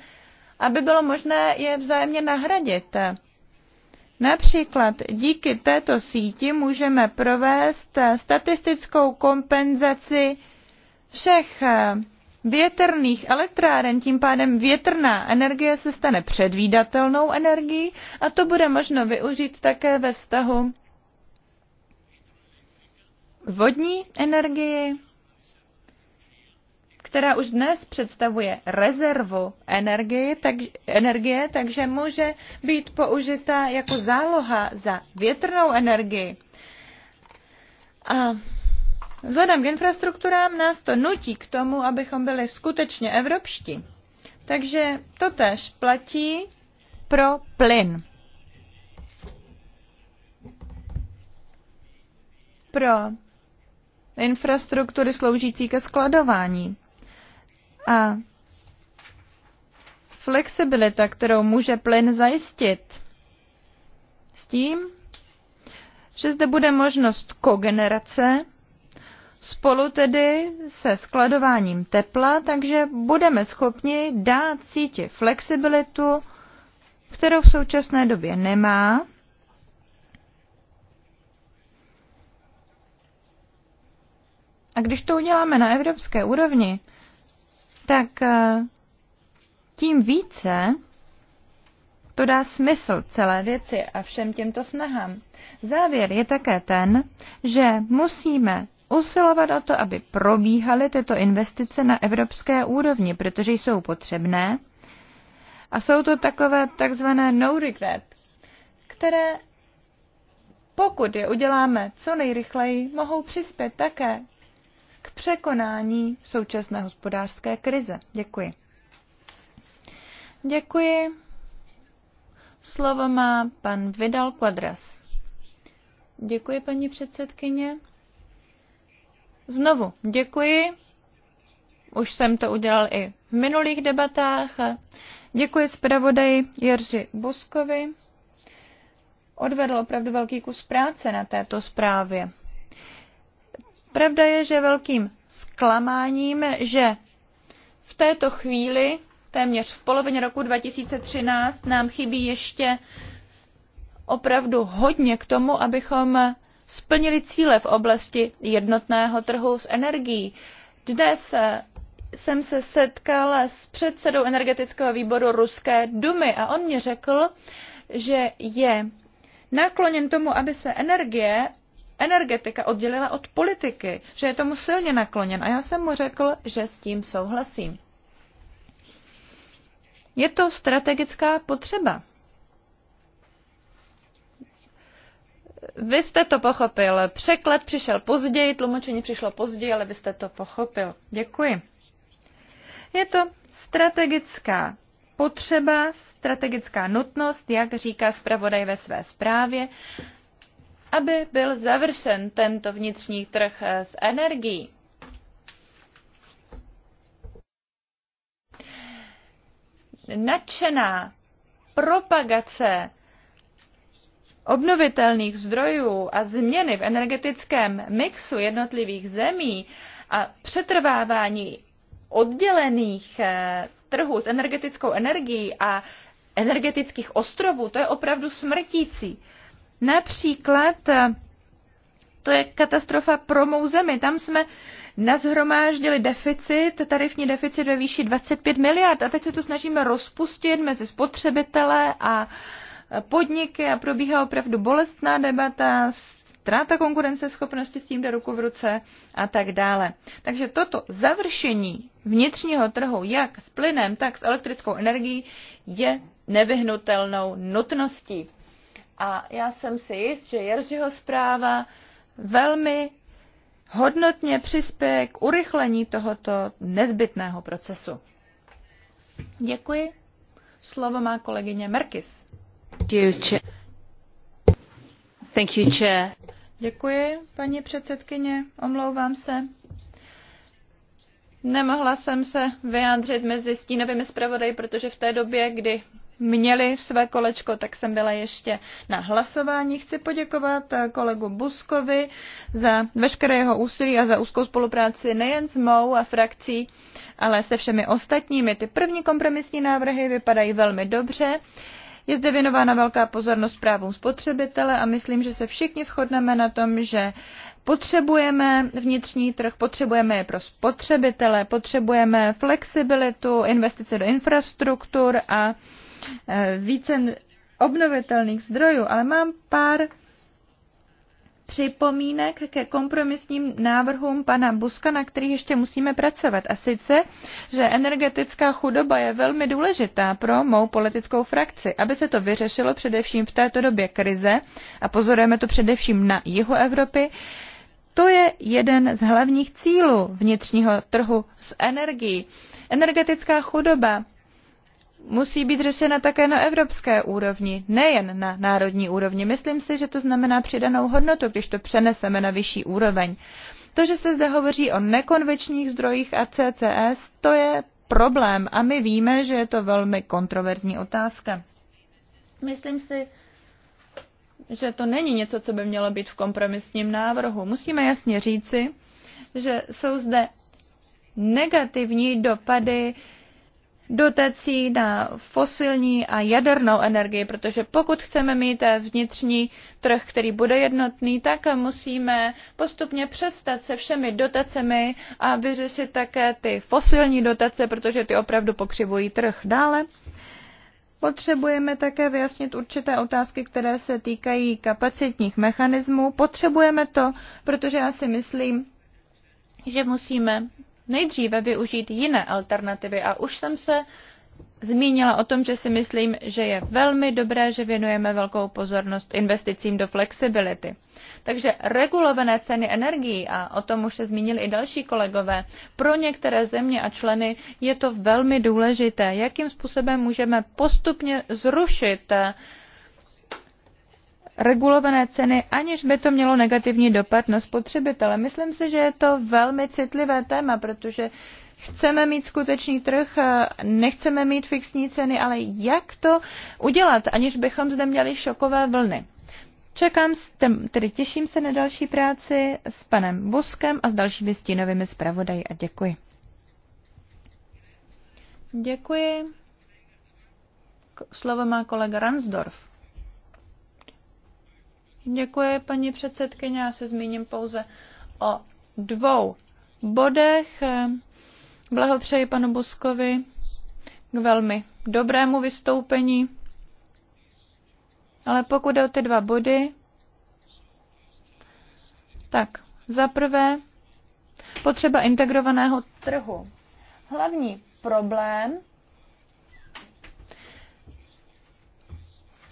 aby bylo možné je vzájemně nahradit. Například díky této síti můžeme provést statistickou kompenzaci všech větrných elektráren, tím pádem větrná energie se stane předvídatelnou energií a to bude možno využít také ve vztahu vodní energii, která už dnes představuje rezervu energie, tak, energie, takže může být použita jako záloha za větrnou energii. A vzhledem k infrastrukturám nás to nutí k tomu, abychom byli skutečně evropští. Takže to tež platí pro plyn. Pro infrastruktury sloužící ke skladování. A flexibilita, kterou může plyn zajistit, s tím, že zde bude možnost kogenerace, spolu tedy se skladováním tepla, takže budeme schopni dát síti flexibilitu, kterou v současné době nemá, A když to uděláme na evropské úrovni, tak eh, tím více to dá smysl celé věci a všem těmto snahám. Závěr je také ten, že musíme usilovat o to, aby probíhaly tyto investice na evropské úrovni, protože jsou potřebné a jsou to takové takzvané no regrets, které pokud je uděláme co nejrychleji, mohou přispět také překonání současné hospodářské krize. Děkuji. Děkuji. Slovo má pan Vidal Quadras. Děkuji, paní předsedkyně. Znovu děkuji. Už jsem to udělal i v minulých debatách. Děkuji zpravodaji Jerzy Buskovi. Odvedl opravdu velký kus práce na této zprávě. Pravda je, že velkým zklamáním, že v této chvíli, téměř v polovině roku 2013, nám chybí ještě opravdu hodně k tomu, abychom splnili cíle v oblasti jednotného trhu s energií. Dnes jsem se setkal s předsedou energetického výboru Ruské dumy a on mě řekl, že je nakloněn tomu, aby se energie energetika oddělila od politiky, že je tomu silně nakloněn. A já jsem mu řekl, že s tím souhlasím. Je to strategická potřeba. Vy jste to pochopil. Překlad přišel později, tlumočení přišlo později, ale vy jste to pochopil. Děkuji. Je to strategická potřeba, strategická nutnost, jak říká zpravodaj ve své zprávě aby byl završen tento vnitřní trh eh, s energií. Nadšená propagace obnovitelných zdrojů a změny v energetickém mixu jednotlivých zemí a přetrvávání oddělených eh, trhů s energetickou energií a energetických ostrovů, to je opravdu smrtící. Například eh, to je katastrofa pro mou zemi. Tam jsme nazhromáždili deficit, tarifní deficit ve výši 25 miliard a teď se to snažíme rozpustit mezi spotřebitele a podniky a probíhá opravdu bolestná debata, ztráta konkurenceschopnosti s tím jde ruku v ruce a tak dále. Takže toto završení vnitřního trhu, jak s plynem, tak s elektrickou energií, je nevyhnutelnou nutností. A já jsem si jist, že Jerzyho zpráva velmi hodnotně přispěje k urychlení tohoto nezbytného procesu. Děkuji. Slovo má kolegyně Merkis. Thank you, chair. Děkuji, paní předsedkyně. Omlouvám se. Nemohla jsem se vyjádřit mezi stínovými zpravodaji, protože v té době, kdy měli své kolečko, tak jsem byla ještě na hlasování. Chci poděkovat eh, kolegu Buskovi za veškeré jeho úsilí a za úzkou spolupráci nejen s mou a frakcí, ale se všemi ostatními. Ty první kompromisní návrhy vypadají velmi dobře. Je zde věnována velká pozornost právům spotřebitele a myslím, že se všichni shodneme na tom, že potřebujeme vnitřní trh, potřebujeme je pro spotřebitele, potřebujeme flexibilitu, investice do infrastruktur a Eh, více obnovitelných zdrojů, ale mám pár připomínek ke kompromisním návrhům pana Buska, na kterých ještě musíme pracovat. A sice, že energetická chudoba je velmi důležitá pro mou politickou frakci, aby se to vyřešilo především v této době krize, a pozorujeme to především na jihu Evropy, to je jeden z hlavních cílů vnitřního trhu s energií. Energetická chudoba musí být řešena také na evropské úrovni, nejen na národní úrovni. Myslím si, že to znamená přidanou hodnotu, když to přeneseme na vyšší úroveň. To, že se zde hovoří o nekonvenčních zdrojích a CCS, to je problém a my víme, že je to velmi kontroverzní otázka. Myslím si, že to není něco, co by mělo být v kompromisním návrhu. Musíme jasně říci, že jsou zde negativní dopady dotací na fosilní a jadernou energii, protože pokud chceme mít vnitřní trh, který bude jednotný, tak musíme postupně přestat se všemi dotacemi a vyřešit také ty fosilní dotace, protože ty opravdu pokřivují trh. Dále Potřebujeme také vyjasnit určité otázky, které se týkají kapacitních mechanismů. Potřebujeme to, protože já si myslím, že musíme nejdříve využít jiné alternativy. A už jsem se zmínila o tom, že si myslím, že je velmi dobré, že věnujeme velkou pozornost investicím do flexibility. Takže regulované ceny energií, a o tom už se zmínili i další kolegové, pro některé země a členy je to velmi důležité, jakým způsobem můžeme postupně zrušit regulované ceny, aniž by to mělo negativní dopad na spotřebitele. Myslím si, že je to velmi citlivé téma, protože chceme mít skutečný trh, eh, nechceme mít fixní ceny, ale jak to udělat, aniž bychom zde měli šokové vlny? Čekám, tedy těším se na další práci s panem Buskem a s dalšími stínovými zpravodaji a děkuji. Děkuji. Slovo má kolega Ransdorf. Děkuji, paní předsedkyně. Já se zmíním pouze o dvou bodech. Blahopřeji panu Buskovi k velmi dobrému vystoupení. Ale pokud jde o ty dva body, tak za prvé potřeba integrovaného trhu. Hlavní problém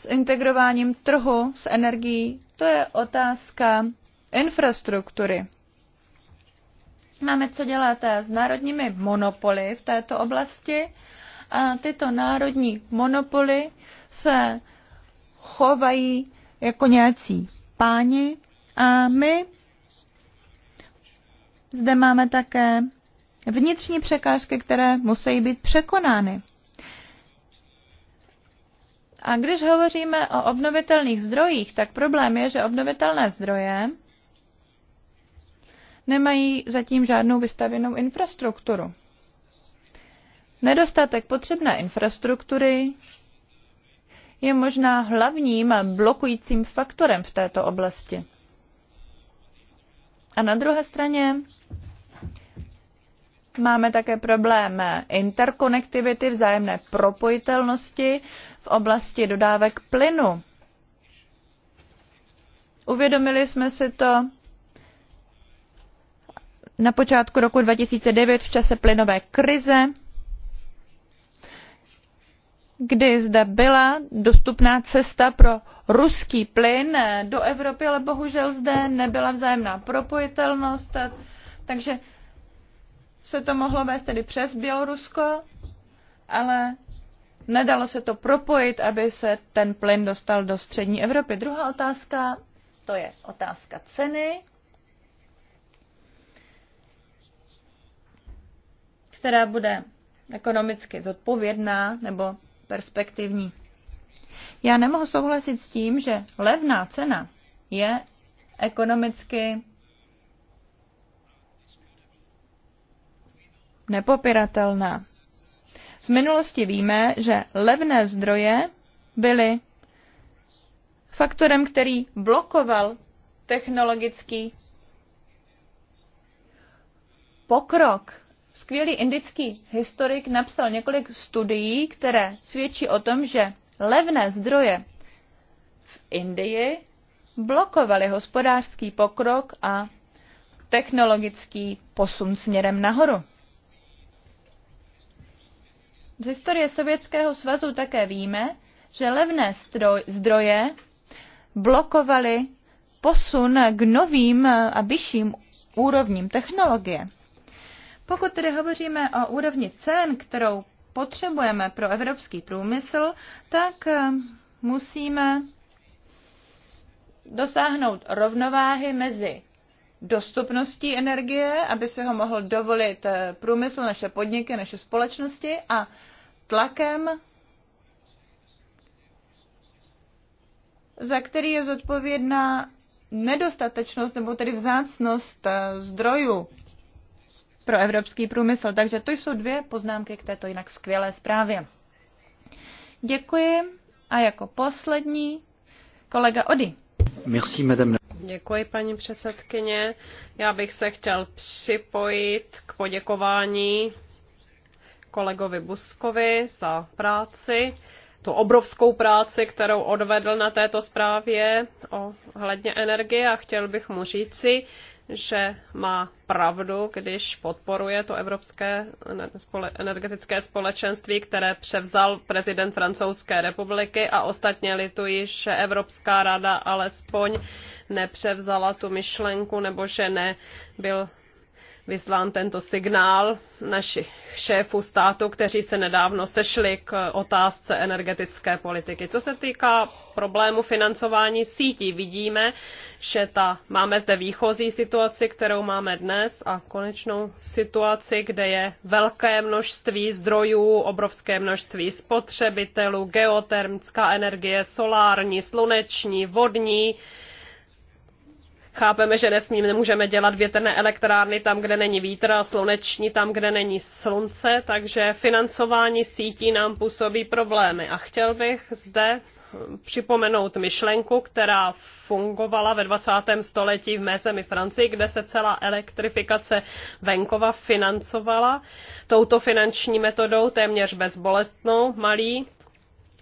integrováním trhu s energií, to je otázka infrastruktury. Máme co dělat s národními monopoly v této oblasti a tyto národní monopoly se chovají jako nějací páni a my zde máme také vnitřní překážky, které musí být překonány. A když hovoříme o obnovitelných zdrojích, tak problém je, že obnovitelné zdroje nemají zatím žádnou vystavěnou infrastrukturu. Nedostatek potřebné infrastruktury je možná hlavním blokujícím faktorem v této oblasti. A na druhé straně máme také problém interkonektivity, vzájemné propojitelnosti v oblasti dodávek plynu. Uvědomili jsme si to na počátku roku 2009 v čase plynové krize, kdy zde byla dostupná cesta pro ruský plyn do Evropy, ale bohužel zde nebyla vzájemná propojitelnost, takže se to mohlo vést tedy přes Bělorusko, ale nedalo se to propojit, aby se ten plyn dostal do střední Evropy. Druhá otázka, to je otázka ceny, která bude ekonomicky zodpovědná nebo perspektivní. Já nemohu souhlasit s tím, že levná cena je ekonomicky nepopiratelná. Z minulosti víme, že levné zdroje byly faktorem, který blokoval technologický pokrok. Skvělý indický historik napsal několik studií, které svědčí o tom, že levné zdroje v Indii blokovaly hospodářský pokrok a technologický posun směrem nahoru. Z historie Sovětského svazu také víme, že levné zdroje blokovaly posun k novým a vyšším úrovním technologie. Pokud tedy hovoříme o úrovni cen, kterou potřebujeme pro evropský průmysl, tak eh, musíme dosáhnout rovnováhy mezi dostupností energie, aby si ho mohl dovolit eh, průmysl, naše podniky, naše společnosti a tlakem, za který je zodpovědná nedostatečnost nebo tedy vzácnost eh, zdrojů pro evropský průmysl. Takže to jsou dvě poznámky k této jinak skvělé zprávě. Děkuji a jako poslední kolega Ody. Merci, madame. Děkuji, paní předsedkyně. Já bych se chtěl připojit k poděkování kolegovi Buskovi za práci, tu obrovskou práci, kterou odvedl na této zprávě ohledně energie a chtěl bych mu říci, že má pravdu, když podporuje to Evropské energetické společenství, které převzal prezident Francouzské republiky a ostatně lituji, že Evropská rada alespoň nepřevzala tu myšlenku nebo že nebyl vyslán tento signál našich šéfů státu, kteří se nedávno sešli k otázce energetické politiky. Co se týká problému financování sítí, vidíme, že ta, máme zde výchozí situaci, kterou máme dnes a konečnou situaci, kde je velké množství zdrojů, obrovské množství spotřebitelů, geotermická energie, solární, sluneční, vodní, Chápeme, že nesmíme, nemůžeme dělat větrné elektrárny tam, kde není vítr a sluneční tam, kde není slunce, takže financování sítí nám působí problémy. A chtěl bych zde připomenout myšlenku, která fungovala ve 20. století v mé zemi Francii, kde se celá elektrifikace venkova financovala touto finanční metodou téměř bezbolestnou, malý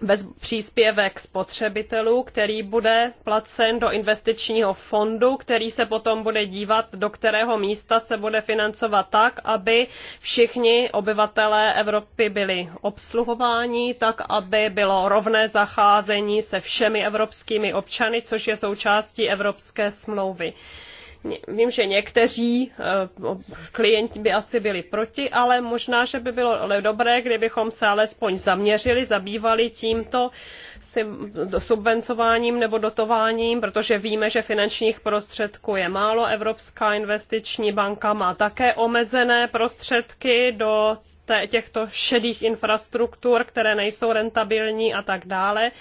bez příspěvek spotřebitelů, který bude placen do investičního fondu, který se potom bude dívat, do kterého místa se bude financovat tak, aby všichni obyvatelé Evropy byli obsluhováni, tak aby bylo rovné zacházení se všemi evropskými občany, což je součástí Evropské smlouvy. Vím, že někteří eh, klienti by asi byli proti, ale možná, že by bylo dobré, kdybychom se alespoň zaměřili, zabývali tímto subvencováním nebo dotováním, protože víme, že finančních prostředků je málo. Evropská investiční banka má také omezené prostředky do těchto šedých infrastruktur, které nejsou rentabilní a tak dále.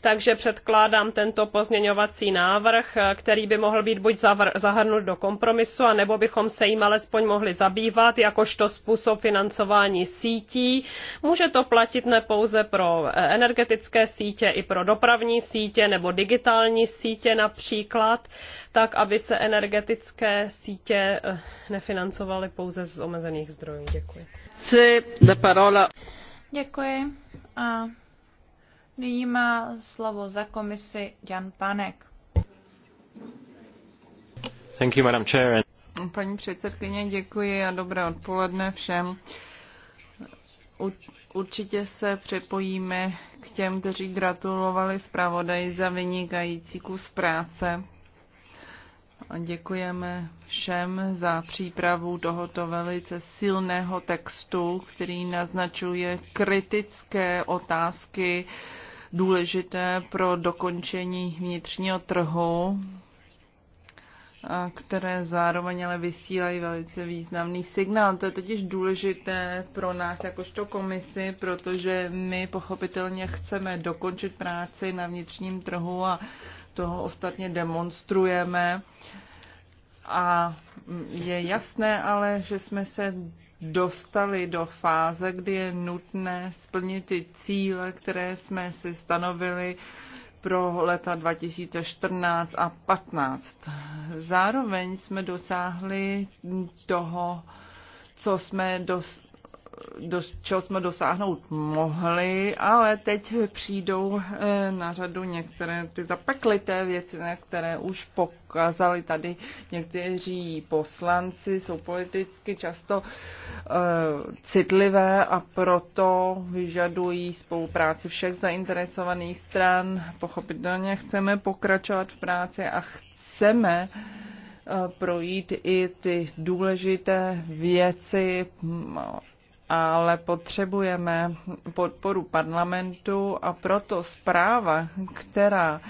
Takže předkládám tento pozměňovací návrh, který by mohl být buď zahrnut do kompromisu, anebo bychom se jim alespoň mohli zabývat, jakožto způsob financování sítí. Může to platit ne pouze pro energetické sítě, i pro dopravní sítě nebo digitální sítě například tak aby se energetické sítě eh, nefinancovaly pouze z omezených zdrojů. Děkuji. Děkuji. A nyní má slovo za komisi Jan Panek. Thank you, Madam Chair. Paní předsedkyně, děkuji a dobré odpoledne všem. Určitě se přepojíme k těm, kteří gratulovali zpravodaji za vynikající kus práce. Děkujeme všem za přípravu tohoto velice silného textu, který naznačuje kritické otázky důležité pro dokončení vnitřního trhu, které zároveň ale vysílají velice významný signál. To je totiž důležité pro nás jakožto komisi, protože my pochopitelně chceme dokončit práci na vnitřním trhu a to ostatně demonstrujeme. A je jasné ale, že jsme se dostali do fáze, kdy je nutné splnit ty cíle, které jsme si stanovili pro leta 2014 a 2015. Zároveň jsme dosáhli toho, co jsme dos- do čeho jsme dosáhnout mohli, ale teď přijdou eh, na řadu některé ty zapeklité věci, které už pokazali tady někteří poslanci, jsou politicky často eh, citlivé a proto vyžadují spolupráci všech zainteresovaných stran. Pochopitelně chceme pokračovat v práci a chceme eh, projít i ty důležité věci ale potřebujeme podporu parlamentu a proto zpráva, která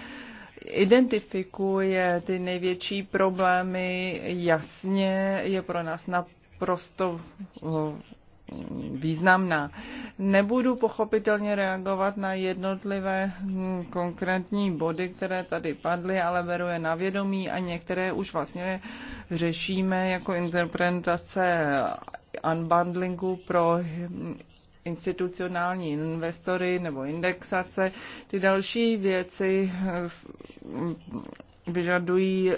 identifikuje ty největší problémy jasně, je pro nás naprosto významná. Nebudu pochopitelně reagovat na jednotlivé hm, konkrétní body, které tady padly, ale beru je na vědomí a některé už vlastně řešíme jako interpretace unbundlingu pro institucionální investory nebo indexace. Ty další věci eh, vyžadují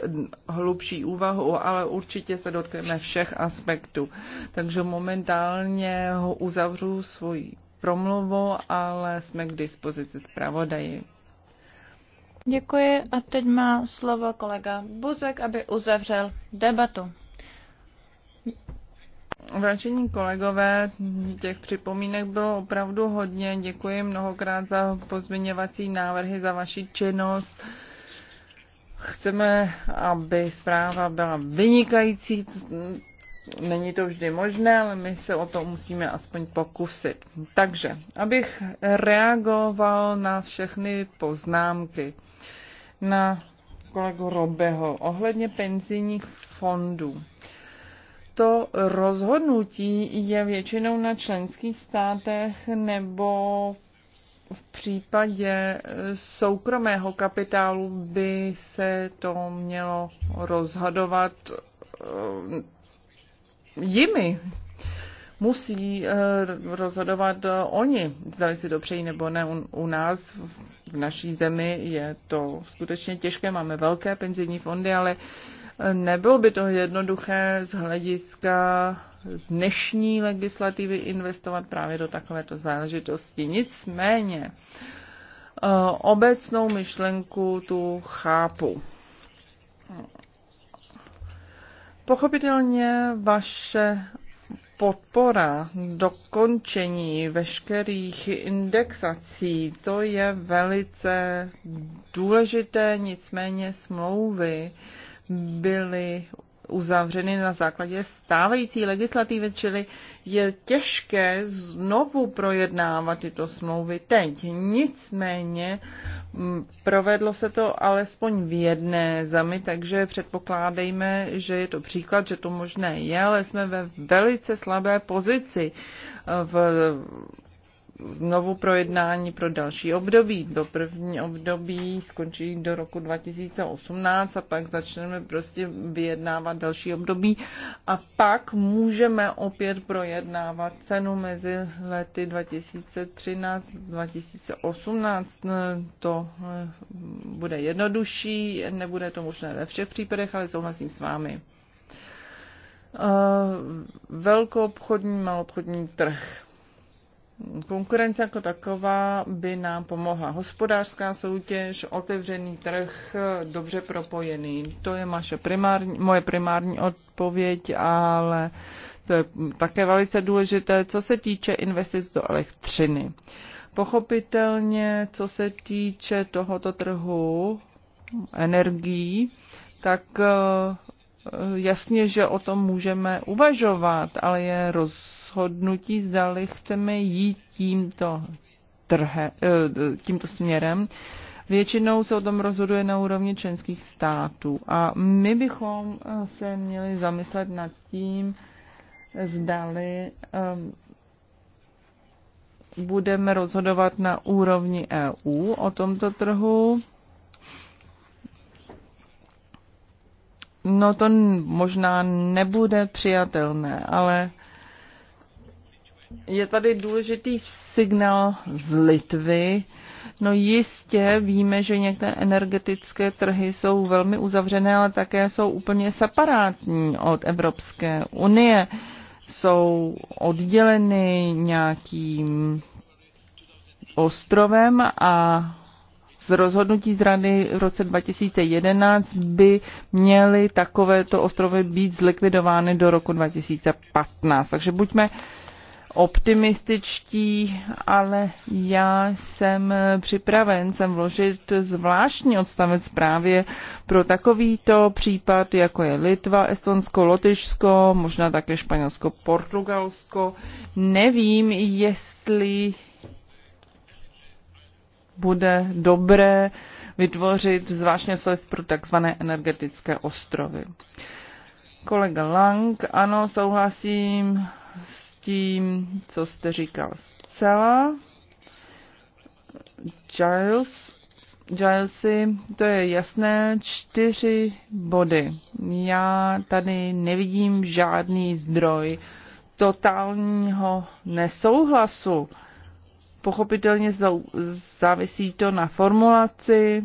hlubší úvahu, ale určitě se dotkneme všech aspektů. Takže momentálně ho uzavřu svoji promluvu, ale jsme k dispozici zpravodaji. Děkuji a teď má slovo kolega Buzek, aby uzavřel debatu. Vážení kolegové, těch připomínek bylo opravdu hodně. Děkuji mnohokrát za pozměňovací návrhy, za vaši činnost. Chceme, aby zpráva byla vynikající. Není to vždy možné, ale my se o to musíme aspoň pokusit. Takže, abych reagoval na všechny poznámky. Na kolegu Robeho ohledně penzijních fondů to rozhodnutí je většinou na členských státech nebo v případě soukromého kapitálu by se to mělo rozhodovat eh, jimi. Musí eh, rozhodovat eh, oni, zda si přejí nebo ne. U nás, v naší zemi, je to skutečně těžké. Máme velké penzijní fondy, ale Nebylo by to jednoduché z hlediska dnešní legislativy investovat právě do takovéto záležitosti. Nicméně eh, obecnou myšlenku tu chápu. Pochopitelně vaše podpora dokončení veškerých indexací, to je velice důležité, nicméně smlouvy uh, byly uzavřeny na základě stávající legislativy, čili je těžké znovu projednávat tyto smlouvy teď. Nicméně mm, provedlo se to alespoň v jedné zemi, takže předpokládejme, že je to příklad, že to možné je, ale jsme ve velice slabé pozici v znovu projednání pro další období. Do první období skončí do roku 2018 a pak začneme prostě vyjednávat další období a pak můžeme opět projednávat cenu mezi lety 2013-2018. To eh, bude jednodušší, nebude to možné ve všech případech, ale souhlasím s vámi. Eh, velkoobchodní, malobchodní trh konkurence jako taková by nám pomohla. Hospodářská soutěž, otevřený trh, dobře propojený. To je maše primární, moje primární odpověď, ale to je také velice důležité, co se týče investic do elektřiny. Pochopitelně, co se týče tohoto trhu energií, tak eh, jasně, že o tom můžeme uvažovat, ale je roz rozhodnutí, zdali chceme jít tímto, trhe, eh, tímto směrem. Většinou se o tom rozhoduje na úrovni členských států a my bychom eh, se měli zamyslet nad tím, zdali eh, budeme rozhodovat na úrovni EU o tomto trhu. No to možná nebude přijatelné, ale je tady důležitý signál z Litvy. No jistě víme, že některé energetické trhy jsou velmi uzavřené, ale také jsou úplně separátní od Evropské unie. Jsou odděleny nějakým ostrovem a z rozhodnutí z rady v roce 2011 by měly takovéto ostrovy být zlikvidovány do roku 2015. Takže buďme optimističtí, ale já jsem připraven sem vložit zvláštní odstavec právě pro takovýto případ, jako je Litva, Estonsko, Lotyšsko, možná také Španělsko, Portugalsko. Nevím, jestli bude dobré vytvořit zvláštní odstavec pro takzvané energetické ostrovy. Kolega Lang, ano, souhlasím s tím, co jste říkal zcela. Giles, Gilesy, to je jasné, čtyři body. Já tady nevidím žádný zdroj totálního nesouhlasu. Pochopitelně závisí to na formulaci.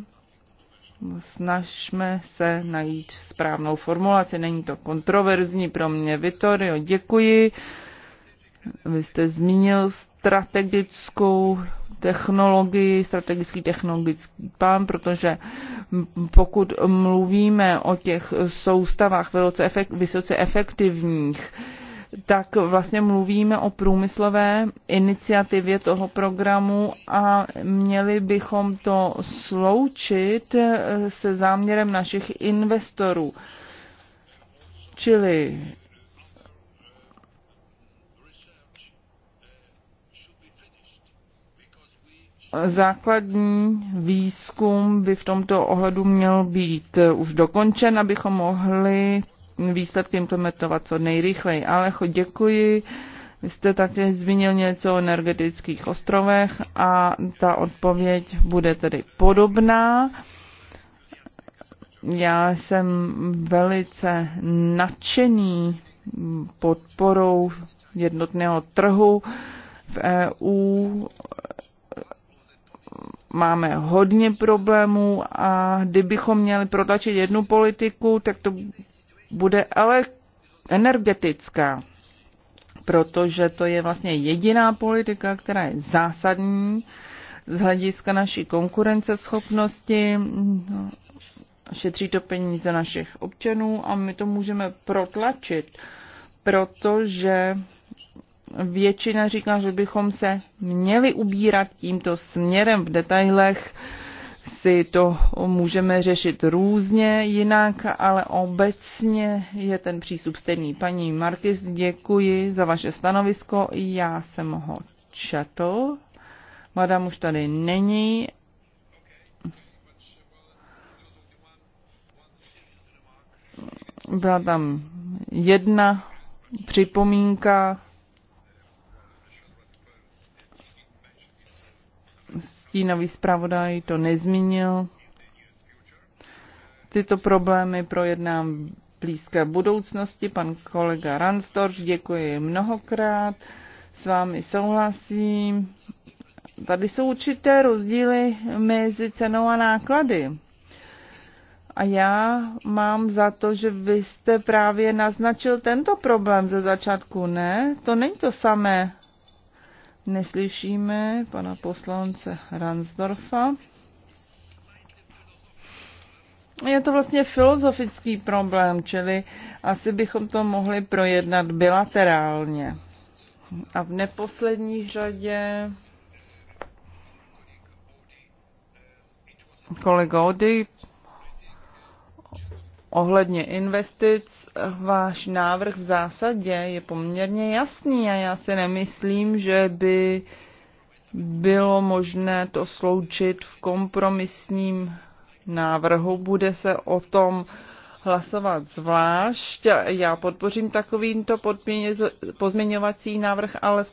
Snažme se najít správnou formulaci. Není to kontroverzní pro mě. Vittorio, děkuji. Vy jste zmínil strategickou technologii, strategický technologický plán, protože pokud mluvíme o těch soustavách velice efekt, vysoce efektivních, tak vlastně mluvíme o průmyslové iniciativě toho programu a měli bychom to sloučit eh, se záměrem našich investorů. Čili Základní výzkum by v tomto ohledu měl být už dokončen, abychom mohli výsledky implementovat co nejrychleji. Ale děkuji. Vy jste také zmínil něco o energetických ostrovech a ta odpověď bude tedy podobná. Já jsem velice nadšený podporou jednotného trhu v EU máme hodně problémů a kdybychom měli protlačit jednu politiku, tak to bude ale energetická, protože to je vlastně jediná politika, která je zásadní z hlediska naší konkurenceschopnosti, šetří to peníze našich občanů a my to můžeme protlačit, protože většina říká, že bychom se měli ubírat tímto směrem v detailech, si to můžeme řešit různě jinak, ale obecně je ten přístup stejný. Paní Markis, děkuji za vaše stanovisko, já jsem ho četl. Madam už tady není. Byla tam jedna připomínka stínový zpravodaj to nezmínil. Tyto problémy projednám blízké budoucnosti. Pan kolega Ransdorf, děkuji mnohokrát, s vámi souhlasím. Tady jsou určité rozdíly mezi cenou a náklady. A já mám za to, že vy jste právě naznačil tento problém ze začátku, ne? To není to samé Neslyšíme pana poslance Ransdorfa. Je to vlastně filozofický problém, čili asi bychom to mohli projednat bilaterálně. A v neposlední řadě kolega Ody ohledně investic váš návrh v zásadě je poměrně jasný a já si nemyslím, že by bylo možné to sloučit v kompromisním návrhu. Bude se o tom hlasovat zvlášť. Já podpořím takovýmto pozměňovací návrh, ale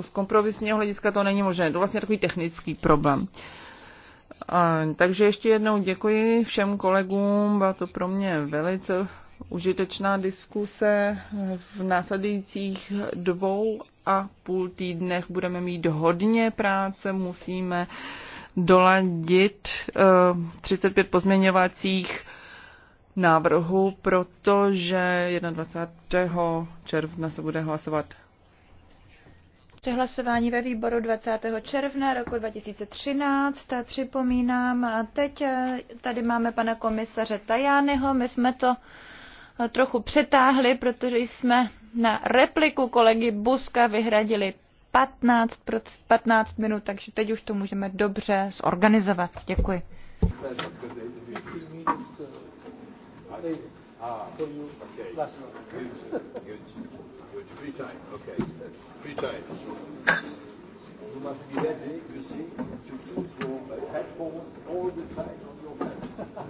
z kompromisního hlediska to není možné. To vlastně takový technický problém. takže ještě jednou děkuji všem kolegům, byla to pro mě velice užitečná diskuse. V následujících dvou a půl týdnech budeme mít hodně práce, musíme doladit 35 eh, pozměňovacích návrhů, protože 21. června se bude hlasovat. Při hlasování ve výboru 20. června roku 2013 připomínám, a teď eh, tady máme pana komisaře Tajányho, my jsme to trochu přetáhli, protože jsme na repliku kolegy Buska vyhradili 15, 15 minut, takže teď už to můžeme dobře zorganizovat. Děkuji.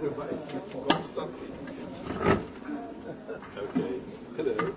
you okay. Hello.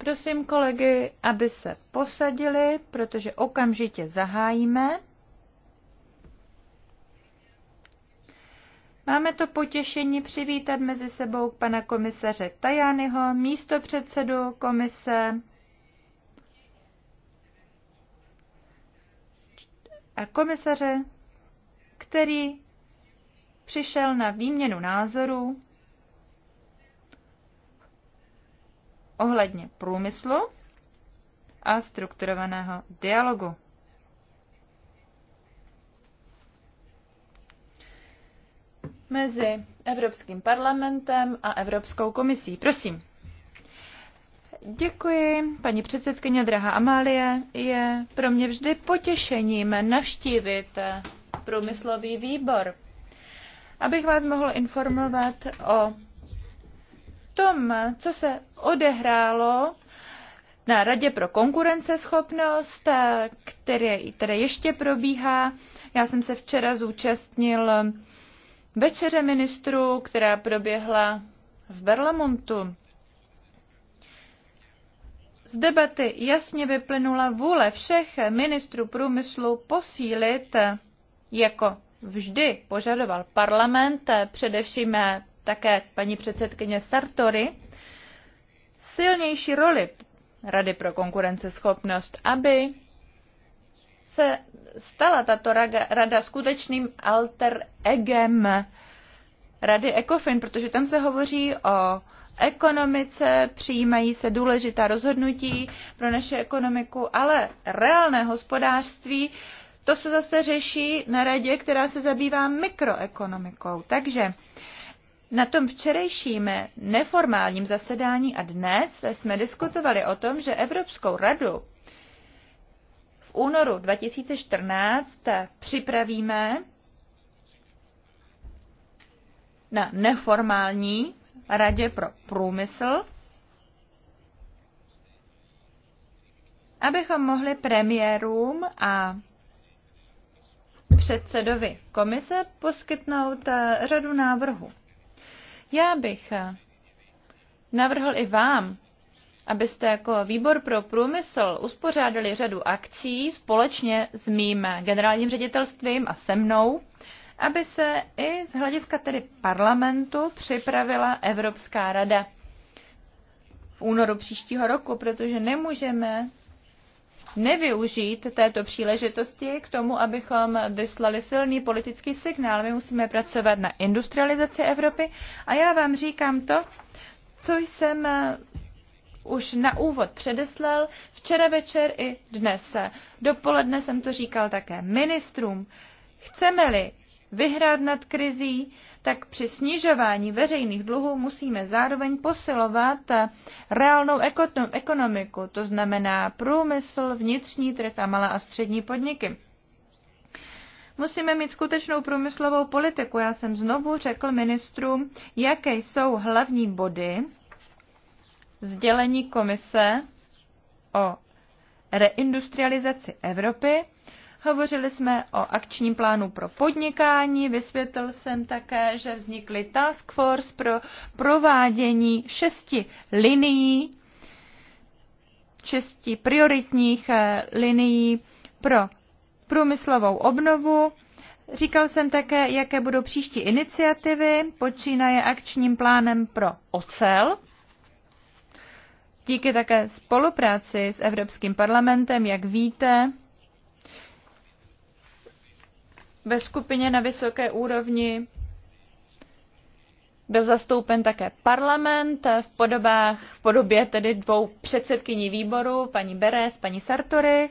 Prosím kolegy, aby se posadili, protože okamžitě zahájíme. Máme to potěšení přivítat mezi sebou pana komisaře Tajányho, místo předsedu komise a komisaře který přišel na výměnu názorů ohledně průmyslu a strukturovaného dialogu. mezi Evropským parlamentem a Evropskou komisí. Prosím. Děkuji, paní předsedkyně, drahá Amálie. Je pro mě vždy potěšením navštívit průmyslový výbor. Abych vás mohl informovat o tom, co se odehrálo na Radě pro konkurenceschopnost, které, které ještě probíhá. Já jsem se včera zúčastnil večeře ministrů, která proběhla v Berlamontu. Z debaty jasně vyplynula vůle všech ministrů průmyslu posílit jako vždy požadoval parlament, eh, především eh, také paní předsedkyně Sartory, silnější roli Rady pro konkurenceschopnost, aby se stala tato rada skutečným alter egem Rady ECOFIN, protože tam se hovoří o ekonomice, přijímají se důležitá rozhodnutí pro naše ekonomiku, ale reálné hospodářství to se zase řeší na radě, která se zabývá mikroekonomikou. Takže na tom včerejším neformálním zasedání a dnes jsme diskutovali o tom, že Evropskou radu v únoru 2014 připravíme na neformální radě pro průmysl, abychom mohli premiérům a předsedovi komise poskytnout eh, řadu návrhů. Já bych eh, navrhl i vám, abyste jako výbor pro průmysl uspořádali řadu akcí společně s mým generálním ředitelstvím a se mnou, aby se i z hlediska tedy parlamentu připravila Evropská rada v únoru příštího roku, protože nemůžeme nevyužít této příležitosti k tomu, abychom vyslali silný politický signál. My musíme pracovat na industrializaci Evropy a já vám říkám to, co jsem eh, už na úvod předeslal, včera večer i dnes. Dopoledne jsem to říkal také ministrům. Chceme-li vyhrát nad krizí, tak při snižování veřejných dluhů musíme zároveň posilovat reálnou ekonomiku, to znamená průmysl, vnitřní trh a malé a střední podniky. Musíme mít skutečnou průmyslovou politiku. Já jsem znovu řekl ministrům, jaké jsou hlavní body sdělení komise o reindustrializaci Evropy Hovořili jsme o akčním plánu pro podnikání, vysvětlil jsem také, že vznikly task force pro provádění šesti linií, šesti prioritních eh, linií pro průmyslovou obnovu. Říkal jsem také, jaké budou příští iniciativy, počínaje akčním plánem pro ocel, Díky také spolupráci s Evropským parlamentem, jak víte, ve skupině na vysoké úrovni byl zastoupen také parlament v, podobách, v podobě tedy dvou předsedkyní výboru, paní Beres, paní Sartory.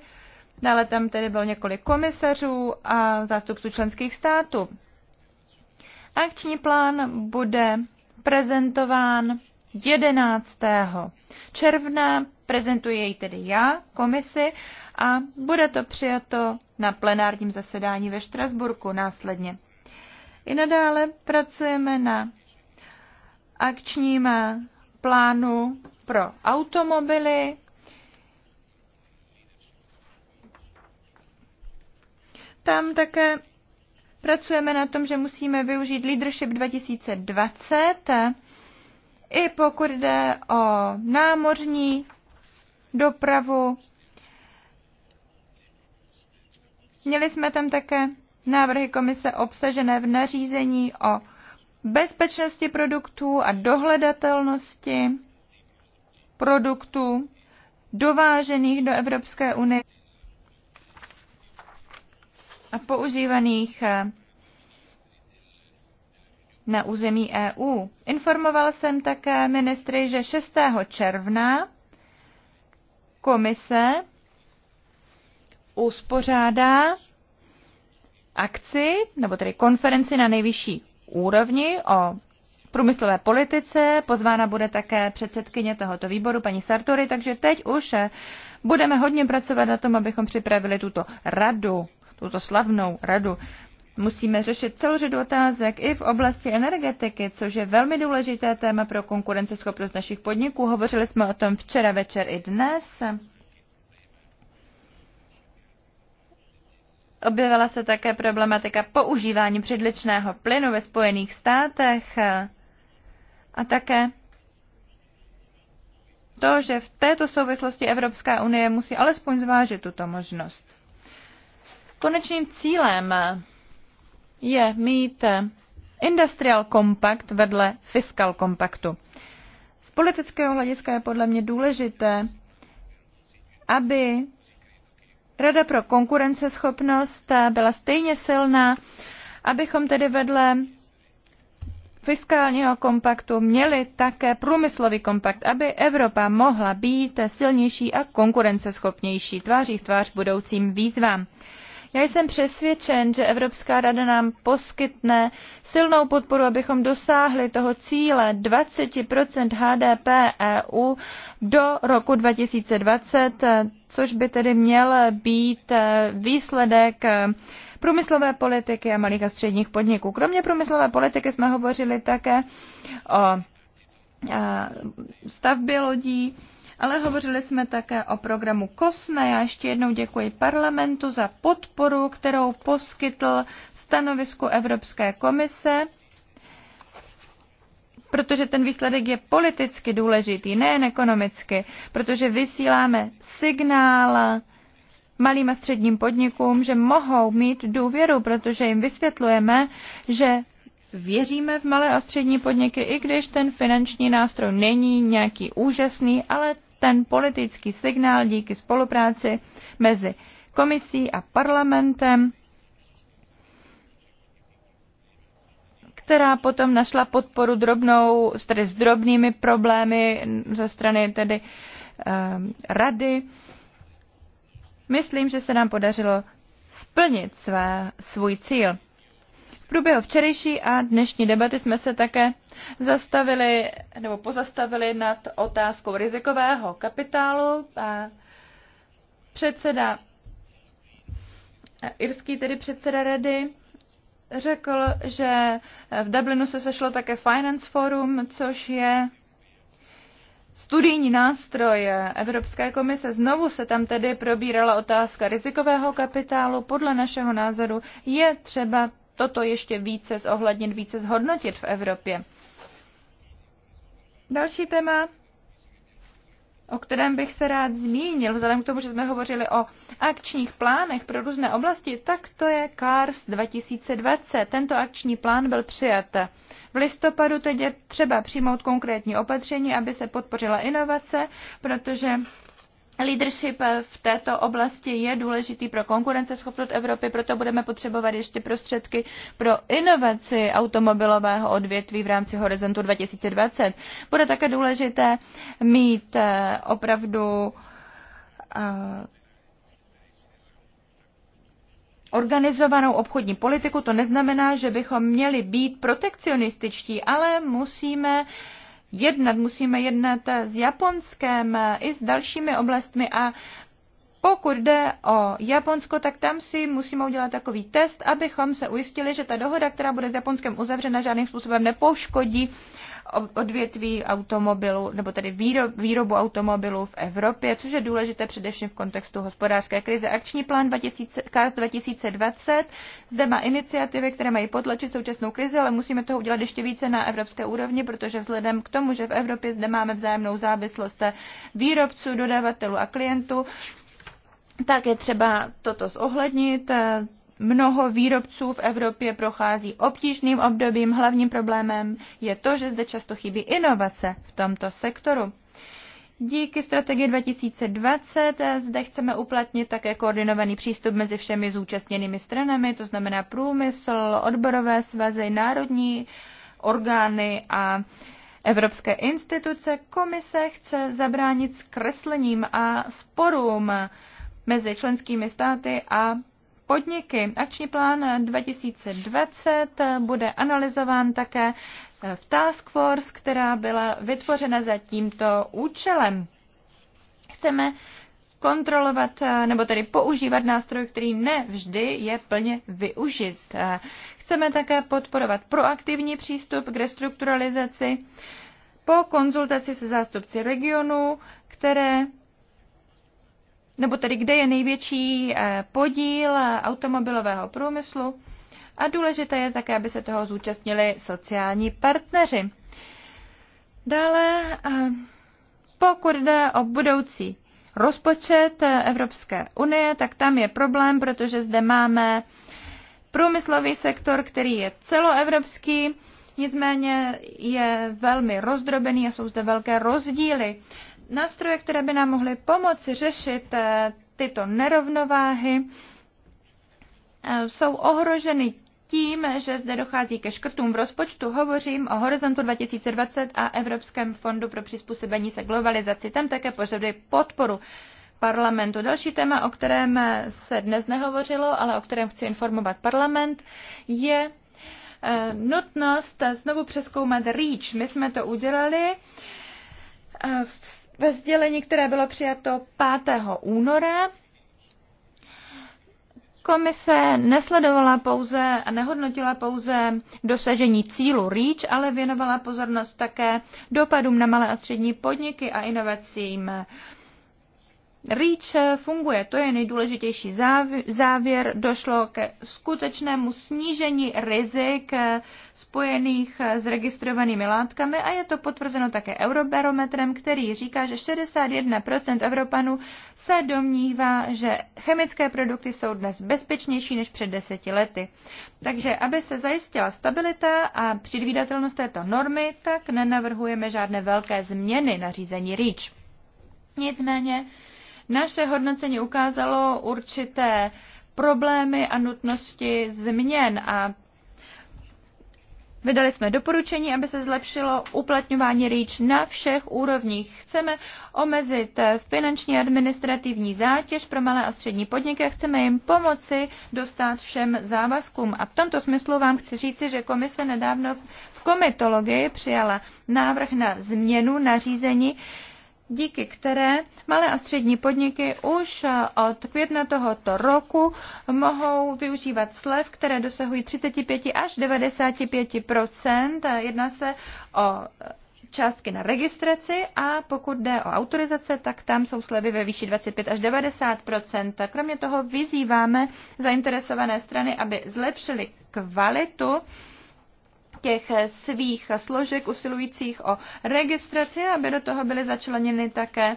Dále tam tedy bylo několik komisařů a zástupců členských států. Akční plán bude prezentován 11. června. Prezentuji jej tedy já, komisi, a bude to přijato na plenárním zasedání ve Štrasburku následně. I nadále pracujeme na akčním plánu pro automobily. Tam také pracujeme na tom, že musíme využít Leadership 2020, i pokud jde o námořní dopravu Měli jsme tam také návrhy komise obsažené v nařízení o bezpečnosti produktů a dohledatelnosti produktů dovážených do Evropské unie a používaných eh, na území EU. Informoval jsem také ministry, že 6. června komise uspořádá akci, nebo tedy konferenci na nejvyšší úrovni o průmyslové politice. Pozvána bude také předsedkyně tohoto výboru, paní Sartori, takže teď už eh, budeme hodně pracovat na tom, abychom připravili tuto radu, tuto slavnou radu. Musíme řešit celou řadu otázek i v oblasti energetiky, což je velmi důležité téma pro konkurenceschopnost našich podniků. Hovořili jsme o tom včera večer i dnes. Objevila se také problematika používání předličného plynu ve Spojených státech a také to, že v této souvislosti Evropská unie musí alespoň zvážit tuto možnost. Konečným cílem je mít Industrial Compact vedle Fiscal Compactu. Z politického hlediska je podle mě důležité, aby Rada pro konkurenceschopnost eh, byla stejně silná, abychom tedy vedle fiskálního kompaktu měli také průmyslový kompakt, aby Evropa mohla být silnější a konkurenceschopnější tváří v tvář budoucím výzvám. Já jsem přesvědčen, že Evropská rada nám poskytne silnou podporu, abychom dosáhli toho cíle 20 HDP EU do roku 2020, což by tedy měl být výsledek průmyslové politiky a malých a středních podniků. Kromě průmyslové politiky jsme hovořili také o stavbě lodí, ale hovořili jsme také o programu COSME. Já ještě jednou děkuji parlamentu za podporu, kterou poskytl stanovisku Evropské komise protože ten výsledek je politicky důležitý, nejen ekonomicky, protože vysíláme signál malým a středním podnikům, že mohou mít důvěru, protože jim vysvětlujeme, že věříme v malé a střední podniky, i když ten finanční nástroj není nějaký úžasný, ale ten politický signál díky spolupráci mezi komisí a parlamentem, která potom našla podporu drobnou, tedy s drobnými problémy ze strany tedy eh, rady. Myslím, že se nám podařilo splnit své, svůj cíl průběhu včerejší a dnešní debaty jsme se také zastavili nebo pozastavili nad otázkou rizikového kapitálu. A předseda, irský tedy předseda rady, řekl, že v Dublinu se sešlo také Finance Forum, což je studijní nástroj Evropské komise. Znovu se tam tedy probírala otázka rizikového kapitálu. Podle našeho názoru je třeba toto ještě více zohlednit, více zhodnotit v Evropě. Další téma, o kterém bych se rád zmínil, vzhledem k tomu, že jsme hovořili o akčních plánech pro různé oblasti, tak to je CARS 2020. Tento akční plán byl přijat. V listopadu teď je třeba přijmout konkrétní opatření, aby se podpořila inovace, protože Leadership v této oblasti je důležitý pro konkurenceschopnost Evropy, proto budeme potřebovat ještě prostředky pro inovaci automobilového odvětví v rámci Horizontu 2020. Bude také důležité mít eh, opravdu eh, organizovanou obchodní politiku. To neznamená, že bychom měli být protekcionističtí, ale musíme jednat, musíme jednat s Japonskem i s dalšími oblastmi a pokud jde o Japonsko, tak tam si musíme udělat takový test, abychom se ujistili, že ta dohoda, která bude s Japonskem uzavřena, žádným způsobem nepoškodí odvětví automobilu, nebo tedy výrobu automobilů v Evropě, což je důležité především v kontextu hospodářské krize. Akční plán 2000, KAS 2020 zde má iniciativy, které mají potlačit současnou krizi, ale musíme toho udělat ještě více na evropské úrovni, protože vzhledem k tomu, že v Evropě zde máme vzájemnou závislost výrobců, dodavatelů a klientů, tak je třeba toto zohlednit, Mnoho výrobců v Evropě prochází obtížným obdobím. Hlavním problémem je to, že zde často chybí inovace v tomto sektoru. Díky strategii 2020 zde chceme uplatnit také koordinovaný přístup mezi všemi zúčastněnými stranami, to znamená průmysl, odborové svazy, národní orgány a Evropské instituce. Komise chce zabránit zkreslením a sporům mezi členskými státy a podniky. Akční plán 2020 bude analyzován také v Task Force, která byla vytvořena za tímto účelem. Chceme kontrolovat, nebo tedy používat nástroj, který ne vždy je plně využit. Chceme také podporovat proaktivní přístup k restrukturalizaci po konzultaci se zástupci regionů, které nebo tedy kde je největší eh, podíl automobilového průmyslu. A důležité je také, aby se toho zúčastnili sociální partneři. Dále, eh, pokud jde o budoucí rozpočet eh, Evropské unie, tak tam je problém, protože zde máme průmyslový sektor, který je celoevropský, nicméně je velmi rozdrobený a jsou zde velké rozdíly nástroje, které by nám mohly pomoci řešit eh, tyto nerovnováhy, eh, jsou ohroženy tím, že zde dochází ke škrtům v rozpočtu, hovořím o Horizontu 2020 a Evropském fondu pro přizpůsobení se globalizaci. Tam také požaduji podporu parlamentu. Další téma, o kterém se dnes nehovořilo, ale o kterém chci informovat parlament, je eh, nutnost znovu přeskoumat REACH. My jsme to udělali v ve sdělení, které bylo přijato 5. února, Komise nesledovala pouze a nehodnotila pouze dosažení cílu REACH, ale věnovala pozornost také dopadům na malé a střední podniky a inovacím. REACH funguje, to je nejdůležitější závěr. Došlo ke skutečnému snížení rizik spojených s registrovanými látkami a je to potvrzeno také Eurobarometrem, který říká, že 61% Evropanů se domnívá, že chemické produkty jsou dnes bezpečnější než před deseti lety. Takže aby se zajistila stabilita a předvídatelnost této normy, tak nenavrhujeme žádné velké změny na řízení REACH. Nicméně naše hodnocení ukázalo určité problémy a nutnosti změn a Vydali jsme doporučení, aby se zlepšilo uplatňování REACH na všech úrovních. Chceme omezit finanční administrativní zátěž pro malé a střední podniky a chceme jim pomoci dostat všem závazkům. A v tomto smyslu vám chci říci, že komise nedávno v komitologii přijala návrh na změnu nařízení díky které malé a střední podniky už od května tohoto roku mohou využívat slev, které dosahují 35 až 95 Jedná se o částky na registraci a pokud jde o autorizace, tak tam jsou slevy ve výši 25 až 90 Kromě toho vyzýváme zainteresované strany, aby zlepšili kvalitu těch svých složek usilujících o registraci, aby do toho byly začleněny také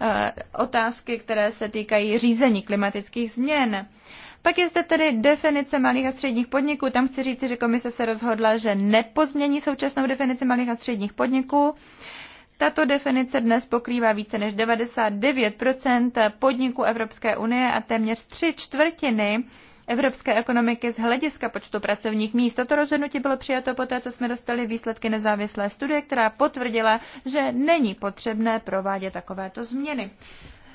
eh, otázky, které se týkají řízení klimatických změn. Pak je zde tedy definice malých a středních podniků. Tam chci říct, že komise se rozhodla, že nepozmění současnou definici malých a středních podniků. Tato definice dnes pokrývá více než 99 podniků Evropské unie a téměř tři čtvrtiny evropské ekonomiky z hlediska počtu pracovních míst. Toto rozhodnutí bylo přijato poté, co jsme dostali výsledky nezávislé studie, která potvrdila, že není potřebné provádět takovéto změny.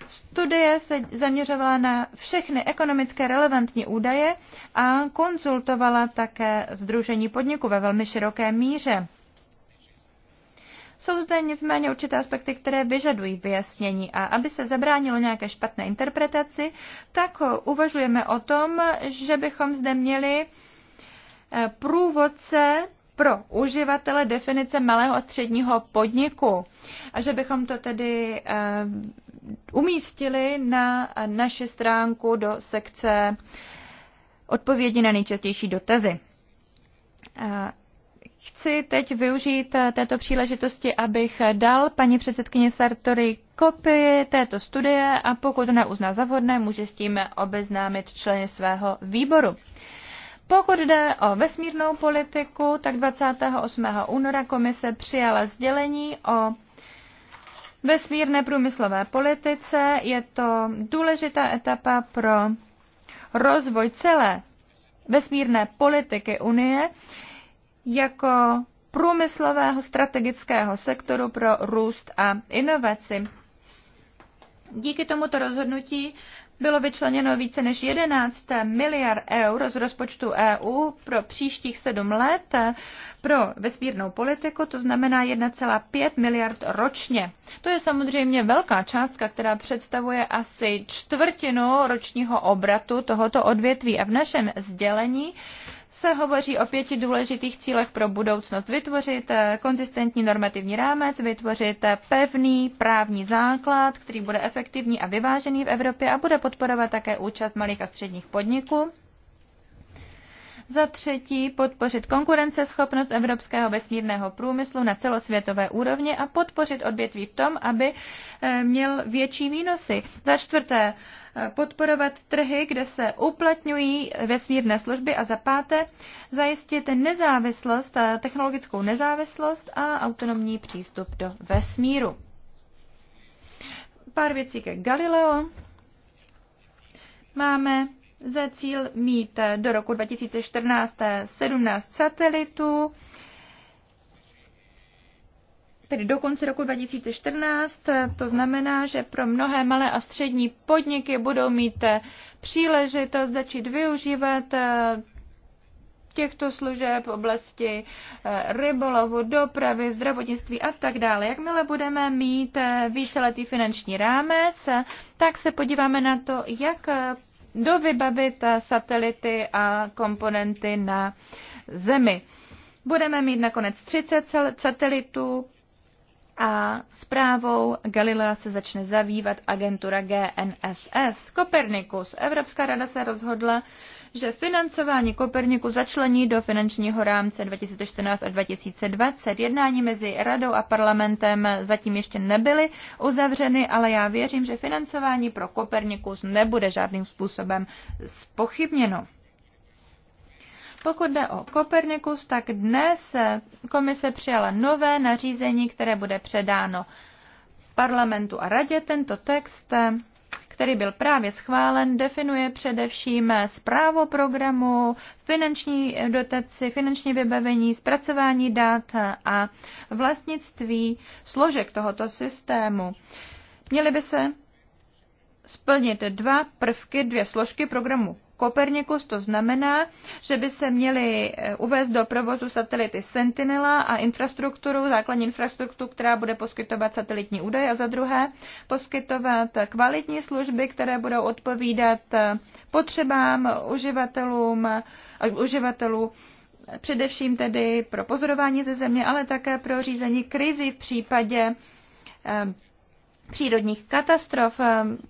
Studie se zaměřovala na všechny ekonomické relevantní údaje a konzultovala také Združení podniků ve velmi široké míře. Jsou zde nicméně určité aspekty, které vyžadují vyjasnění a aby se zabránilo nějaké špatné interpretaci, tak uvažujeme o tom, že bychom zde měli eh, průvodce pro uživatele definice malého a středního podniku a že bychom to tedy eh, umístili na naši stránku do sekce odpovědi na nejčastější dotazy. Eh, Chci teď využít eh, této příležitosti, abych eh, dal paní předsedkyně Sartory kopii této studie a pokud neuzná za vhodné, může s tím obeznámit členy svého výboru. Pokud jde o vesmírnou politiku, tak 28. února komise přijala sdělení o vesmírné průmyslové politice. Je to důležitá etapa pro rozvoj celé vesmírné politiky Unie, jako průmyslového strategického sektoru pro růst a inovaci. Díky tomuto rozhodnutí bylo vyčleněno více než 11 miliard eur z rozpočtu EU pro příštích sedm let pro vesmírnou politiku, to znamená 1,5 miliard ročně. To je samozřejmě velká částka, která představuje asi čtvrtinu ročního obratu tohoto odvětví. A v našem sdělení se hovoří o pěti důležitých cílech pro budoucnost. Vytvořit eh, konzistentní normativní rámec, vytvořit eh, pevný právní základ, který bude efektivní a vyvážený v Evropě a bude podporovat také účast malých a středních podniků. Za třetí, podpořit konkurenceschopnost evropského vesmírného průmyslu na celosvětové úrovni a podpořit odvětví v tom, aby eh, měl větší výnosy. Za čtvrté, podporovat trhy, kde se uplatňují vesmírné služby a za páté zajistit nezávislost, eh, technologickou nezávislost a autonomní přístup do vesmíru. Pár věcí ke Galileo. Máme za cíl mít do roku 2014 17 satelitů, tedy do konce roku 2014. To znamená, že pro mnohé malé a střední podniky budou mít příležitost začít využívat eh, těchto služeb v oblasti eh, rybolovu, dopravy, zdravotnictví a tak dále. Jakmile budeme mít eh, víceletý finanční rámec, tak se podíváme na to, jak dovybavit satelity a komponenty na Zemi. Budeme mít nakonec 30 satelitů, a zprávou Galilea se začne zavívat agentura GNSS. Kopernikus. Evropská rada se rozhodla, že financování Koperniku začlení do finančního rámce 2014 a 2020. Jednání mezi radou a parlamentem zatím ještě nebyly uzavřeny, ale já věřím, že financování pro Kopernikus nebude žádným způsobem spochybněno. Pokud jde o Kopernikus, tak dnes komise přijala nové nařízení, které bude předáno parlamentu a radě. Tento text, který byl právě schválen, definuje především zprávu programu, finanční dotaci, finanční vybavení, zpracování dat a vlastnictví složek tohoto systému. Měly by se splnit dva prvky, dvě složky programu Kopernikus, to znamená, že by se měly eh, uvést do provozu satelity Sentinela a infrastrukturu, základní infrastrukturu, která bude poskytovat satelitní údaje a za druhé poskytovat kvalitní služby, které budou odpovídat eh, potřebám uživatelům, eh, uživatelů především tedy pro pozorování ze země, ale také pro řízení krizi v případě přírodních katastrof.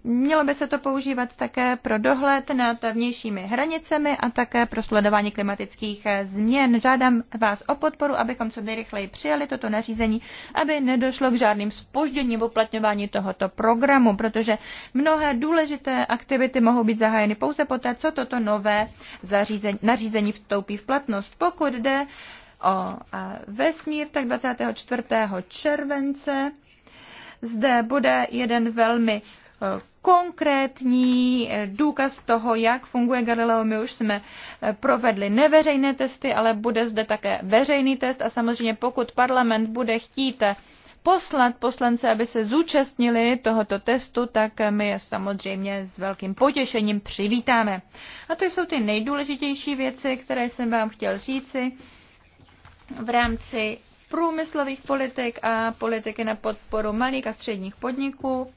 Mělo by se to používat také pro dohled nad vnějšími hranicemi a také pro sledování klimatických změn. Žádám vás o podporu, abychom co nejrychleji přijali toto nařízení, aby nedošlo k žádným spožděním v uplatňování tohoto programu, protože mnohé důležité aktivity mohou být zahájeny pouze poté, co toto nové zařízení, nařízení vstoupí v platnost. Pokud jde o vesmír, tak 24. července zde bude jeden velmi eh, konkrétní eh, důkaz toho, jak funguje Galileo. My už jsme eh, provedli neveřejné testy, ale bude zde také veřejný test a samozřejmě pokud parlament bude chtít poslat poslance, aby se zúčastnili tohoto testu, tak my je samozřejmě s velkým potěšením přivítáme. A to jsou ty nejdůležitější věci, které jsem vám chtěl říci v rámci průmyslových politik a politiky na podporu malých a středních podniků.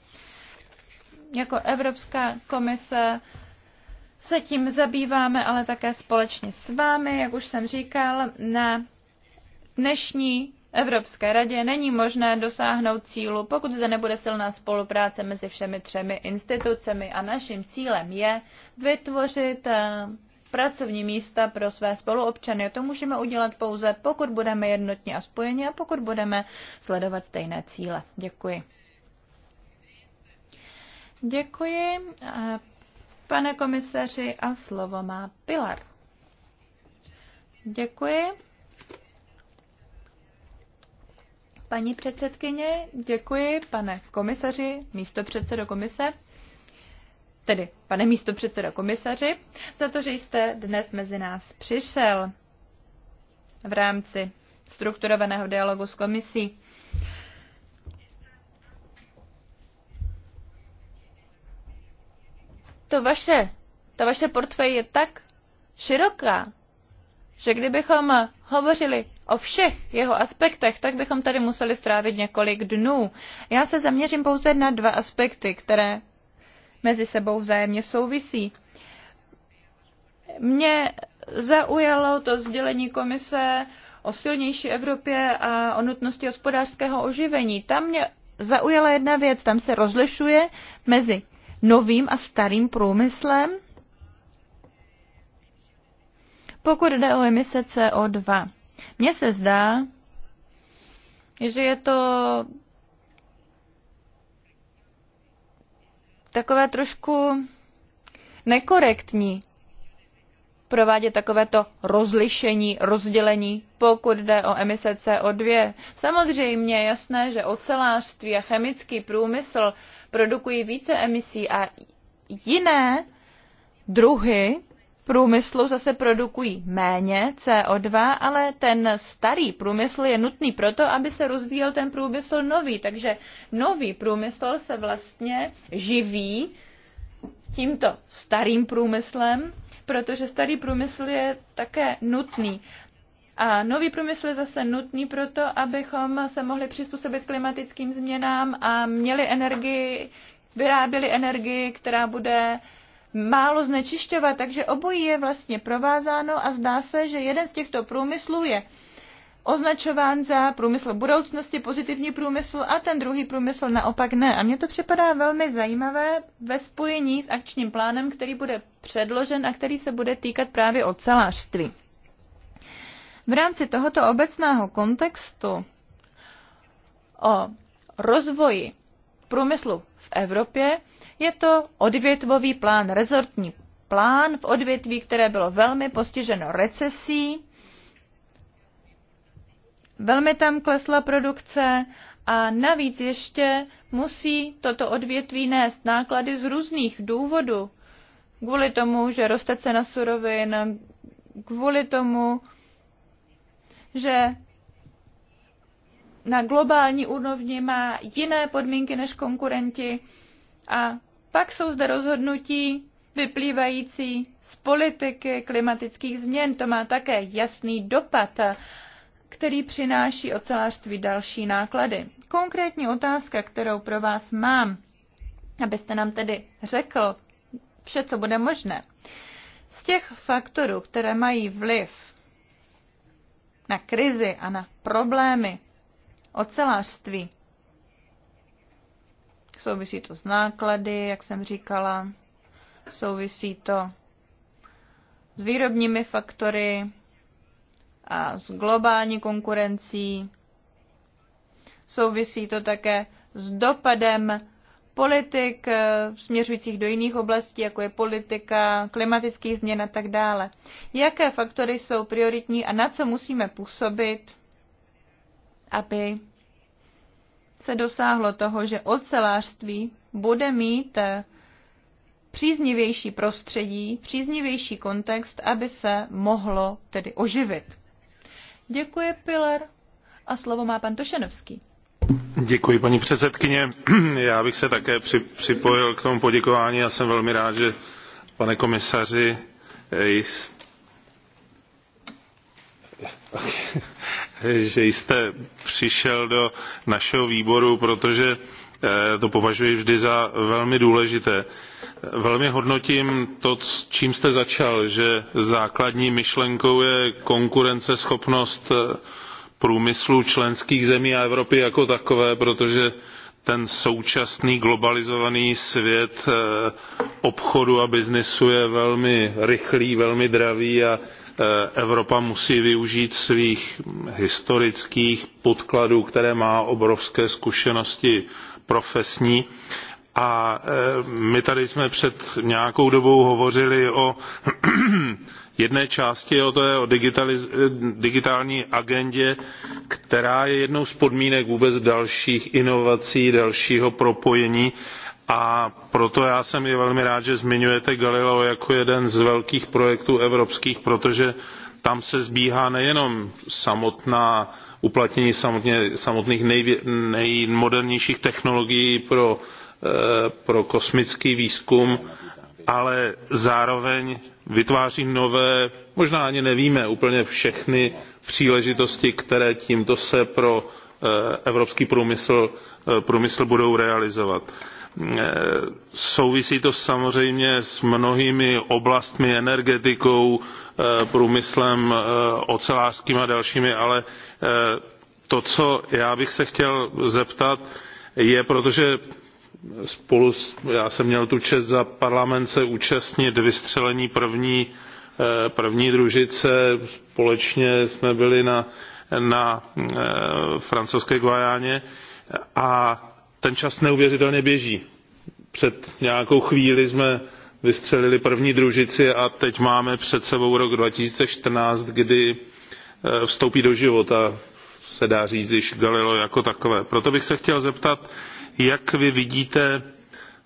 Jako Evropská komise se tím zabýváme, ale také společně s vámi, jak už jsem říkal, na dnešní Evropské radě není možné dosáhnout cílu, pokud zde nebude silná spolupráce mezi všemi třemi institucemi a naším cílem je vytvořit eh, pracovní místa pro své spoluobčany. To můžeme udělat pouze, pokud budeme jednotní a spojeni a pokud budeme sledovat stejné cíle. Děkuji. Děkuji, pane komisaři, a slovo má Pilar. Děkuji. Paní předsedkyně, děkuji, pane komisaři, místo předsedo komise tedy pane místo předseda komisaři, za to, že jste dnes mezi nás přišel v rámci strukturovaného dialogu s komisí. To vaše, ta vaše portfej je tak široká, že kdybychom hovořili o všech jeho aspektech, tak bychom tady museli strávit několik dnů. Já se zaměřím pouze na dva aspekty, které mezi sebou vzájemně souvisí. Mě zaujalo to sdělení komise o silnější Evropě a o nutnosti hospodářského oživení. Tam mě zaujala jedna věc, tam se rozlišuje mezi novým a starým průmyslem, pokud jde o emise CO2. Mně se zdá, že je to takové trošku nekorektní provádět takovéto rozlišení, rozdělení, pokud jde o emise CO2. Samozřejmě je jasné, že ocelářství a chemický průmysl produkují více emisí a jiné druhy průmyslu zase produkují méně CO2, ale ten starý průmysl je nutný proto, aby se rozvíjel ten průmysl nový. Takže nový průmysl se vlastně živí tímto starým průmyslem, protože starý průmysl je také nutný. A nový průmysl je zase nutný proto, abychom se mohli přizpůsobit klimatickým změnám a měli energii, vyráběli energii, která bude málo znečišťovat, takže obojí je vlastně provázáno a zdá se, že jeden z těchto průmyslů je označován za průmysl budoucnosti, pozitivní průmysl a ten druhý průmysl naopak ne. A mně to připadá velmi zajímavé ve spojení s akčním plánem, který bude předložen a který se bude týkat právě ocelářství. V rámci tohoto obecného kontextu o rozvoji průmyslu v Evropě je to odvětvový plán, rezortní plán v odvětví, které bylo velmi postiženo recesí. Velmi tam klesla produkce a navíc ještě musí toto odvětví nést náklady z různých důvodů. Kvůli tomu, že roste cena surovin, kvůli tomu, že na globální úrovni má jiné podmínky než konkurenti a pak jsou zde rozhodnutí vyplývající z politiky klimatických změn. To má také jasný dopad, který přináší ocelářství další náklady. Konkrétní otázka, kterou pro vás mám, abyste nám tedy řekl vše, co bude možné. Z těch faktorů, které mají vliv na krizi a na problémy ocelářství, Souvisí to s náklady, jak jsem říkala. Souvisí to s výrobními faktory a s globální konkurencí. Souvisí to také s dopadem politik eh, směřujících do jiných oblastí, jako je politika, klimatických změn a tak dále. Jaké faktory jsou prioritní a na co musíme působit, aby se dosáhlo toho, že ocelářství bude mít eh, příznivější prostředí, příznivější kontext, aby se mohlo tedy oživit. Děkuji, Piller. A slovo má pan Tošenovský. Děkuji, paní předsedkyně. <clears throat> Já bych se také připojil k tomu poděkování a jsem velmi rád, že pane komisaři, eh, jist... okay že jste přišel do našeho výboru, protože eh, to považuji vždy za velmi důležité. Velmi hodnotím to, čím jste začal, že základní myšlenkou je konkurenceschopnost eh, průmyslu členských zemí a Evropy jako takové, protože ten současný globalizovaný svět eh, obchodu a biznesu je velmi rychlý, velmi dravý a Eh, Evropa musí využít svých historických podkladů, které má obrovské zkušenosti profesní. A eh, my tady jsme před nějakou dobou hovořili o <clears throat> jedné části, o té o digitální agendě, která je jednou z podmínek vůbec dalších inovací, dalšího propojení a proto já jsem i velmi rád že zmiňujete galileo jako jeden z velkých projektů evropských protože tam se sbíhá nejenom samotná uplatnění samotně, samotných nejmodernějších technologií pro, e, pro kosmický výzkum ale zároveň vytváří nové možná ani nevíme úplně všechny příležitosti které tímto se pro eh, evropský průmysl, eh, průmysl budou realizovat. Eh, souvisí to samozřejmě s mnohými oblastmi, energetikou, eh, průmyslem, eh, ocelářským a dalšími, ale to, co já bych se chtěl zeptat, je, protože spolu, já jsem měl tu čest za parlament se účastnit vystřelení první, první družice, společně jsme byli na, na francouzské Guajáně a ten čas neuvěřitelně běží. před nějakou chvílí jsme vystřelili první družici a teď máme před sebou rok 2014, kdy eh, vstoupí do života se dá říct již galileo jako takové. proto bych se chtěl zeptat jak vy vidíte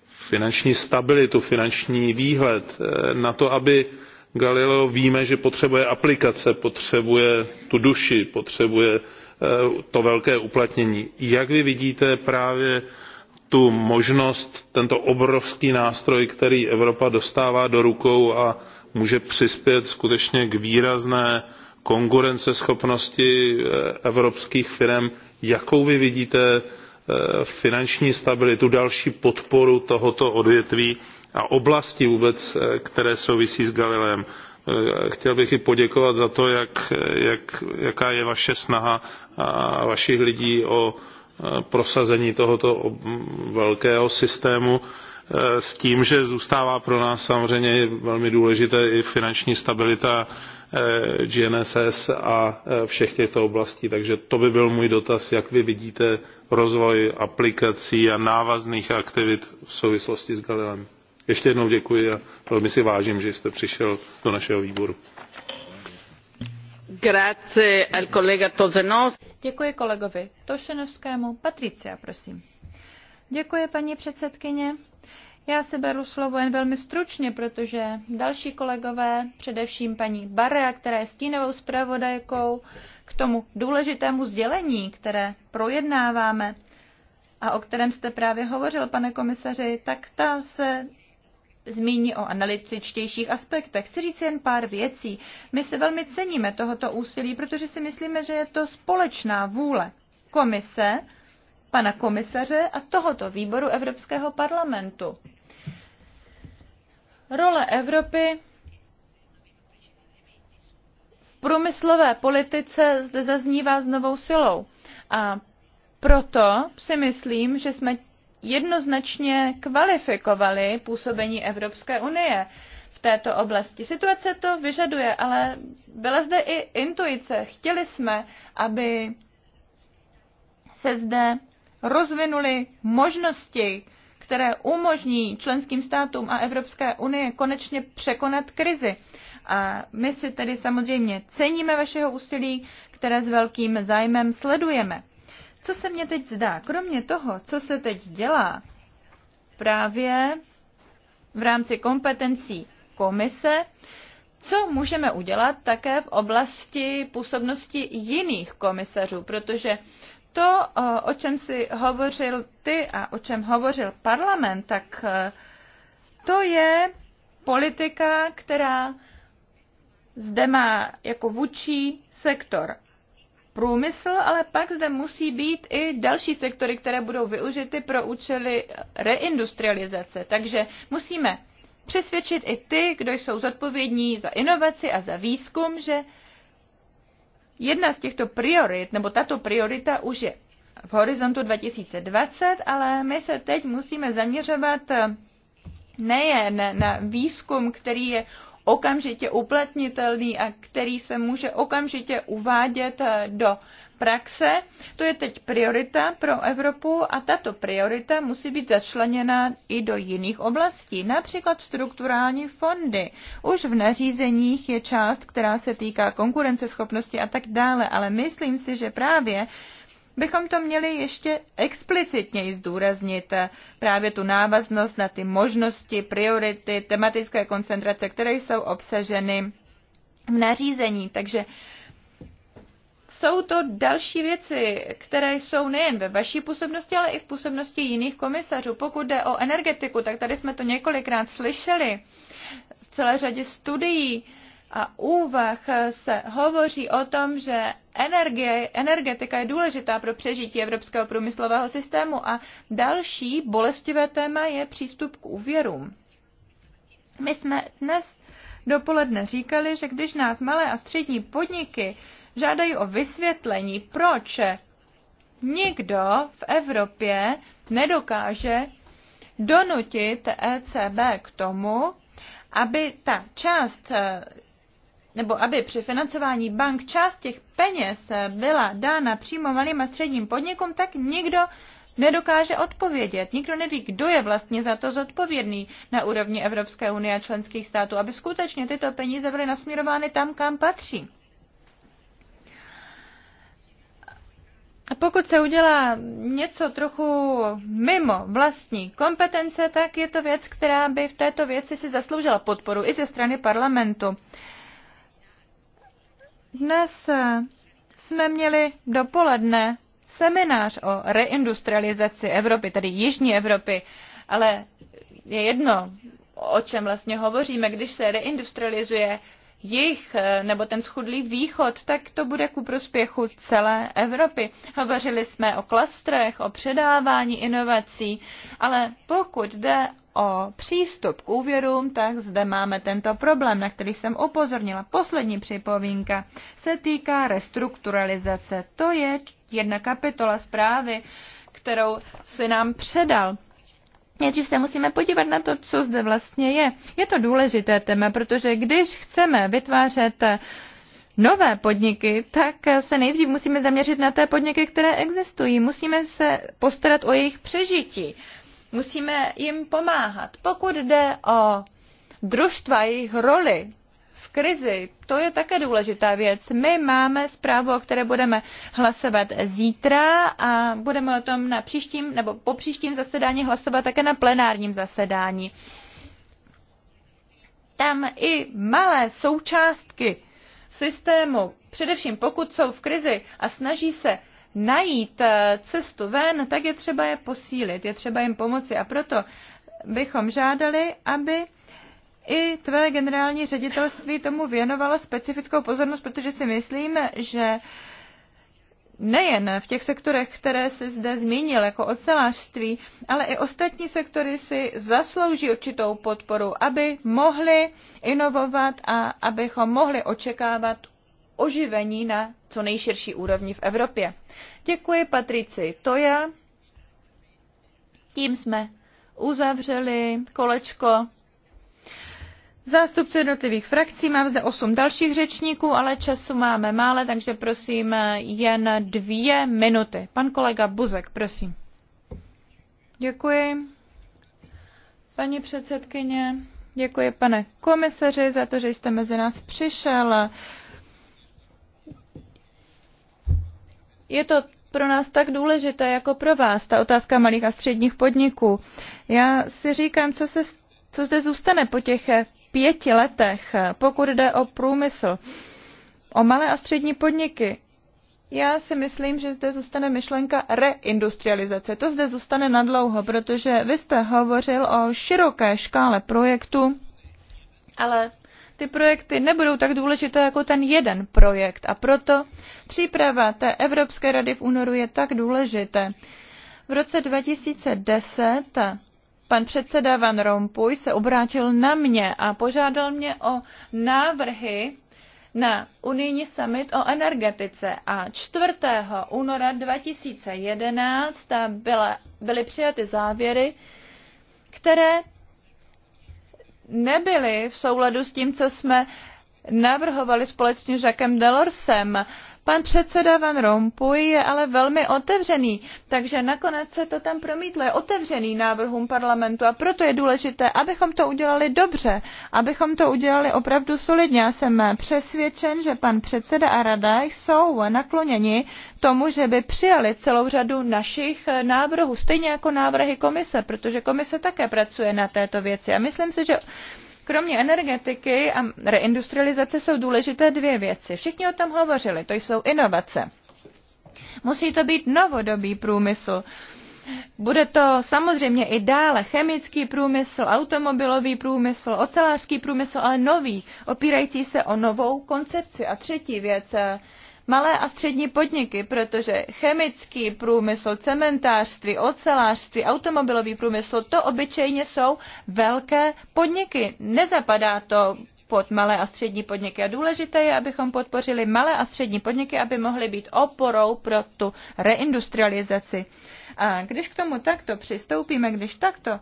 finanční stabilitu finanční výhled eh, na to aby galileo víme že potřebuje aplikace potřebuje tu duši potřebuje Eh, to velké uplatnění. jak vy vidíte právě tu možnost tento obrovský nástroj který evropa dostává do rukou a může přispět skutečně k výrazné konkurenceschopnosti eh, evropských firem jakou vy vidíte eh, finanční stabilitu další podporu tohoto odvětví a oblasti vůbec které souvisí s galileem Eh, chtěl bych i poděkovat za to, jak, jak, jaká je vaše snaha a vašich lidí o eh, prosazení tohoto velkého systému eh, s tím, že zůstává pro nás samozřejmě velmi důležité i finanční stabilita GNSS a všech těchto oblastí. Takže to by byl můj dotaz, jak vy vidíte rozvoj aplikací a návazných aktivit v souvislosti s Galilem. Ještě jednou děkuji a velmi si vážím, že jste přišel do našeho výboru. Děkuji kolegovi Tošenovskému. Patricia, prosím. Děkuji, paní předsedkyně. Já si beru slovo jen velmi stručně, protože další kolegové, především paní Barra, která je stínovou zpravodajkou, k tomu důležitému sdělení, které projednáváme a o kterém jste právě hovořil, pane komisaři, tak ta se zmíní o analytičtějších aspektech. Chci říct jen pár věcí. My se velmi ceníme tohoto úsilí, protože si myslíme, že je to společná vůle komise, pana komisaře a tohoto výboru Evropského parlamentu. Role Evropy v průmyslové politice zde zaznívá s novou silou. A proto si myslím, že jsme jednoznačně kvalifikovali působení Evropské unie v této oblasti. Situace to vyžaduje, ale byla zde i intuice. Chtěli jsme, aby se zde rozvinuly možnosti, které umožní členským státům a Evropské unie konečně překonat krizi. A my si tedy samozřejmě ceníme vašeho úsilí, které s velkým zájmem sledujeme. Co se mně teď zdá? Kromě toho, co se teď dělá právě v rámci kompetencí komise, co můžeme udělat také v oblasti působnosti jiných komisařů, protože to, o čem si hovořil ty a o čem hovořil parlament, tak e, to je politika, která zde má jako vůči sektor průmysl, ale pak zde musí být i další sektory, které budou využity pro účely reindustrializace. Takže musíme přesvědčit i ty, kdo jsou zodpovědní za inovaci a za výzkum, že jedna z těchto priorit, nebo tato priorita už je v horizontu 2020, ale my se teď musíme zaměřovat nejen na výzkum, který je okamžitě uplatnitelný a který se může okamžitě uvádět eh, do praxe. To je teď priorita pro Evropu a tato priorita musí být začleněna i do jiných oblastí, například strukturální fondy. Už v nařízeních je část, která se týká konkurenceschopnosti a tak dále, ale myslím si, že právě bychom to měli ještě explicitněji zdůraznit eh, právě tu návaznost na ty možnosti, priority, tematické koncentrace, které jsou obsaženy v nařízení. Takže jsou to další věci, které jsou nejen ve vaší působnosti, ale i v působnosti jiných komisařů. Pokud jde o energetiku, tak tady jsme to několikrát slyšeli v celé řadě studií a úvah se hovoří o tom, že energie, energetika je důležitá pro přežití evropského průmyslového systému a další bolestivé téma je přístup k úvěrům. My jsme dnes dopoledne říkali, že když nás malé a střední podniky žádají o vysvětlení, proč nikdo v Evropě nedokáže donutit ECB k tomu, aby ta část nebo aby při financování bank část těch peněz byla dána přímo malým a středním podnikům, tak nikdo nedokáže odpovědět. Nikdo neví, kdo je vlastně za to zodpovědný na úrovni Evropské unie a členských států, aby skutečně tyto peníze byly nasměrovány tam, kam patří. A pokud se udělá něco trochu mimo vlastní kompetence, tak je to věc, která by v této věci si zasloužila podporu i ze strany parlamentu. Dnes eh, jsme měli dopoledne seminář o reindustrializaci Evropy, tedy Jižní Evropy, ale je jedno, o čem vlastně hovoříme. Když se reindustrializuje jich eh, nebo ten schudlý východ, tak to bude ku prospěchu celé Evropy. Hovořili jsme o klastrech, o předávání inovací, ale pokud jde o přístup k úvěrům, tak zde máme tento problém, na který jsem upozornila. Poslední připomínka se týká restrukturalizace. To je jedna kapitola zprávy, kterou si nám předal Nejdřív se musíme podívat na to, co zde vlastně je. Je to důležité téma, protože když chceme vytvářet nové podniky, tak se nejdřív musíme zaměřit na té podniky, které existují. Musíme se postarat o jejich přežití. Musíme jim pomáhat. Pokud jde o družstva, jejich roli krizi. To je také důležitá věc. My máme zprávu, o které budeme hlasovat zítra a budeme o tom na příštím nebo po příštím zasedání hlasovat také na plenárním zasedání. Tam i malé součástky systému, především pokud jsou v krizi a snaží se najít eh, cestu ven, tak je třeba je posílit, je třeba jim pomoci. A proto bychom žádali, aby i tvé generální ředitelství tomu věnovalo specifickou pozornost, protože si myslím, že nejen v těch sektorech, které se zde zmínil, jako ocelářství, ale i ostatní sektory si zaslouží určitou podporu, aby mohli inovovat a abychom mohli očekávat oživení na co nejširší úrovni v Evropě. Děkuji Patrici Toja. Tím jsme uzavřeli kolečko zástupce jednotlivých frakcí. Mám zde osm dalších řečníků, ale času máme mále, takže prosím jen dvě minuty. Pan kolega Buzek, prosím. Děkuji. Paní předsedkyně, děkuji pane komisaři za to, že jste mezi nás přišel. Je to pro nás tak důležité jako pro vás, ta otázka malých a středních podniků. Já si říkám, co, se, co zde zůstane po těch pěti letech, pokud jde o průmysl, o malé a střední podniky, já si myslím, že zde zůstane myšlenka reindustrializace. To zde zůstane nadlouho, protože vy jste hovořil o široké škále projektu. ale ty projekty nebudou tak důležité jako ten jeden projekt a proto příprava té Evropské rady v únoru je tak důležité. V roce 2010 Pan předseda Van Rompuy se obrátil na mě a požádal mě o návrhy na unijní summit o energetice a 4. února 2011 byla, byly přijaty závěry, které nebyly v souladu s tím, co jsme navrhovali společně s Jacquem Delorsem. Pan předseda Van Rompuy je ale velmi otevřený, takže nakonec se to tam promítlo. Je otevřený návrhům parlamentu a proto je důležité, abychom to udělali dobře, abychom to udělali opravdu solidně. Já jsem přesvědčen, že pan předseda a rada jsou nakloněni tomu, že by přijali celou řadu našich návrhů, stejně jako návrhy komise, protože komise také pracuje na této věci. A myslím si, že Kromě energetiky a reindustrializace jsou důležité dvě věci. Všichni o tom hovořili, to jsou inovace. Musí to být novodobý průmysl. Bude to samozřejmě i dále chemický průmysl, automobilový průmysl, ocelářský průmysl, ale nový, opírající se o novou koncepci. A třetí věc, malé a střední podniky, protože chemický průmysl, cementářství, ocelářství, automobilový průmysl, to obyčejně jsou velké podniky. Nezapadá to pod malé a střední podniky. A důležité je, abychom podpořili malé a střední podniky, aby mohly být oporou pro tu reindustrializaci. A když k tomu takto přistoupíme, když takto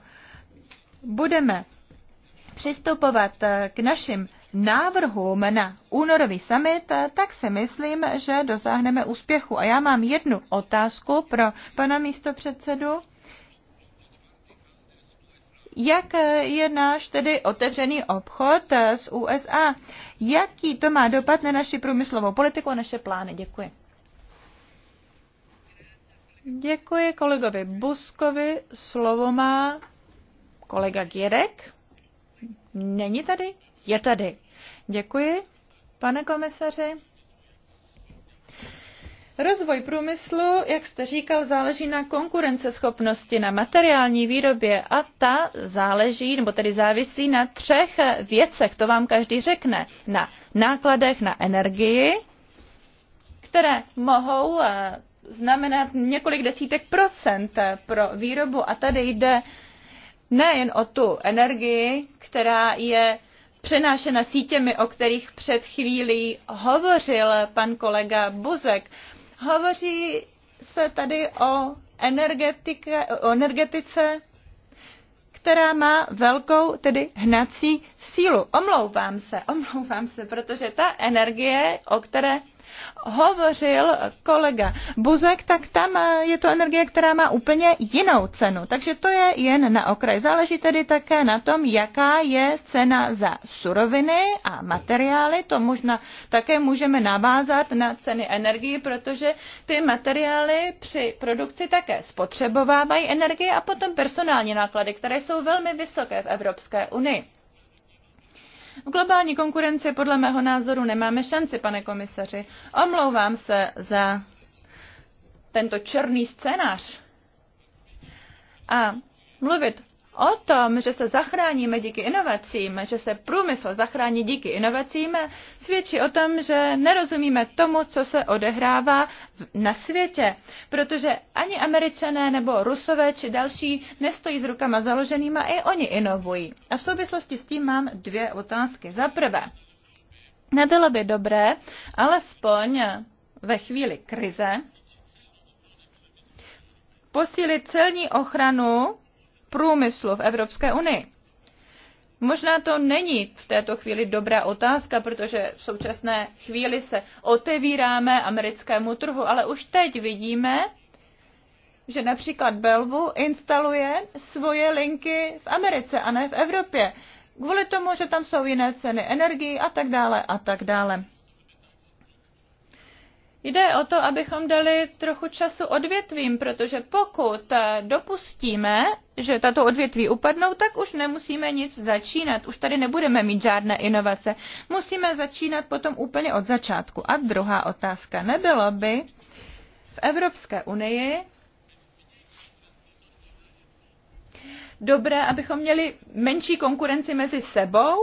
budeme přistupovat eh, k našim návrhům na únorový summit, tak si myslím, že dosáhneme úspěchu. A já mám jednu otázku pro pana místopředsedu. Jak je náš tedy otevřený obchod s USA? Jaký to má dopad na naši průmyslovou politiku a naše plány? Děkuji. Děkuji kolegovi Buskovi. Slovo má kolega Gierek. Není tady? je tady. Děkuji, pane komisaři. Rozvoj průmyslu, jak jste říkal, záleží na konkurenceschopnosti, na materiální výrobě a ta záleží, nebo tedy závisí na třech věcech, to vám každý řekne. Na nákladech na energii, které mohou eh, znamenat několik desítek procent eh, pro výrobu a tady jde nejen o tu energii, která je přenášena sítěmi, o kterých před chvílí hovořil pan kolega Buzek. Hovoří se tady o, o energetice, která má velkou, tedy hnací sílu. Omlouvám se, <laughs> omlouvám se, protože ta energie, o které hovořil kolega Buzek, tak tam eh, je to energie, která má úplně jinou cenu. Takže to je jen na okraj. Záleží tedy také na tom, jaká je cena za suroviny a materiály. To možná také můžeme navázat na ceny energii, protože ty materiály při produkci také spotřebovávají energii a potom personální náklady, které jsou velmi vysoké v Evropské unii. V globální konkurenci podle mého názoru nemáme šanci, pane komisaři. Omlouvám se za tento černý scénář. A mluvit o tom, že se zachráníme díky inovacím, že se průmysl zachrání díky inovacím, svědčí o tom, že nerozumíme tomu, co se odehrává na světě. Protože ani američané nebo rusové či další nestojí s rukama založenýma, i oni inovují. A v souvislosti s tím mám dvě otázky. Za prvé, nebylo by dobré, alespoň ve chvíli krize, posílit celní ochranu průmyslu v Evropské unii. Možná to není v této chvíli dobrá otázka, protože v současné chvíli se otevíráme americkému trhu, ale už teď vidíme, že například Belvu instaluje svoje linky v Americe a ne v Evropě. Kvůli tomu, že tam jsou jiné ceny energii a tak dále a tak dále. Jde o to, abychom dali trochu času odvětvím, protože pokud eh, dopustíme, že tato odvětví upadnou, tak už nemusíme nic začínat. Už tady nebudeme mít žádné inovace. Musíme začínat potom úplně od začátku. A druhá otázka. Nebylo by v Evropské unii dobré, abychom měli menší konkurenci mezi sebou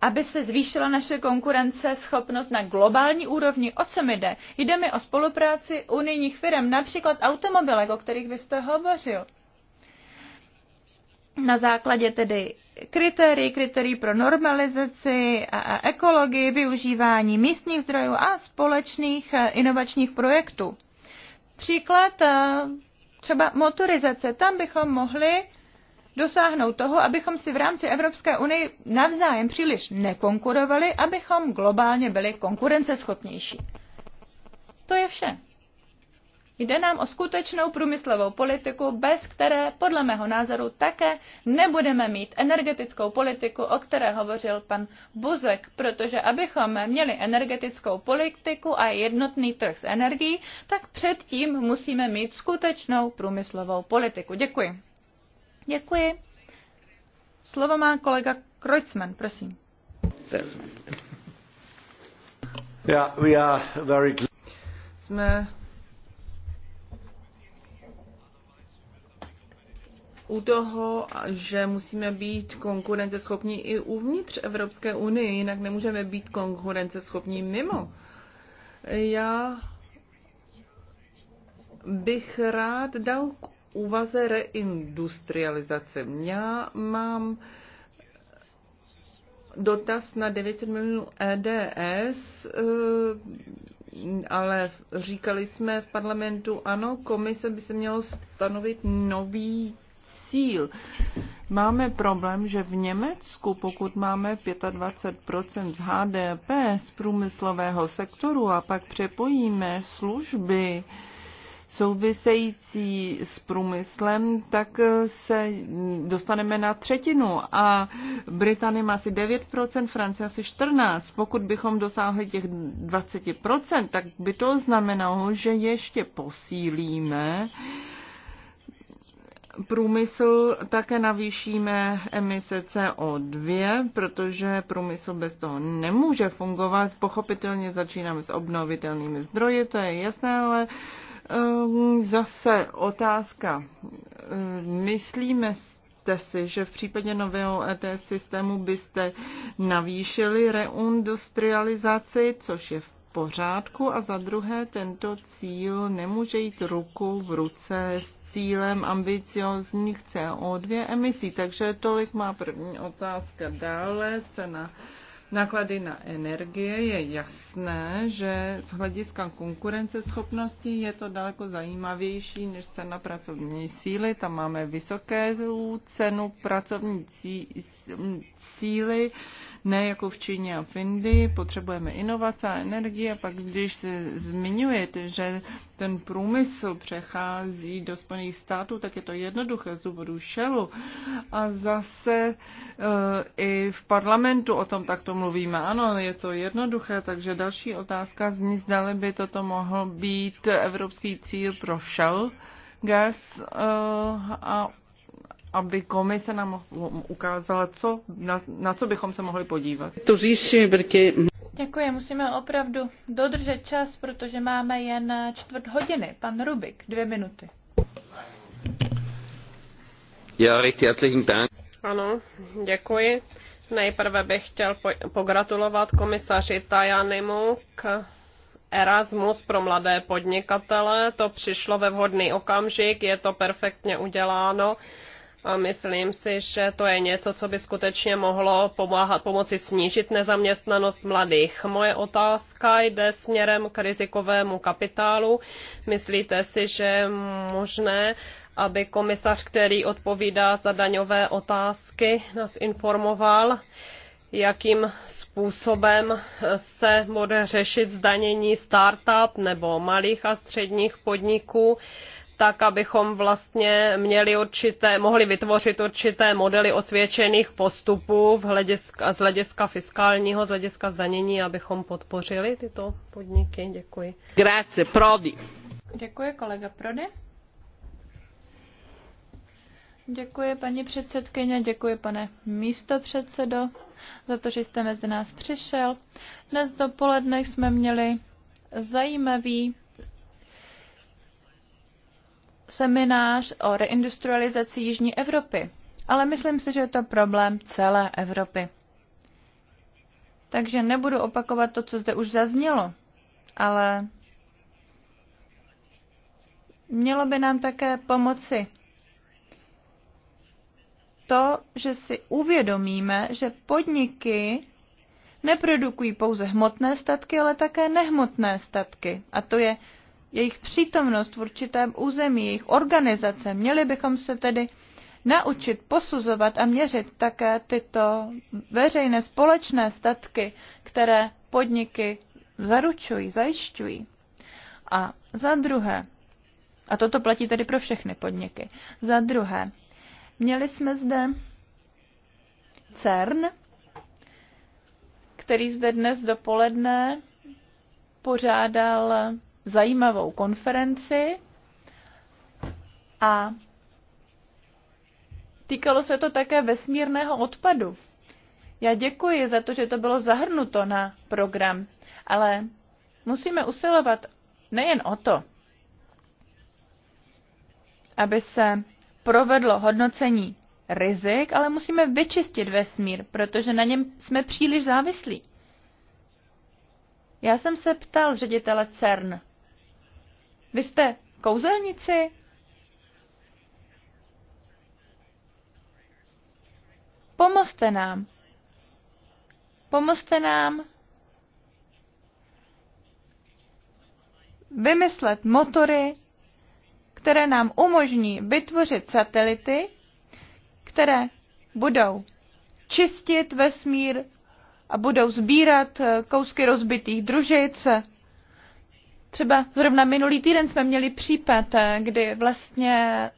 aby se zvýšila naše konkurenceschopnost na globální úrovni. O co mi jde? Jde mi o spolupráci unijních firm, například automobilek, o kterých vy jste hovořil. Na základě tedy kritérií, kritérií pro normalizaci a ekologii, využívání místních zdrojů a společných eh, inovačních projektů. Příklad eh, třeba motorizace. Tam bychom mohli dosáhnout toho, abychom si v rámci Evropské unie navzájem příliš nekonkurovali, abychom globálně byli konkurenceschopnější. To je vše. Jde nám o skutečnou průmyslovou politiku, bez které, podle mého názoru, také nebudeme mít energetickou politiku, o které hovořil pan Buzek, protože abychom měli energetickou politiku a jednotný trh s energií, tak předtím musíme mít skutečnou průmyslovou politiku. Děkuji. Děkuji. Slovo má kolega Kreutzmann, prosím. Yeah, we are very... Jsme u toho, že musíme být konkurenceschopní i uvnitř Evropské unie, jinak nemůžeme být konkurenceschopní mimo. Já bych rád dal úvaze reindustrializace. Já mám dotaz na 900 milionů EDS, eh, ale říkali jsme v parlamentu, ano, komise by se mělo stanovit nový cíl. Máme problém, že v Německu, pokud máme 25 HDP z průmyslového sektoru a pak přepojíme služby, související s průmyslem, tak se dostaneme na třetinu a Británie má asi 9%, Francie asi 14%. Pokud bychom dosáhli těch 20%, tak by to znamenalo, že ještě posílíme průmysl také navýšíme emise CO2, protože průmysl bez toho nemůže fungovat. Pochopitelně začínáme s obnovitelnými zdroji, to je jasné, ale Ehm, zase otázka. Ehm, myslíme jste si, že v případě nového ETS systému byste navýšili reindustrializaci, což je v pořádku, a za druhé tento cíl nemůže jít ruku v ruce s cílem ambiciozních CO2 emisí. Takže tolik má první otázka. Dále cena náklady na energie, je jasné, že z hlediska konkurenceschopnosti je to daleko zajímavější než cena pracovní síly. Tam máme vysoké cenu pracovní síly ne jako v Číně a v Indii, potřebujeme inovace a energie a pak když se zmiňujete, že ten průmysl přechází do Spojených států, tak je to jednoduché z důvodu šelu. A zase e, i v parlamentu o tom takto mluvíme. Ano, je to jednoduché, takže další otázka zní, zdali by toto mohl být evropský cíl pro šel gas eh, a aby komise nám ukázala, co, na, na co bychom se mohli podívat. To Děkuji, musíme opravdu dodržet čas, protože máme jen čtvrt hodiny. Pan Rubik, dvě minuty. Já Ano, děkuji. Nejprve bych chtěl pogratulovat komisaři Tajanimu k Erasmus pro mladé podnikatele. To přišlo ve vhodný okamžik, je to perfektně uděláno a myslím si, že to je něco, co by skutečně mohlo pomáhat, pomoci snížit nezaměstnanost mladých. Moje otázka jde směrem k rizikovému kapitálu. Myslíte si, že je možné, aby komisař, který odpovídá za daňové otázky, nás informoval, jakým způsobem se bude řešit zdanění startup nebo malých a středních podniků, tak abychom vlastně měli určité, mohli vytvořit určité modely osvědčených postupů v hlediska, z hlediska fiskálního, z hlediska zdanění, abychom podpořili tyto podniky. Děkuji. Grazie, Prodi. Děkuji, kolega Prodi. Děkuji, paní předsedkyně, děkuji, pane místopředsedo, za to, že jste mezi nás přišel. Dnes dopoledne jsme měli zajímavý seminář o reindustrializaci Jižní Evropy, ale myslím si, že je to problém celé Evropy. Takže nebudu opakovat to, co zde už zaznělo, ale mělo by nám také pomoci to, že si uvědomíme, že podniky neprodukují pouze hmotné statky, ale také nehmotné statky. A to je jejich přítomnost v určitém území, jejich organizace. Měli bychom se tedy naučit posuzovat a měřit také tyto veřejné společné statky, které podniky zaručují, zajišťují. A za druhé, a toto platí tedy pro všechny podniky, za druhé, měli jsme zde CERN, který zde dnes dopoledne pořádal zajímavou konferenci a týkalo se to také vesmírného odpadu. Já děkuji za to, že to bylo zahrnuto na program, ale musíme usilovat nejen o to, aby se provedlo hodnocení rizik, ale musíme vyčistit vesmír, protože na něm jsme příliš závislí. Já jsem se ptal ředitele CERN, vy jste kouzelnici? Pomozte nám. Pomozte nám vymyslet motory, které nám umožní vytvořit satelity, které budou čistit vesmír a budou sbírat eh, kousky rozbitých družic Třeba zrovna minulý týden jsme měli případ, eh, kdy vlastně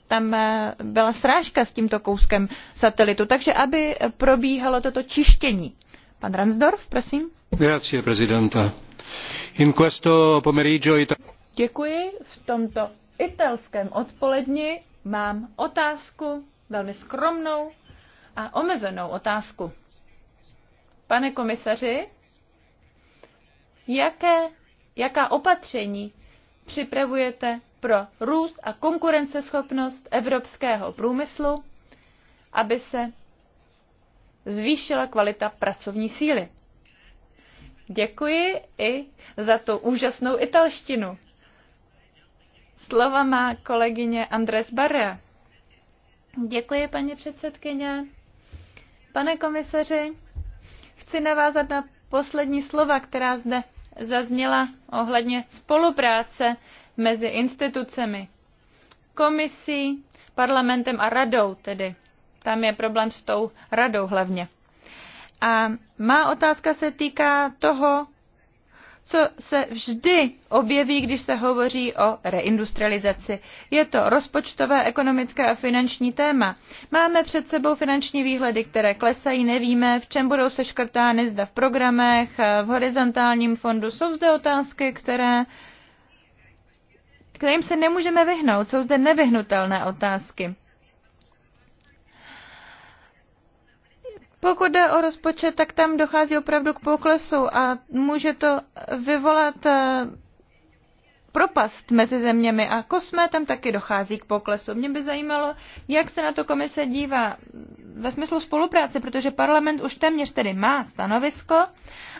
tam eh, byla srážka s tímto kouskem satelitu. Takže aby probíhalo toto čištění. Pan Ransdorf, prosím. Grazie, prezidenta. In questo pomeriggio... Děkuji. V tomto italském odpoledni mám otázku, velmi skromnou a omezenou otázku. Pane komisaři, jaké jaká opatření připravujete pro růst a konkurenceschopnost evropského průmyslu, aby se zvýšila kvalita pracovní síly. Děkuji i za tu úžasnou italštinu. Slova má kolegyně Andres Barre. Děkuji, paní předsedkyně. Pane komisaři, chci navázat na poslední slova, která zde zazněla ohledně spolupráce mezi institucemi, komisí, parlamentem a radou tedy. Tam je problém s tou radou hlavně. A má otázka se týká toho, co se vždy objeví, když se hovoří o reindustrializaci. Je to rozpočtové, ekonomické a finanční téma. Máme před sebou finanční výhledy, které klesají, nevíme, v čem budou škrtány, zda v programech, v horizontálním fondu. Jsou zde otázky, které kterým se nemůžeme vyhnout. Jsou zde nevyhnutelné otázky. Pokud jde o rozpočet, tak tam dochází opravdu k poklesu a může to vyvolat eh, propast mezi zeměmi a kosmé tam taky dochází k poklesu. Mě by zajímalo, jak se na to komise dívá ve smyslu spolupráce, protože parlament už téměř tedy má stanovisko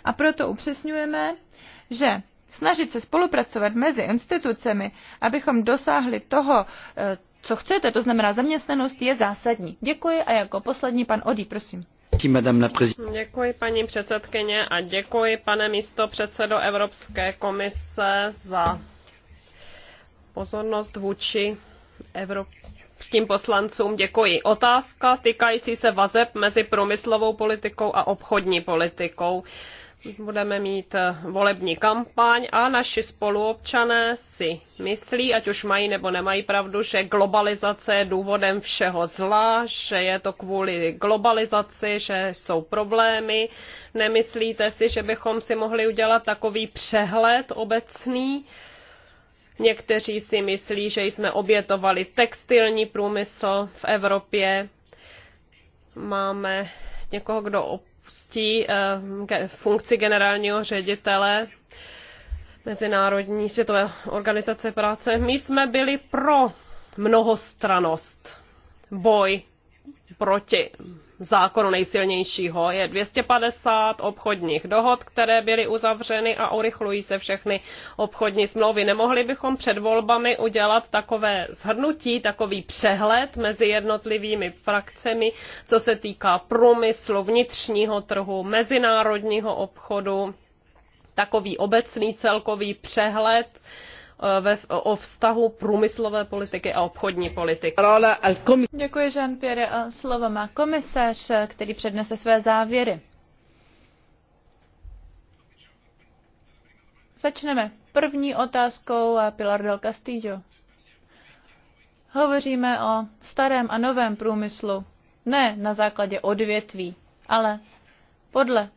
a proto upřesňujeme, že snažit se spolupracovat mezi institucemi, abychom dosáhli toho, eh, co chcete, to znamená zaměstnanost, je zásadní. Děkuji a jako poslední pan Odí, prosím. Děkuji paní předsedkyně a děkuji pane místo předsedo Evropské komise za pozornost vůči evropským poslancům. Děkuji. Otázka týkající se vazeb mezi průmyslovou politikou a obchodní politikou. Uh, budeme mít eh, volební kampaň a naši spoluobčané si myslí, ať už mají nebo nemají pravdu, že globalizace je důvodem všeho zla, že je to kvůli globalizaci, že jsou problémy. Nemyslíte si, že bychom si mohli udělat takový přehled obecný? Někteří si myslí, že jsme obětovali textilní průmysl v Evropě. Máme někoho, kdo opustí eh, funkci generálního ředitele Mezinárodní světové organizace práce. My jsme byli pro mnohostranost, boj proti zákonu nejsilnějšího. Je 250 obchodních dohod, které byly uzavřeny a urychlují se všechny obchodní smlouvy. Nemohli bychom před volbami udělat takové zhrnutí, takový přehled mezi jednotlivými frakcemi, co se týká průmyslu, vnitřního trhu, mezinárodního obchodu, takový obecný celkový přehled, ve, o vztahu průmyslové politiky a obchodní politiky. Děkuji, Jean-Pierre. A slovo má komisař, který přednese své závěry. Začneme první otázkou a Pilar del Castillo. Hovoříme o starém a novém průmyslu, ne na základě odvětví, ale podle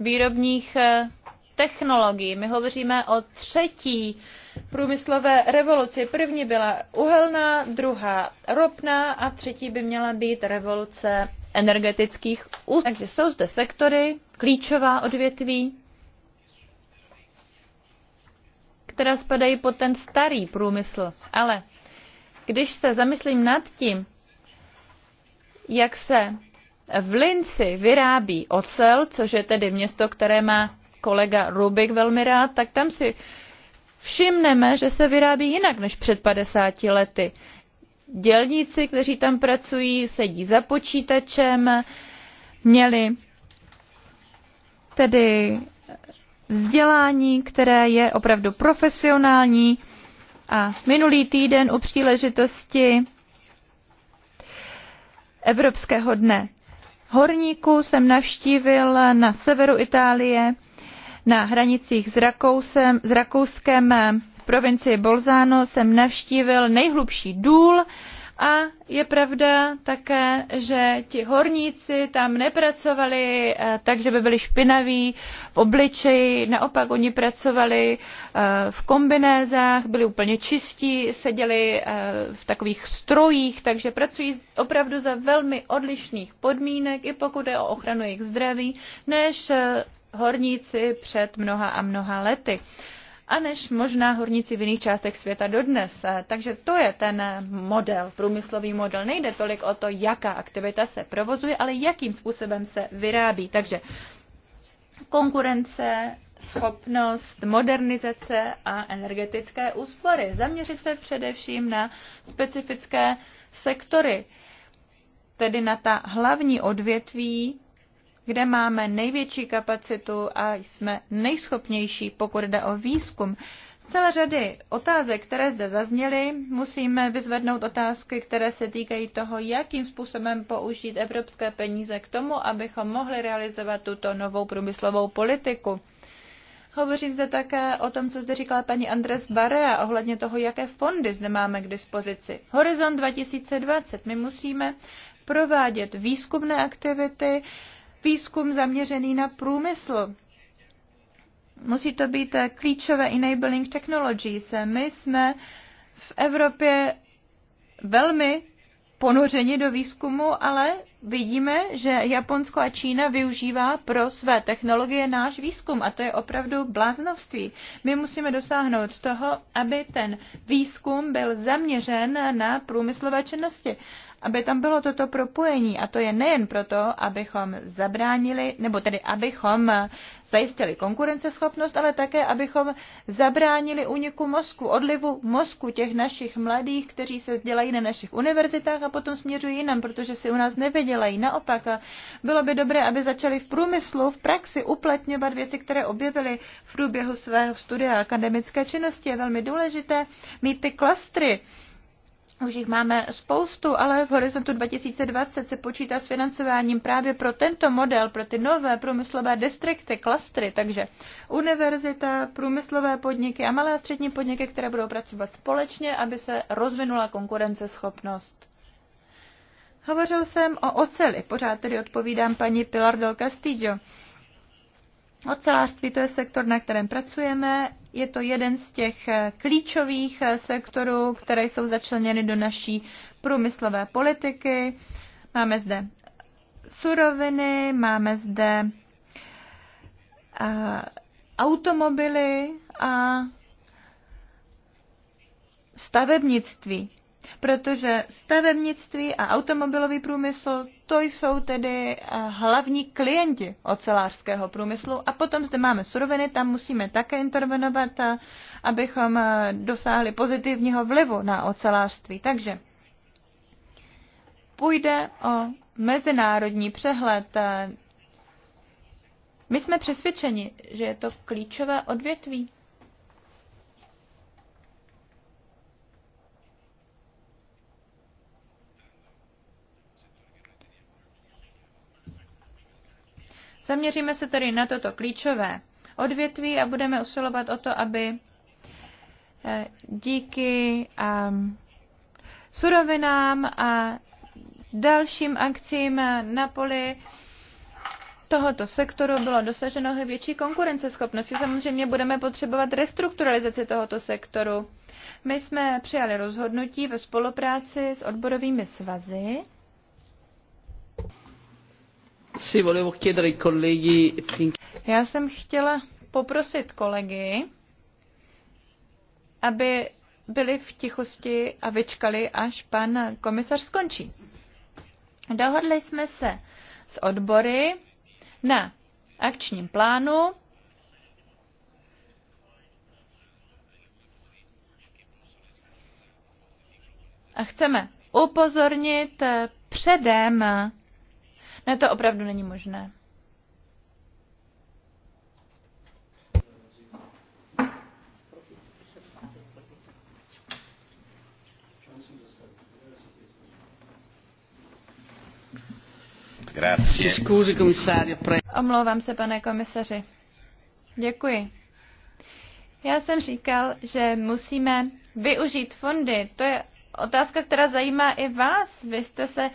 výrobních eh, technologií. My hovoříme o třetí průmyslové revoluci. První byla uhelná, druhá ropná a třetí by měla být revoluce energetických úst. Takže jsou zde sektory, klíčová odvětví, která spadají pod ten starý průmysl. Ale když se zamyslím nad tím, jak se v Linci vyrábí ocel, což je tedy město, které má kolega Rubik velmi rád, tak tam si všimneme, že se vyrábí jinak než před 50 lety. Dělníci, kteří tam pracují, sedí za počítačem, měli tedy vzdělání, které je opravdu profesionální. A minulý týden u příležitosti Evropského dne horníku jsem navštívil na severu Itálie na hranicích s, Rakousem, Rakouskem eh, v provincii Bolzano jsem navštívil nejhlubší důl a je pravda také, že ti horníci tam nepracovali eh, tak, že by byli špinaví v obličeji, naopak oni pracovali eh, v kombinézách, byli úplně čistí, seděli v takových strojích, takže pracují opravdu za velmi odlišných podmínek, i pokud je o ochranu jejich zdraví, než horníci před mnoha a mnoha lety a než možná horníci v jiných částech světa dodnes. Eh, takže to je ten model, průmyslový model. Nejde tolik o to, jaká aktivita se provozuje, ale jakým způsobem se vyrábí. Takže konkurence, schopnost modernizace a energetické úspory. Zaměřit se především na specifické sektory, tedy na ta hlavní odvětví, kde máme největší kapacitu a jsme nejschopnější, pokud jde o výzkum. Z celé řady otázek, které zde zazněly, musíme vyzvednout otázky, které se týkají toho, jakým způsobem použít evropské peníze k tomu, abychom mohli realizovat tuto novou průmyslovou politiku. Hovořím zde také o tom, co zde říkala paní Andres Barea ohledně toho, jaké fondy zde máme k dispozici. Horizont 2020. My musíme provádět výzkumné aktivity, výzkum zaměřený na průmysl. Musí to být klíčové enabling technologies. My jsme v Evropě velmi ponořeni do výzkumu, ale vidíme, že Japonsko a Čína využívá pro své technologie náš výzkum a to je opravdu bláznovství. My musíme dosáhnout toho, aby ten výzkum byl zaměřen na průmyslové činnosti aby tam bylo toto propojení. A to je nejen proto, abychom zabránili, nebo tedy abychom zajistili konkurenceschopnost, ale také, abychom zabránili uniku mozku, odlivu mozku těch našich mladých, kteří se dělají na našich univerzitách a potom směřují jinam, protože si u nás nevydělají. Naopak, bylo by dobré, aby začali v průmyslu, v praxi uplatňovat věci, které objevili v průběhu svého studia a akademické činnosti. Je velmi důležité mít ty klastry, už jich máme spoustu, ale v horizontu 2020 se počítá s financováním právě pro tento model, pro ty nové průmyslové distrikty, klastry, takže univerzita, průmyslové podniky a malé a střední podniky, které budou pracovat společně, aby se rozvinula konkurenceschopnost. Hovořil jsem o oceli, pořád tedy odpovídám paní Pilar del Castillo. Ocelářství to je sektor, na kterém pracujeme. Je to jeden z těch eh, klíčových eh, sektorů, které jsou začleněny do naší průmyslové politiky. Máme zde suroviny, máme zde eh, automobily a stavebnictví protože stavebnictví a automobilový průmysl, to jsou tedy eh, hlavní klienti ocelářského průmyslu. A potom zde máme suroviny, tam musíme také intervenovat, eh, abychom eh, dosáhli pozitivního vlivu na ocelářství. Takže půjde o mezinárodní přehled. My jsme přesvědčeni, že je to klíčové odvětví Zaměříme se tedy na toto klíčové odvětví a budeme usilovat o to, aby eh, díky ehm, surovinám a dalším akcím na poli tohoto sektoru bylo dosaženo větší konkurenceschopnosti. Samozřejmě budeme potřebovat restrukturalizaci tohoto sektoru. My jsme přijali rozhodnutí ve spolupráci s odborovými svazy já jsem chtěla poprosit kolegy, aby byli v tichosti a vyčkali, až pan komisař skončí. Dohodli jsme se s odbory na akčním plánu a chceme upozornit předem ne, to opravdu není možné. Omlouvám se, pane komisaři. Děkuji. Já jsem říkal, že musíme využít fondy. To je otázka, která zajímá i vás. Vy jste se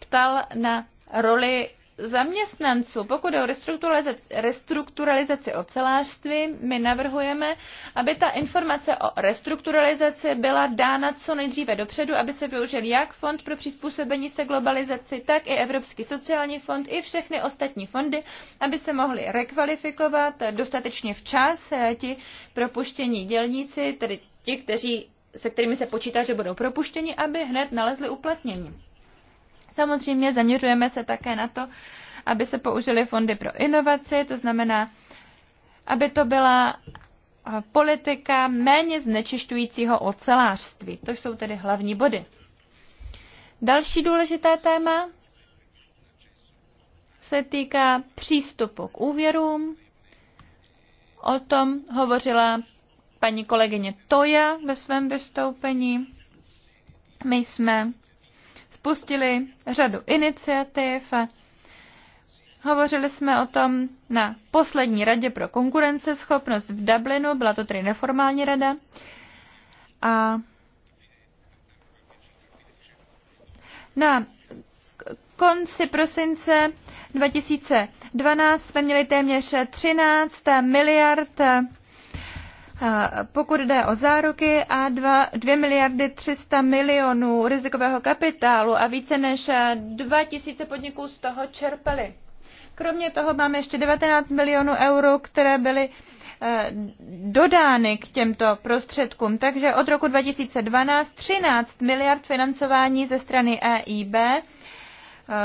ptal na roli zaměstnanců. Pokud je o restrukturalizaci, restrukturalizaci ocelářství, my navrhujeme, aby ta informace o restrukturalizaci byla dána co nejdříve dopředu, aby se využil jak Fond pro přizpůsobení se globalizaci, tak i Evropský sociální fond, i všechny ostatní fondy, aby se mohli rekvalifikovat dostatečně včas eh, ti propuštění dělníci, tedy ti, kteří se kterými se počítá, že budou propuštěni, aby hned nalezli uplatnění. Samozřejmě zaměřujeme se také na to, aby se použily fondy pro inovaci, to znamená, aby to byla politika méně znečišťujícího ocelářství. To jsou tedy hlavní body. Další důležité téma se týká přístupu k úvěrům. O tom hovořila paní kolegyně Toja ve svém vystoupení. My jsme spustili řadu iniciativ. Hovořili jsme o tom na poslední radě pro konkurenceschopnost v Dublinu, byla to tedy neformální rada. A na konci prosince 2012 jsme měli téměř 13 miliard pokud jde o záruky a 2, 2 miliardy 300 milionů rizikového kapitálu a více než 2 tisíce podniků z toho čerpali. Kromě toho máme ještě 19 milionů euro, které byly eh, dodány k těmto prostředkům. Takže od roku 2012 13 miliard financování ze strany EIB eh,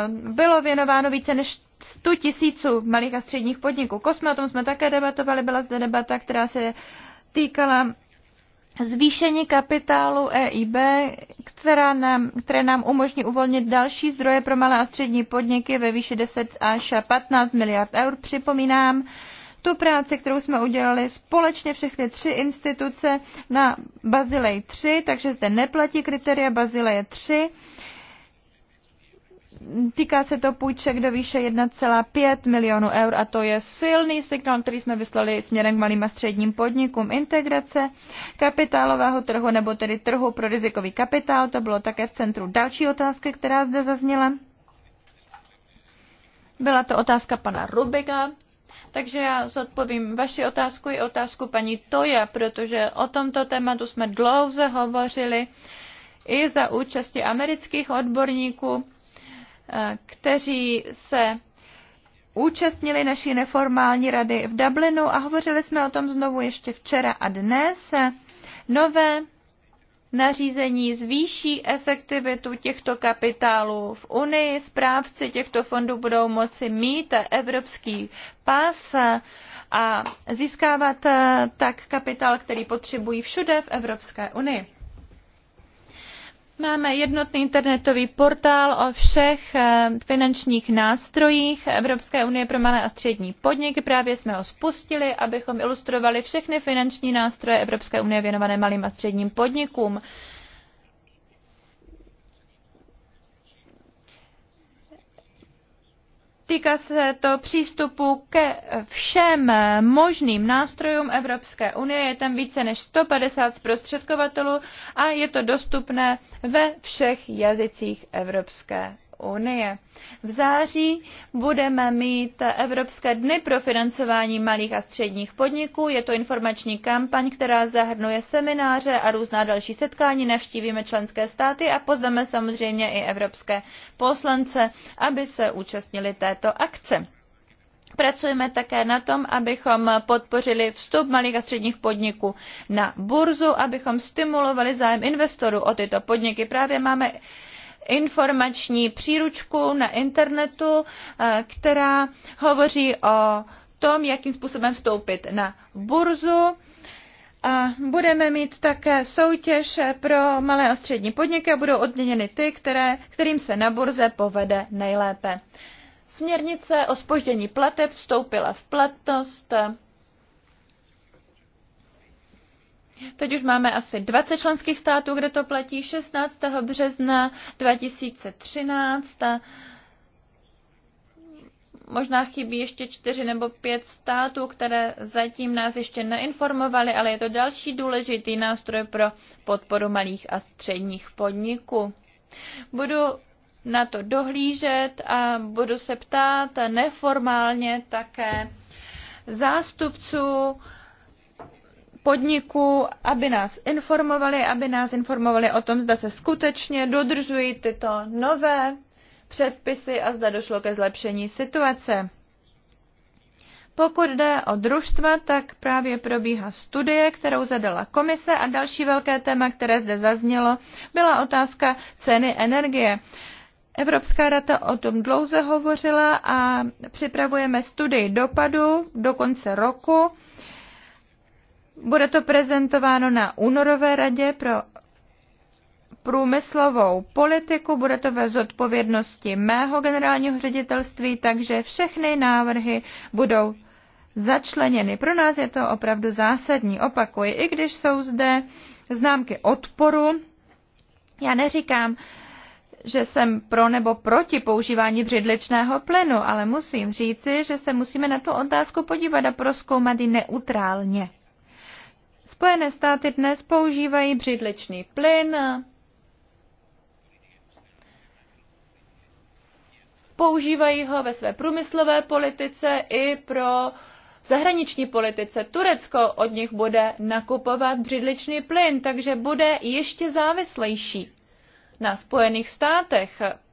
bylo věnováno více než 100 tisíců malých a středních podniků. Kosme, o tom jsme také debatovali, byla zde debata, která se týkala zvýšení kapitálu EIB, která nám, které nám umožní uvolnit další zdroje pro malé a střední podniky ve výši 10 až 15 miliard eur. Připomínám tu práci, kterou jsme udělali společně všechny tři instituce na Bazilej 3, takže zde neplatí kritéria Bazileje 3 Týká se to půjček do výše 1,5 milionů eur a to je silný signál, který jsme vyslali směrem k malým a středním podnikům. Integrace kapitálového trhu nebo tedy trhu pro rizikový kapitál, to bylo také v centru další otázky, která zde zazněla. Byla to otázka pana Rubega, takže já zodpovím vaši otázku i otázku paní Toja, protože o tomto tématu jsme dlouze hovořili i za účasti amerických odborníků kteří se účastnili naší neformální rady v Dublinu a hovořili jsme o tom znovu ještě včera a dnes. Nové nařízení zvýší efektivitu těchto kapitálů v Unii. Správci těchto fondů budou moci mít evropský pas a získávat eh, tak kapitál, který potřebují všude v Evropské unii. Máme jednotný internetový portál o všech eh, finančních nástrojích Evropské unie pro malé a střední podniky. Právě jsme ho spustili, abychom ilustrovali všechny finanční nástroje Evropské unie věnované malým a středním podnikům. Týká se to přístupu ke všem možným nástrojům Evropské unie. Je tam více než 150 zprostředkovatelů a je to dostupné ve všech jazycích Evropské unie. V září budeme mít Evropské dny pro financování malých a středních podniků. Je to informační kampaň, která zahrnuje semináře a různá další setkání. Navštívíme členské státy a pozveme samozřejmě i evropské poslance, aby se účastnili této akce. Pracujeme také na tom, abychom podpořili vstup malých a středních podniků na burzu, abychom stimulovali zájem investorů o tyto podniky. Právě máme informační příručku na internetu, eh, která hovoří o tom, jakým způsobem vstoupit na burzu. A budeme mít také soutěž pro malé a střední podniky a budou odměněny ty, které, kterým se na burze povede nejlépe. Směrnice o spoždění plateb vstoupila v platnost Teď už máme asi 20 členských států, kde to platí 16. března 2013. Možná chybí ještě čtyři nebo pět států, které zatím nás ještě neinformovaly, ale je to další důležitý nástroj pro podporu malých a středních podniků. Budu na to dohlížet a budu se ptát neformálně také zástupců podniků, aby nás informovali, aby nás informovali o tom, zda se skutečně dodržují tyto nové předpisy a zda došlo ke zlepšení situace. Pokud jde o družstva, tak právě probíhá studie, kterou zadala komise a další velké téma, které zde zaznělo, byla otázka ceny energie. Evropská rada o tom dlouze hovořila a připravujeme studii dopadu do konce roku bude to prezentováno na únorové radě pro průmyslovou politiku, bude to ve zodpovědnosti mého generálního ředitelství, takže všechny návrhy budou začleněny. Pro nás je to opravdu zásadní. Opakuji, i když jsou zde známky odporu, já neříkám, že jsem pro nebo proti používání břidličného plynu, ale musím říci, že se musíme na tu otázku podívat a proskoumat ji neutrálně. Spojené státy dnes používají břidličný plyn, používají ho ve své průmyslové politice i pro v zahraniční politice Turecko od nich bude nakupovat břidličný plyn, takže bude ještě závislejší na Spojených státech.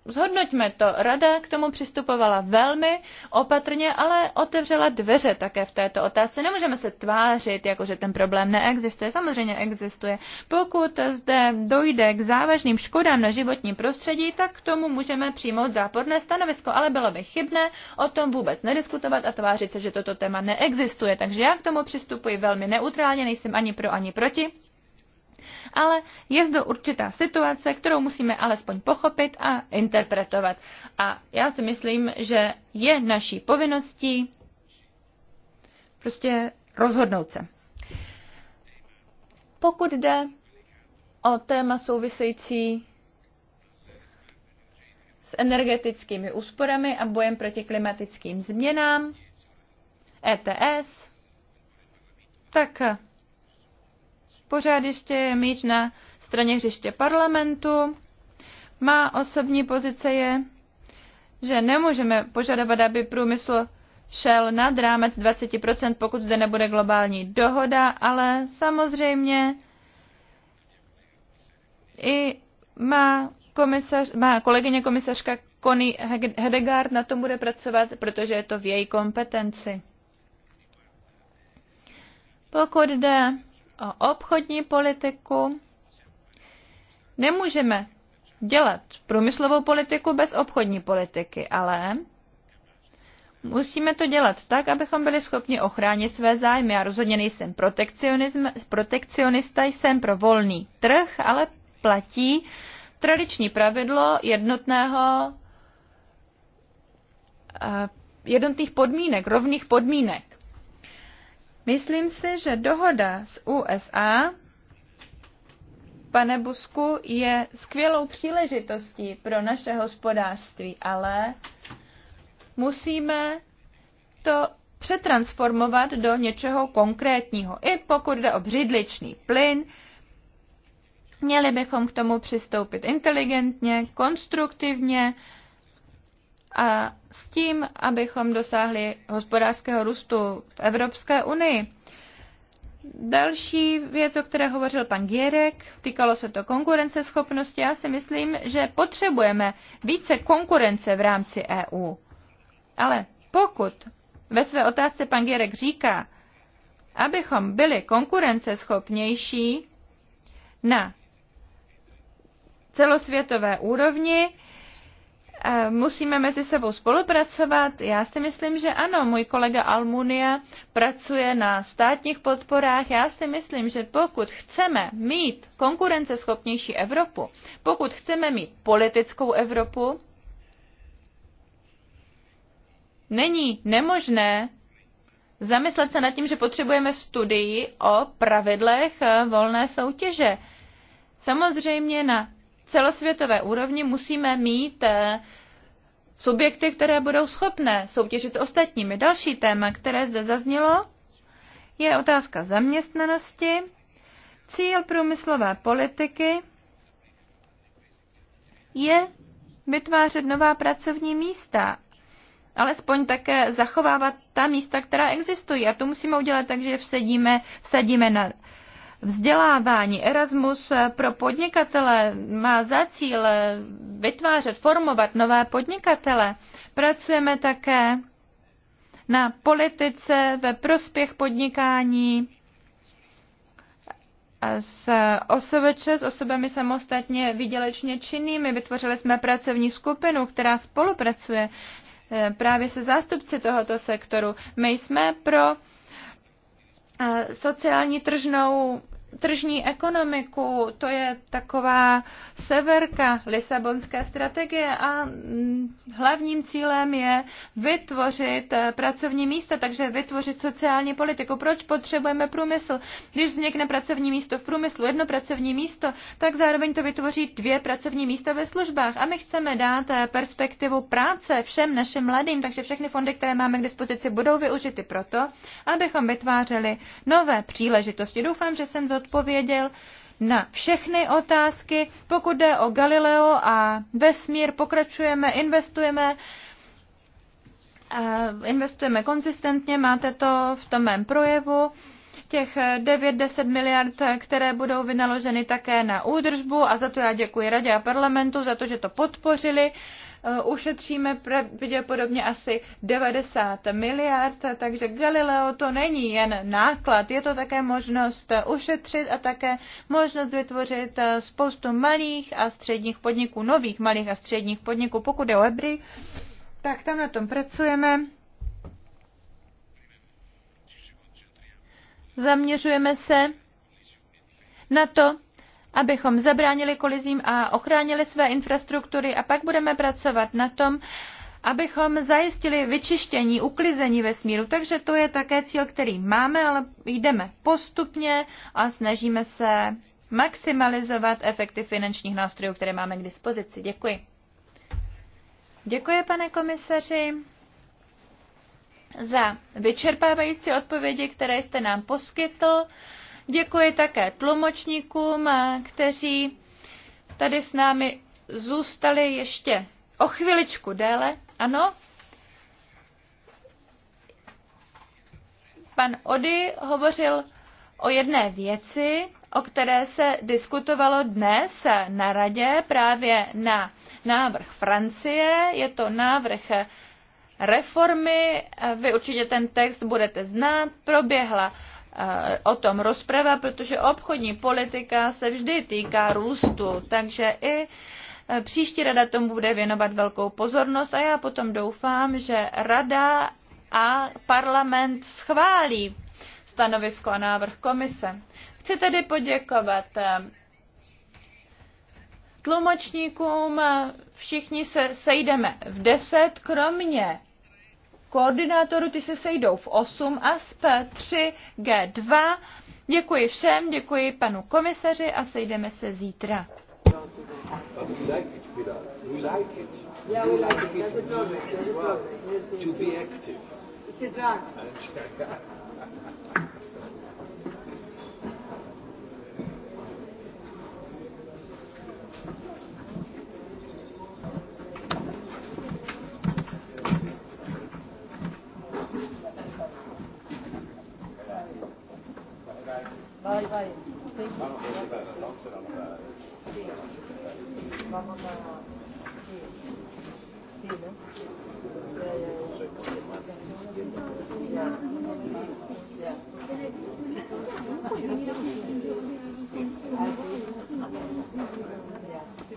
Zhodnoťme to. Rada k tomu přistupovala velmi opatrně, ale otevřela dveře také v této otázce. Nemůžeme se tvářit, jako že ten problém neexistuje. Samozřejmě existuje. Pokud zde dojde k závažným škodám na životním prostředí, tak k tomu můžeme přijmout záporné stanovisko, ale bylo by chybné o tom vůbec nediskutovat a tvářit se, že toto téma neexistuje. Takže já k tomu přistupuji velmi neutrálně, nejsem ani pro, ani proti ale je zde určitá situace, kterou musíme alespoň pochopit a interpretovat. A já si myslím, že je naší povinností prostě rozhodnout se. Pokud jde o téma související s energetickými úsporami a bojem proti klimatickým změnám, ETS, tak pořád ještě je míč na straně hřiště parlamentu. Má osobní pozice je, že nemůžeme požadovat, aby průmysl šel nad rámec 20%, pokud zde nebude globální dohoda, ale samozřejmě i má, komisař, má kolegyně komisařka Connie Hedegaard na tom bude pracovat, protože je to v její kompetenci. Pokud jde o obchodní politiku. Nemůžeme dělat průmyslovou politiku bez obchodní politiky, ale musíme to dělat tak, abychom byli schopni ochránit své zájmy. Já rozhodně nejsem protekcionista, jsem pro volný trh, ale platí tradiční pravidlo jednotného eh, jednotných podmínek, rovných podmínek. Myslím si, že dohoda s USA, pane Busku, je skvělou příležitostí pro naše hospodářství, ale musíme to přetransformovat do něčeho konkrétního. I pokud jde o břidličný plyn, měli bychom k tomu přistoupit inteligentně, konstruktivně a s tím, abychom dosáhli hospodářského růstu v Evropské unii. Další věc, o které hovořil pan Gierek, týkalo se to konkurenceschopnosti. Já si myslím, že potřebujeme více konkurence v rámci EU. Ale pokud ve své otázce pan Gierek říká, abychom byli konkurenceschopnější na celosvětové úrovni, Eh, musíme mezi sebou spolupracovat? Já si myslím, že ano. Můj kolega Almunia pracuje na státních podporách. Já si myslím, že pokud chceme mít konkurenceschopnější Evropu, pokud chceme mít politickou Evropu, není nemožné zamyslet se nad tím, že potřebujeme studii o pravidlech eh, volné soutěže. Samozřejmě na celosvětové úrovni musíme mít eh, subjekty, které budou schopné soutěžit s ostatními. Další téma, které zde zaznělo, je otázka zaměstnanosti. Cíl průmyslové politiky je vytvářet nová pracovní místa, alespoň také zachovávat ta místa, která existují. A to musíme udělat tak, že vsadíme, vsadíme na vzdělávání. Erasmus pro podnikatele má za cíl vytvářet, formovat nové podnikatele. Pracujeme také na politice ve prospěch podnikání s OSVČ, s osobami samostatně výdělečně činnými. Vytvořili jsme pracovní skupinu, která spolupracuje eh, právě se zástupci tohoto sektoru. My jsme pro sociální tržnou tržní ekonomiku, to je taková severka Lisabonské strategie a mm, hlavním cílem je vytvořit eh, pracovní místa, takže vytvořit sociální politiku. Proč potřebujeme průmysl? Když vznikne pracovní místo v průmyslu, jedno pracovní místo, tak zároveň to vytvoří dvě pracovní místa ve službách. A my chceme dát eh, perspektivu práce všem našim mladým, takže všechny fondy, které máme k dispozici, budou využity proto, abychom vytvářeli nové příležitosti. Doufám, že jsem zodpověděl na všechny otázky. Pokud jde o Galileo a vesmír, pokračujeme, investujeme, eh, investujeme konzistentně, máte to v tom mém projevu těch 9-10 miliard, které budou vynaloženy také na údržbu a za to já děkuji Radě a parlamentu, za to, že to podpořili Eh, ušetříme pravděpodobně asi 90 miliard, takže Galileo to není jen náklad, je to také možnost ušetřit a také možnost vytvořit eh, spoustu malých a středních podniků, nových malých a středních podniků. Pokud je o Ebry, tak tam na tom pracujeme. Zaměřujeme se na to, abychom zabránili kolizím a ochránili své infrastruktury a pak budeme pracovat na tom, abychom zajistili vyčištění, uklizení vesmíru. Takže to je také cíl, který máme, ale jdeme postupně a snažíme se maximalizovat efekty finančních nástrojů, které máme k dispozici. Děkuji. Děkuji, pane komisaři, za vyčerpávající odpovědi, které jste nám poskytl. Děkuji také tlumočníkům, eh, kteří tady s námi zůstali ještě o chviličku déle. Ano? Pan Ody hovořil o jedné věci, o které se diskutovalo dnes na radě právě na návrh Francie. Je to návrh reformy, vy určitě ten text budete znát, proběhla Eh, o tom rozprava, protože obchodní politika se vždy týká růstu, takže i eh, příští rada tomu bude věnovat velkou pozornost a já potom doufám, že rada a parlament schválí stanovisko a návrh komise. Chci tedy poděkovat eh, tlumočníkům. Všichni se sejdeme v deset kromě koordinátoru, ty se sejdou v 8 a z P3 G2. Děkuji všem, děkuji panu komisaři a sejdeme se zítra. But we Vai, vai. Vamos um a Sì. Vamos a... Sì. Sì, no? Yeah.